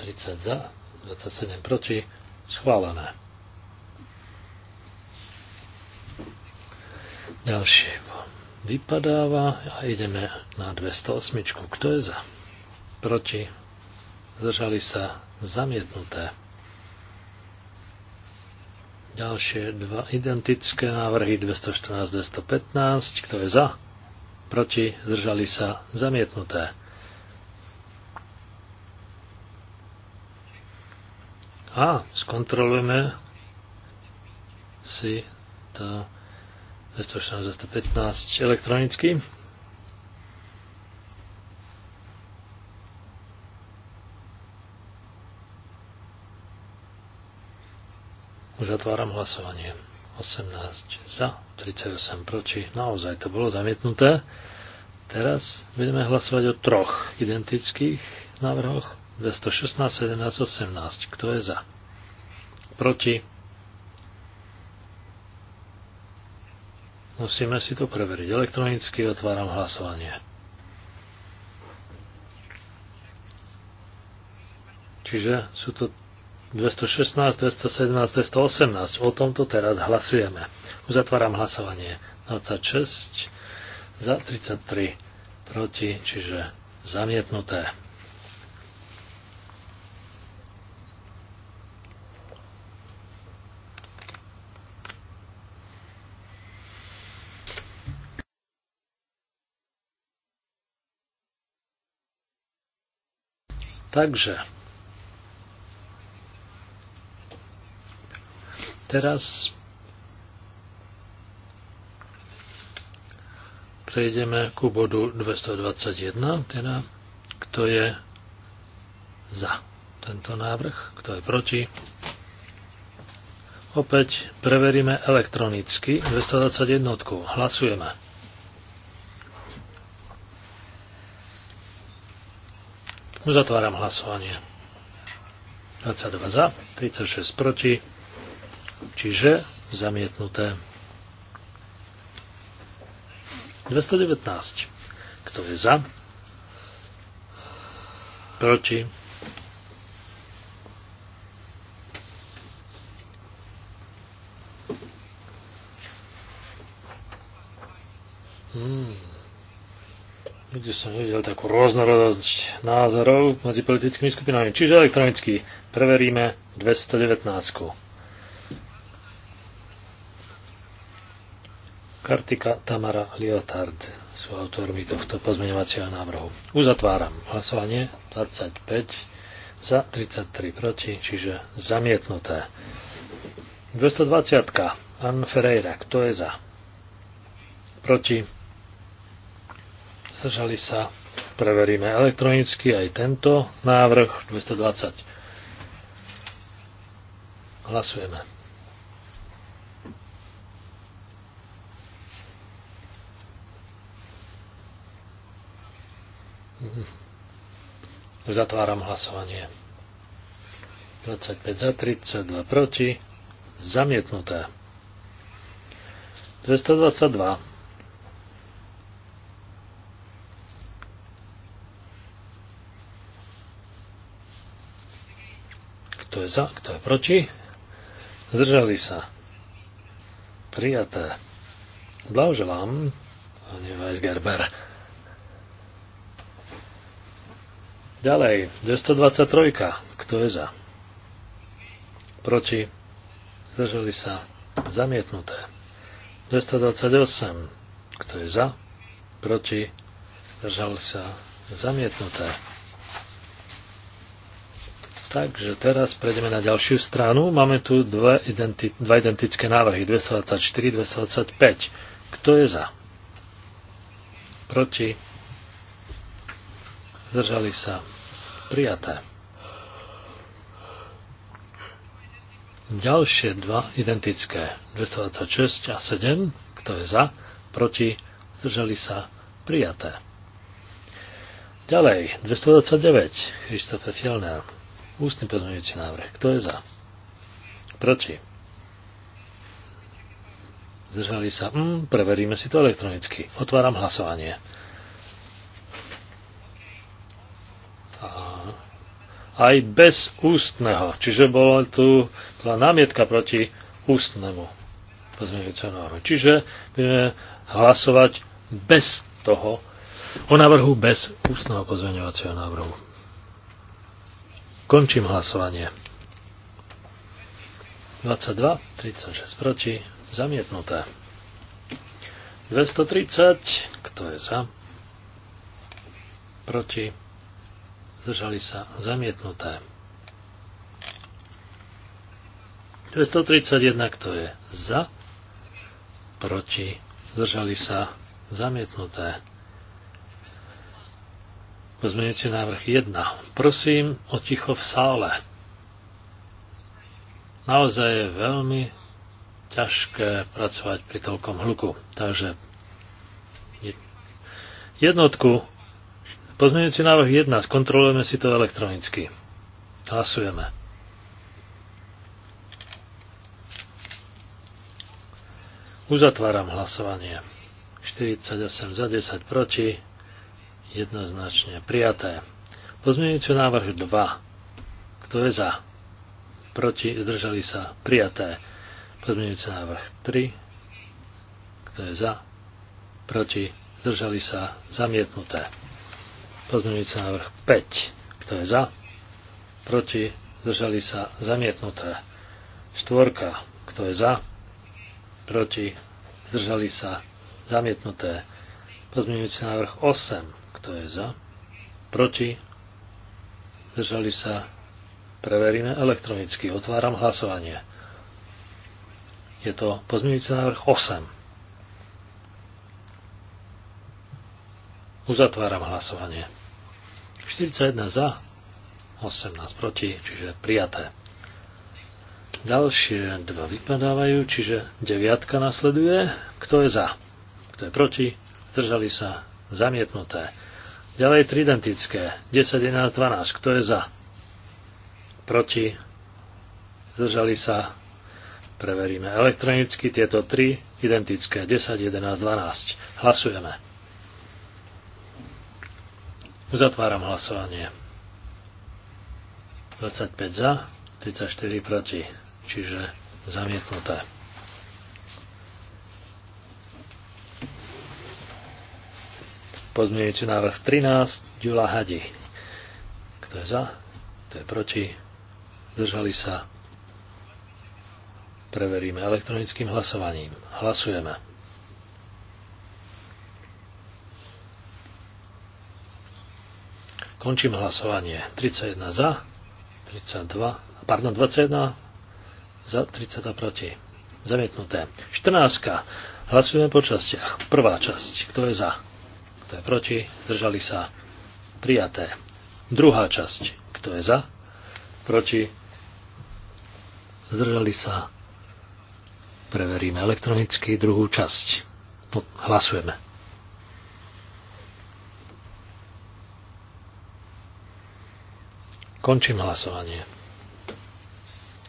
30 za, 27 proti, schválené. Ďalšie vypadáva a ideme na 208. Kto je za? Proti? zdržali sa zamietnuté. Ďalšie dva identické návrhy 214-215. Kto je za? Proti? Zdržali sa zamietnuté. A skontrolujeme si to 214-215 elektronicky. Uzatváram hlasovanie. 18 za, 38 proti. Naozaj to bolo zamietnuté. Teraz budeme hlasovať o troch identických návrhoch. 216, 17, 18. Kto je za? Proti? Musíme si to preveriť. Elektronicky otváram hlasovanie. Čiže sú to 216, 217, 218. O tomto teraz hlasujeme. Uzatváram hlasovanie. 26 za 33 proti, čiže zamietnuté. Takže Teraz prejdeme ku bodu 221, teda kto je za tento návrh, kto je proti. Opäť preveríme elektronicky 221. Hlasujeme. Uzatváram hlasovanie. 22 za, 36 proti čiže zamietnuté. 219. Kto je za? Proti? Hmm. Kde som videl takú rôznorodosť názorov medzi politickými skupinami. Čiže elektronicky preveríme 219. Kartika Tamara Liotard sú autormi tohto pozmeňovacieho návrhu. Uzatváram hlasovanie 25 za 33 proti, čiže zamietnuté. 220. Ann Ferreira, kto je za? Proti? Zdržali sa? Preveríme elektronicky aj tento návrh 220. Hlasujeme. Zatváram hlasovanie. 25 za, 32 proti. Zamietnuté. 222. Kto je za, kto je proti? Zdržali sa. Prijaté. Blahoželám, Anne Weisgerber. Ďalej, 223. Kto je za? Proti? Zdržali sa? Zamietnuté. 228. Kto je za? Proti? Zdržali sa? Zamietnuté. Takže teraz prejdeme na ďalšiu stranu. Máme tu dva, identi- dva identické návrhy. 224, 225. Kto je za? Proti? zdržali sa, prijaté. Ďalšie dva identické, 226 a 7, kto je za, proti, zdržali sa, prijaté. Ďalej, 229, Christophe Fjellner, ústny pozmeňujúci návrh, kto je za, proti, zdržali sa, mm, preveríme si to elektronicky, otváram hlasovanie. aj bez ústneho. Čiže bola tu bola námietka proti ústnemu pozmeňujúceho návrhu. Čiže budeme hlasovať bez toho, o návrhu bez ústneho pozmeňovacieho návrhu. Končím hlasovanie. 22, 36 proti, zamietnuté. 230, kto je za? Proti zdržali sa zamietnuté. 231, to je za, proti, zdržali sa zamietnuté. Pozmenujte návrh 1. Prosím o ticho v sále. Naozaj je veľmi ťažké pracovať pri toľkom hluku. Takže jednotku Pozmeňujúci návrh 1. Skontrolujeme si to elektronicky. Hlasujeme. Uzatváram hlasovanie. 48 za 10 proti. Jednoznačne prijaté. Pozmeňujúci návrh 2. Kto je za? Proti. Zdržali sa. Prijaté. Pozmeňujúci návrh 3. Kto je za? Proti. Zdržali sa. Zamietnuté. Pozmeňujúci návrh 5. Kto je za? Proti? Zdržali sa zamietnuté. Štvorka. Kto je za? Proti? Zdržali sa zamietnuté. Pozmeňujúci návrh 8. Kto je za? Proti? Zdržali sa. Preveríme elektronicky. Otváram hlasovanie. Je to pozmeňujúci návrh 8. Uzatváram hlasovanie. 41 za, 18 proti, čiže prijaté. Ďalšie dva vypadávajú, čiže deviatka nasleduje. Kto je za? Kto je proti? Zdržali sa? Zamietnuté. Ďalej tri identické. 10, 11, 12. Kto je za? Proti? Zdržali sa? Preveríme elektronicky tieto tri identické. 10, 11, 12. Hlasujeme. Uzatváram hlasovanie. 25 za, 34 proti, čiže zamietnuté. Pozmienujúci návrh 13, Ďula Hadi. Kto je za? Kto je proti? držali sa? Preveríme elektronickým hlasovaním. Hlasujeme. Končím hlasovanie. 31 za, 32, pardon, 21 za, 32 proti. Zamietnuté. 14. Hlasujeme po častiach. Prvá časť. Kto je za? Kto je proti? Zdržali sa. Prijaté. Druhá časť. Kto je za? Proti? Zdržali sa. Preveríme elektronicky druhú časť. Hlasujeme. Končím hlasovanie.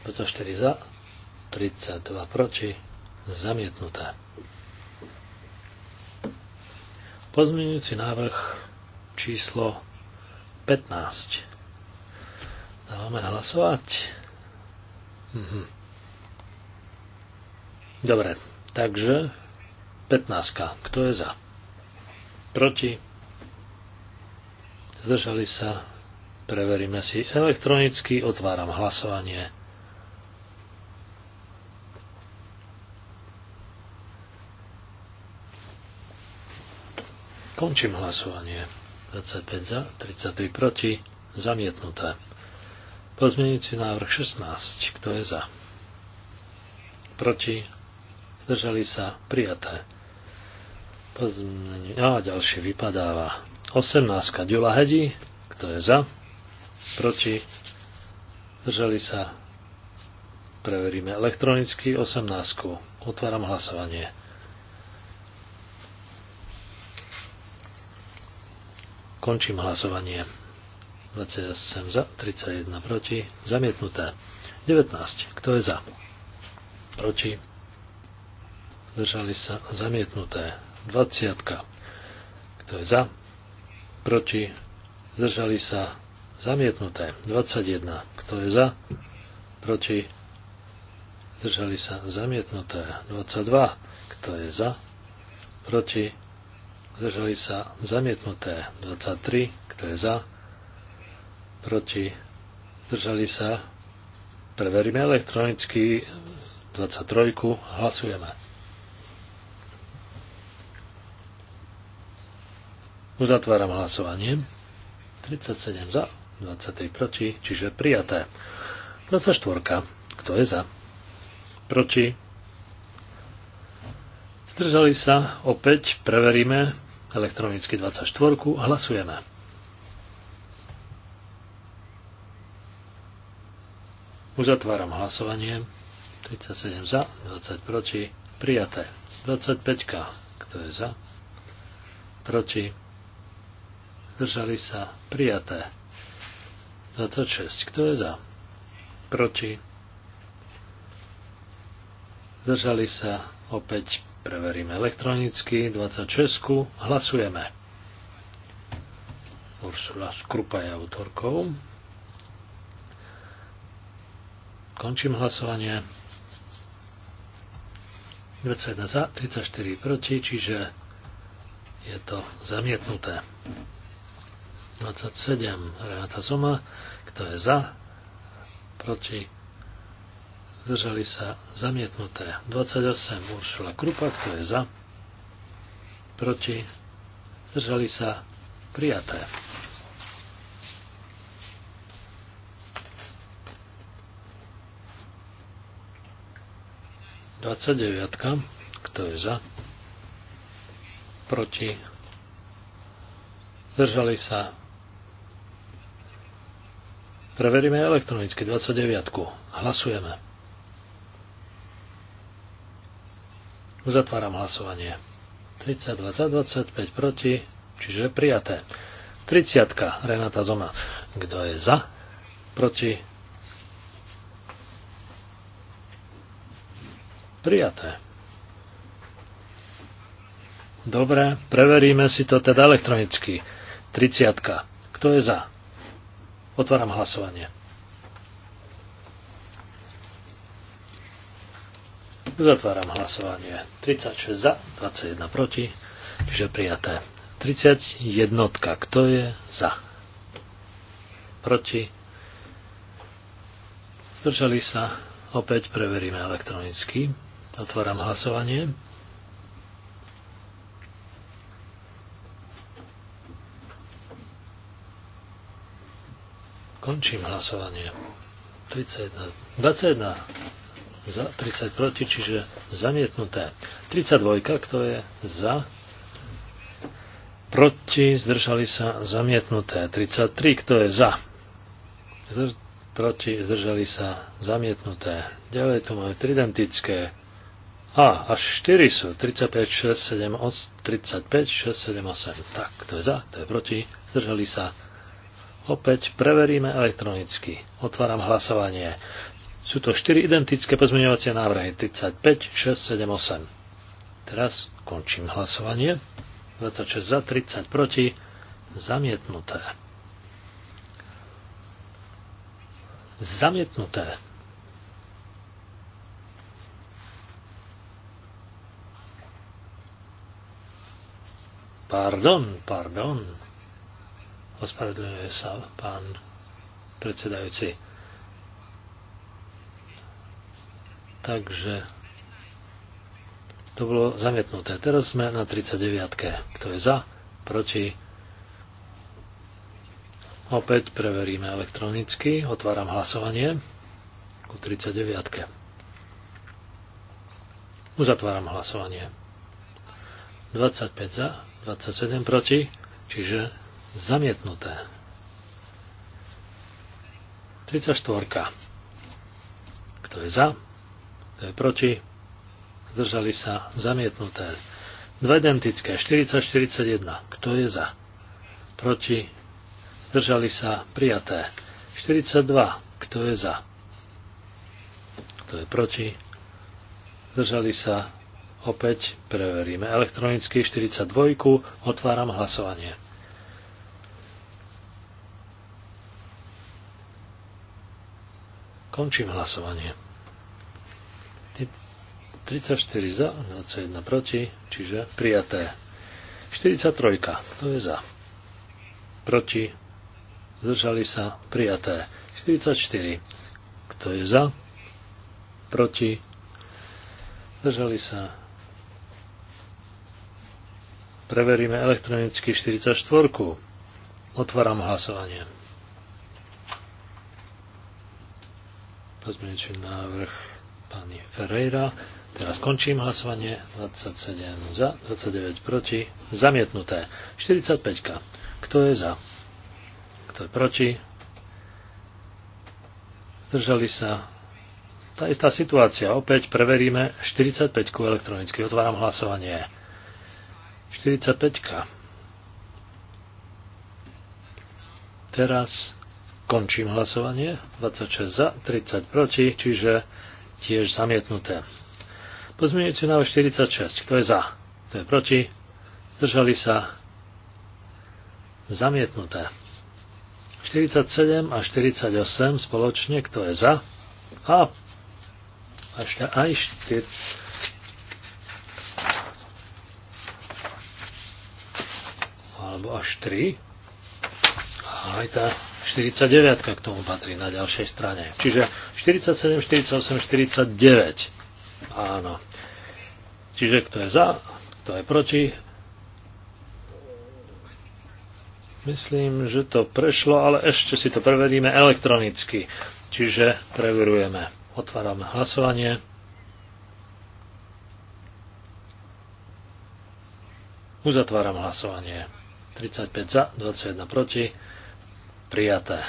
24 za, 32 proti, zamietnuté. Pozmeňujúci návrh číslo 15. Dávame hlasovať. Mhm. Dobre, takže 15. Kto je za? Proti? Zdržali sa Preveríme si elektronicky, otváram hlasovanie. Končím hlasovanie. 25 za, 33 proti, zamietnuté. Pozmienujúci návrh 16. Kto je za? Proti? Zdržali sa? Prijaté. Pozmeniu... A ďalšie vypadáva. 18. Ďula Hedi. Kto je za? proti, zdržali sa. Preveríme elektronicky 18. Otváram hlasovanie. Končím hlasovanie. 28 za, 31 proti, zamietnuté. 19. Kto je za? Proti. Zdržali sa zamietnuté. 20. Kto je za? Proti. Zdržali sa Zamietnuté. 21. Kto je za? Proti? Zdržali sa. Zamietnuté. 22. Kto je za? Proti? Zdržali sa. Zamietnuté. 23. Kto je za? Proti? Zdržali sa. Preveríme elektronicky 23. Hlasujeme. Uzatváram hlasovanie. 37 za, 23 proti, čiže prijaté. 24. Kto je za? Proti. Zdržali sa. Opäť preveríme elektronicky 24. Hlasujeme. Uzatváram hlasovanie. 37 za, 20 proti. Prijaté. 25. Kto je za? Proti. Zdržali sa. Prijaté. 26. Kto je za? Proti? Zdržali sa. Opäť preveríme elektronicky. 26. Hlasujeme. Ursula Skrupa je autorkou. Končím hlasovanie. 21 za, 34 proti, čiže je to zamietnuté. 27 Renata Zoma, kto je za, proti, zdržali sa zamietnuté. 28 Uršula Krupa, kto je za, proti, zdržali sa prijaté. Dvadsaťdeviatka, kto je za, proti, zdržali sa Preveríme elektronicky 29. Hlasujeme. Uzatváram hlasovanie. 32 za 25 proti, čiže prijaté. 30. Renata Zoma. Kto je za? Proti? Prijaté. Dobre, preveríme si to teda elektronicky. 30. Kto je za? Otváram hlasovanie. Uzatváram hlasovanie. 36 za, 21 proti, čiže prijaté. 31. Kto je za? Proti? Zdržali sa? Opäť preveríme elektronicky. Otváram hlasovanie. Končím hlasovanie. 31, 21 za, 30 proti, čiže zamietnuté. 32, kto je za, proti, zdržali sa, zamietnuté. 33, kto je za, Zdr- proti, zdržali sa, zamietnuté. Ďalej tu máme tridentické. A, až 4 sú. 35, 6, 7, 8, 35, 6, 7, 8. Tak, kto je za, kto je proti, zdržali sa, Opäť preveríme elektronicky. Otváram hlasovanie. Sú to 4 identické pozmeňovacie návrhy 35, 6, 7, 8. Teraz končím hlasovanie. 26 za, 30 proti. Zamietnuté. Zamietnuté. Pardon, pardon. Ospravedlňuje sa pán predsedajúci. Takže to bolo zamietnuté. Teraz sme na 39. Kto je za? Proti? Opäť preveríme elektronicky. Otváram hlasovanie ku 39. Uzatváram hlasovanie. 25 za, 27 proti, čiže Zamietnuté. 34. Kto je za? Kto je proti? Zdržali sa zamietnuté. Dva identické. 40-41. Kto je za? Proti? Zdržali sa prijaté. 42. Kto je za? Kto je proti? Zdržali sa. Opäť preveríme. Elektronicky 42. Otváram hlasovanie. Končím hlasovanie. 34 za, 21 proti, čiže prijaté. 43, kto je za? Proti, zdržali sa, prijaté. 44, kto je za? Proti, zdržali sa. Preveríme elektronicky 44. Otváram hlasovanie. Pozmeňujúci návrh pani Ferreira. Teraz končím hlasovanie. 27 za, 29 proti. Zamietnuté. 45. Kto je za? Kto je proti? Zdržali sa. Tá istá situácia. Opäť preveríme 45 elektronicky. Otváram hlasovanie. 45. Teraz Končím hlasovanie. 26 za, 30 proti, čiže tiež zamietnuté. Pozmienujúci návrh 46. Kto je za? Kto je proti? Zdržali sa? Zamietnuté. 47 a 48 spoločne. Kto je za? A ešte aj 4. Alebo až 3. A aj tá 49 k tomu patrí na ďalšej strane. Čiže 47, 48, 49. Áno. Čiže kto je za, kto je proti. Myslím, že to prešlo, ale ešte si to preveríme elektronicky. Čiže preverujeme. Otvárame hlasovanie. Uzatváram hlasovanie. 35 za, 21 proti. Prijaté.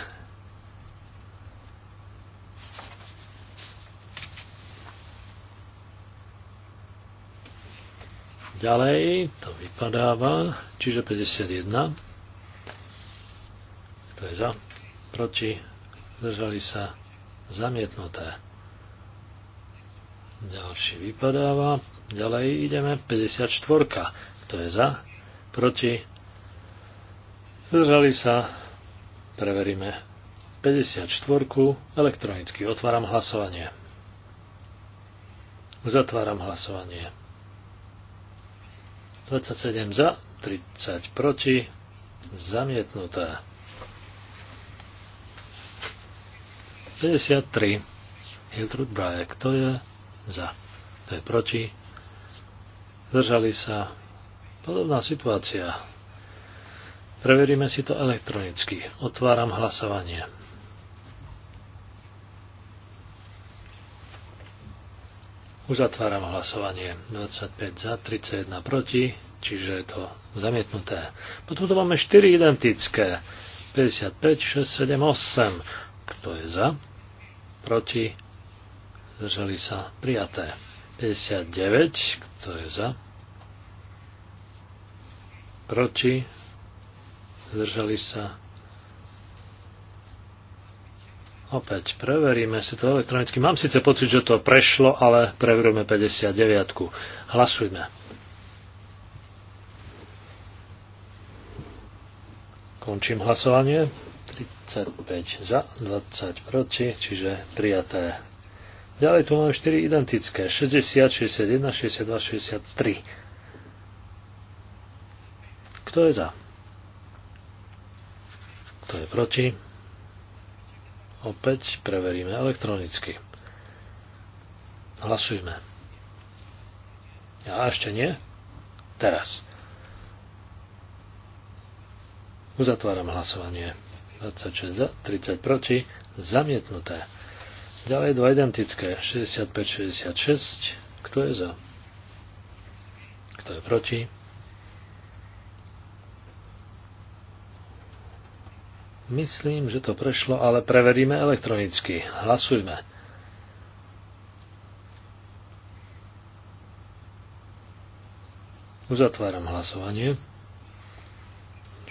Ďalej to vypadáva, čiže 51. Kto je za? Proti? Zdržali sa? Zamietnuté. Ďalší vypadáva. Ďalej ideme. 54. Kto je za? Proti? Zdržali sa? Preveríme 54. Elektronicky otváram hlasovanie. Uzatváram hlasovanie. 27 za, 30 proti, zamietnuté. 53. Hiltrud Braje. Kto je za? Kto je proti? Zdržali sa. Podobná situácia. Preveríme si to elektronicky. Otváram hlasovanie. Uzatváram hlasovanie. 25 za, 31 proti, čiže je to zamietnuté. Potom tu máme 4 identické. 55, 6, 7, 8. Kto je za? Proti? Zdržali sa prijaté. 59. Kto je za? Proti? zdržali sa. Opäť preveríme si to elektronicky. Mám síce pocit, že to prešlo, ale preverujeme 59. Hlasujme. Končím hlasovanie. 35 za, 20 proti, čiže prijaté. Ďalej tu máme 4 identické. 60, 61, 62, 63. Kto je za? kto je proti. Opäť preveríme elektronicky. Hlasujme. A ešte nie? Teraz. Uzatváram hlasovanie. 26 za, 30 proti, zamietnuté. Ďalej dva identické, 65-66. Kto je za? Kto je proti? Myslím, že to prešlo, ale preveríme elektronicky. Hlasujme. Uzatváram hlasovanie.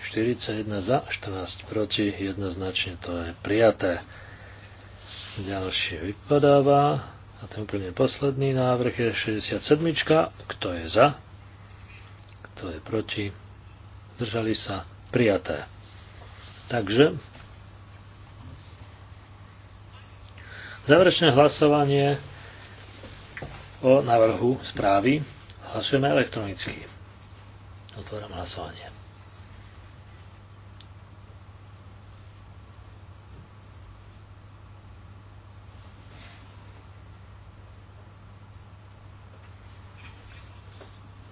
41 za, 14 proti, jednoznačne to je prijaté. Ďalšie vypadáva. A ten úplne posledný návrh je 67. Kto je za? Kto je proti? Držali sa? Prijaté. Takže záverečné hlasovanie o návrhu správy hlasujeme elektronicky. Otváram hlasovanie.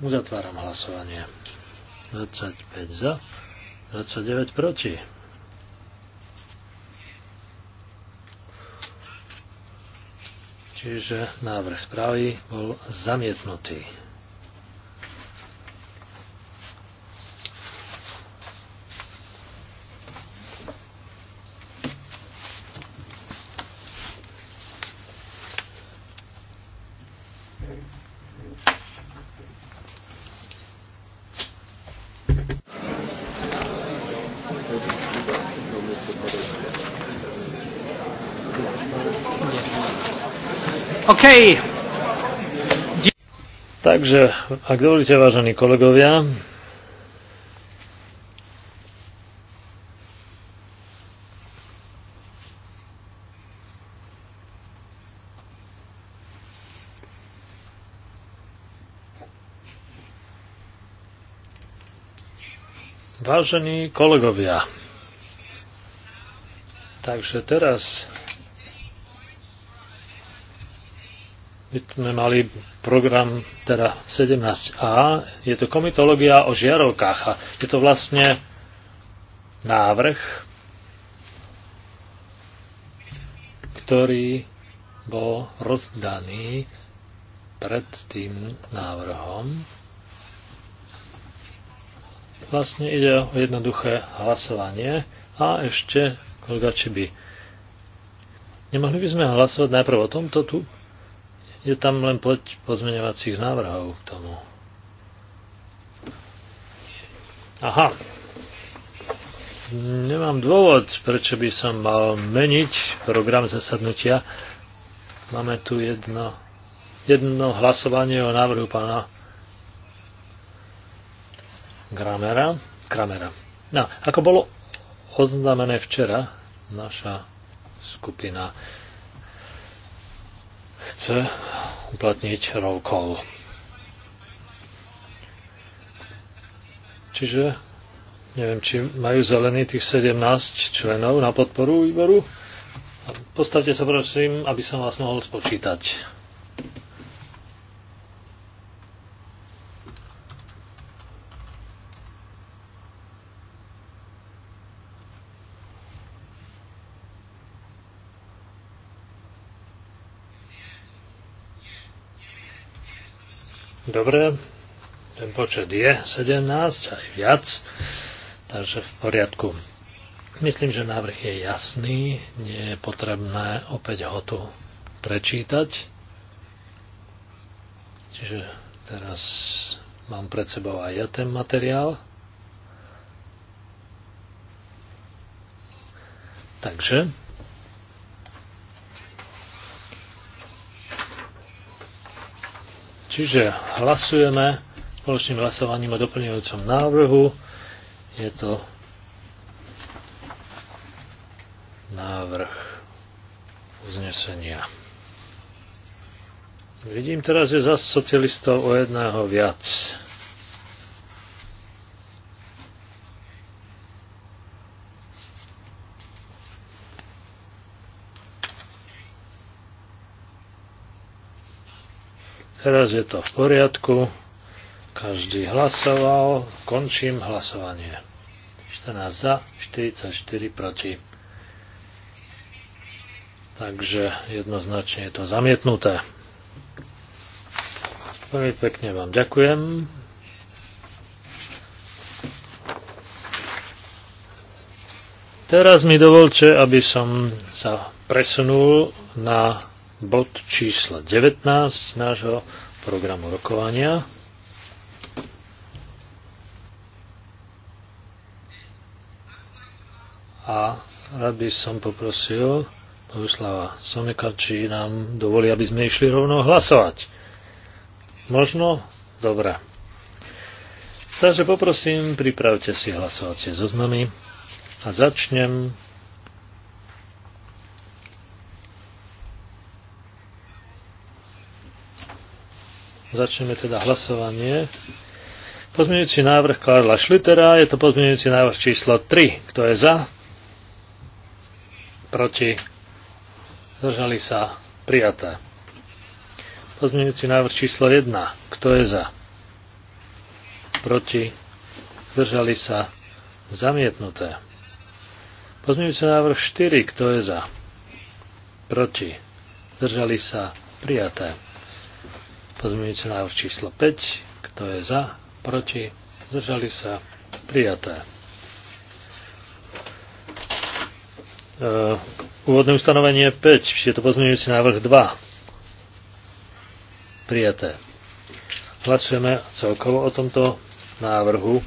Uzatváram hlasovanie. 25 za, 29 proti. Čiže návrh správy bol zamietnutý. Okay. Takže, ak dovolíte, vážení kolegovia, Vážení kolegovia, takže teraz sme mali program teda 17a, je to komitológia o žiarovkách a je to vlastne návrh, ktorý bol rozdaný pred tým návrhom. Vlastne ide o jednoduché hlasovanie a ešte kolega by. Nemohli by sme hlasovať najprv o tomto tu? Je tam len poď pozmeňovacích návrhov k tomu. Aha. Nemám dôvod, prečo by som mal meniť program zasadnutia. Máme tu jedno, jedno hlasovanie o návrhu pána Gramera. Kramera. No, ako bolo oznámené včera, naša skupina chce uplatniť roll call. Čiže neviem, či majú zelený tých 17 členov na podporu výboru. V podstate sa prosím, aby som vás mohol spočítať. Dobre, ten počet je 17, aj viac, takže v poriadku. Myslím, že návrh je jasný, nie je potrebné opäť ho tu prečítať. Čiže teraz mám pred sebou aj ja ten materiál. Takže Čiže hlasujeme spoločným hlasovaním o doplňujúcom návrhu. Je to návrh uznesenia. Vidím teraz, že za socialistov o jedného viac. Teraz je to v poriadku. Každý hlasoval. Končím hlasovanie. 14 za, 44 proti. Takže jednoznačne je to zamietnuté. Veľmi pekne vám ďakujem. Teraz mi dovolte, aby som sa presunul na bod číslo 19 nášho programu rokovania. A rád by som poprosil Bohuslava Soneka, či nám dovolí, aby sme išli rovno hlasovať. Možno? Dobre. Takže poprosím, pripravte si hlasovacie zoznamy a začnem Začneme teda hlasovanie. Pozmeňujúci návrh Karla Šlitera, je to pozmeňujúci návrh číslo 3. Kto je za? Proti? Zdržali sa? Prijaté. Pozmeňujúci návrh číslo 1. Kto je za? Proti? Zdržali sa? Zamietnuté. Pozmeňujúci návrh 4. Kto je za? Proti? Zdržali sa? Prijaté. Pozmeňujúci návrh číslo 5. Kto je za? Proti? Zdržali sa? Prijaté. E, úvodné ustanovenie 5. Je to pozmeňujúci návrh 2. Prijaté. Hlasujeme celkovo o tomto návrhu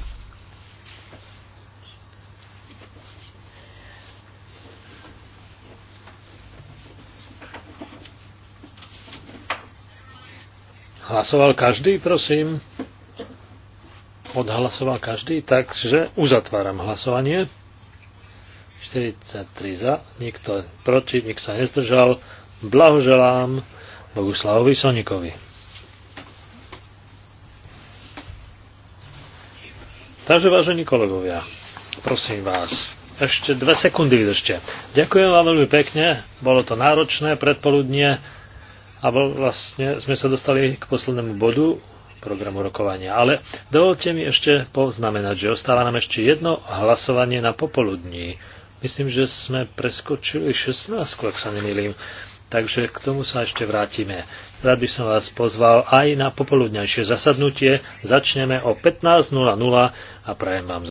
Hlasoval každý, prosím? Odhlasoval každý, takže uzatváram hlasovanie. 43 za, nikto proti, nik sa nezdržal. Blahoželám Boguslavovi Sonikovi. Takže, vážení kolegovia, prosím vás, ešte dve sekundy vydržte. Ďakujem vám veľmi pekne, bolo to náročné predpoludnie a vlastne sme sa dostali k poslednému bodu programu rokovania. Ale dovolte mi ešte poznamenať, že ostáva nám ešte jedno hlasovanie na popoludní. Myslím, že sme preskočili 16, ak sa nemýlim. Takže k tomu sa ešte vrátime. Rád by som vás pozval aj na popoludňajšie zasadnutie. Začneme o 15.00 a prajem vám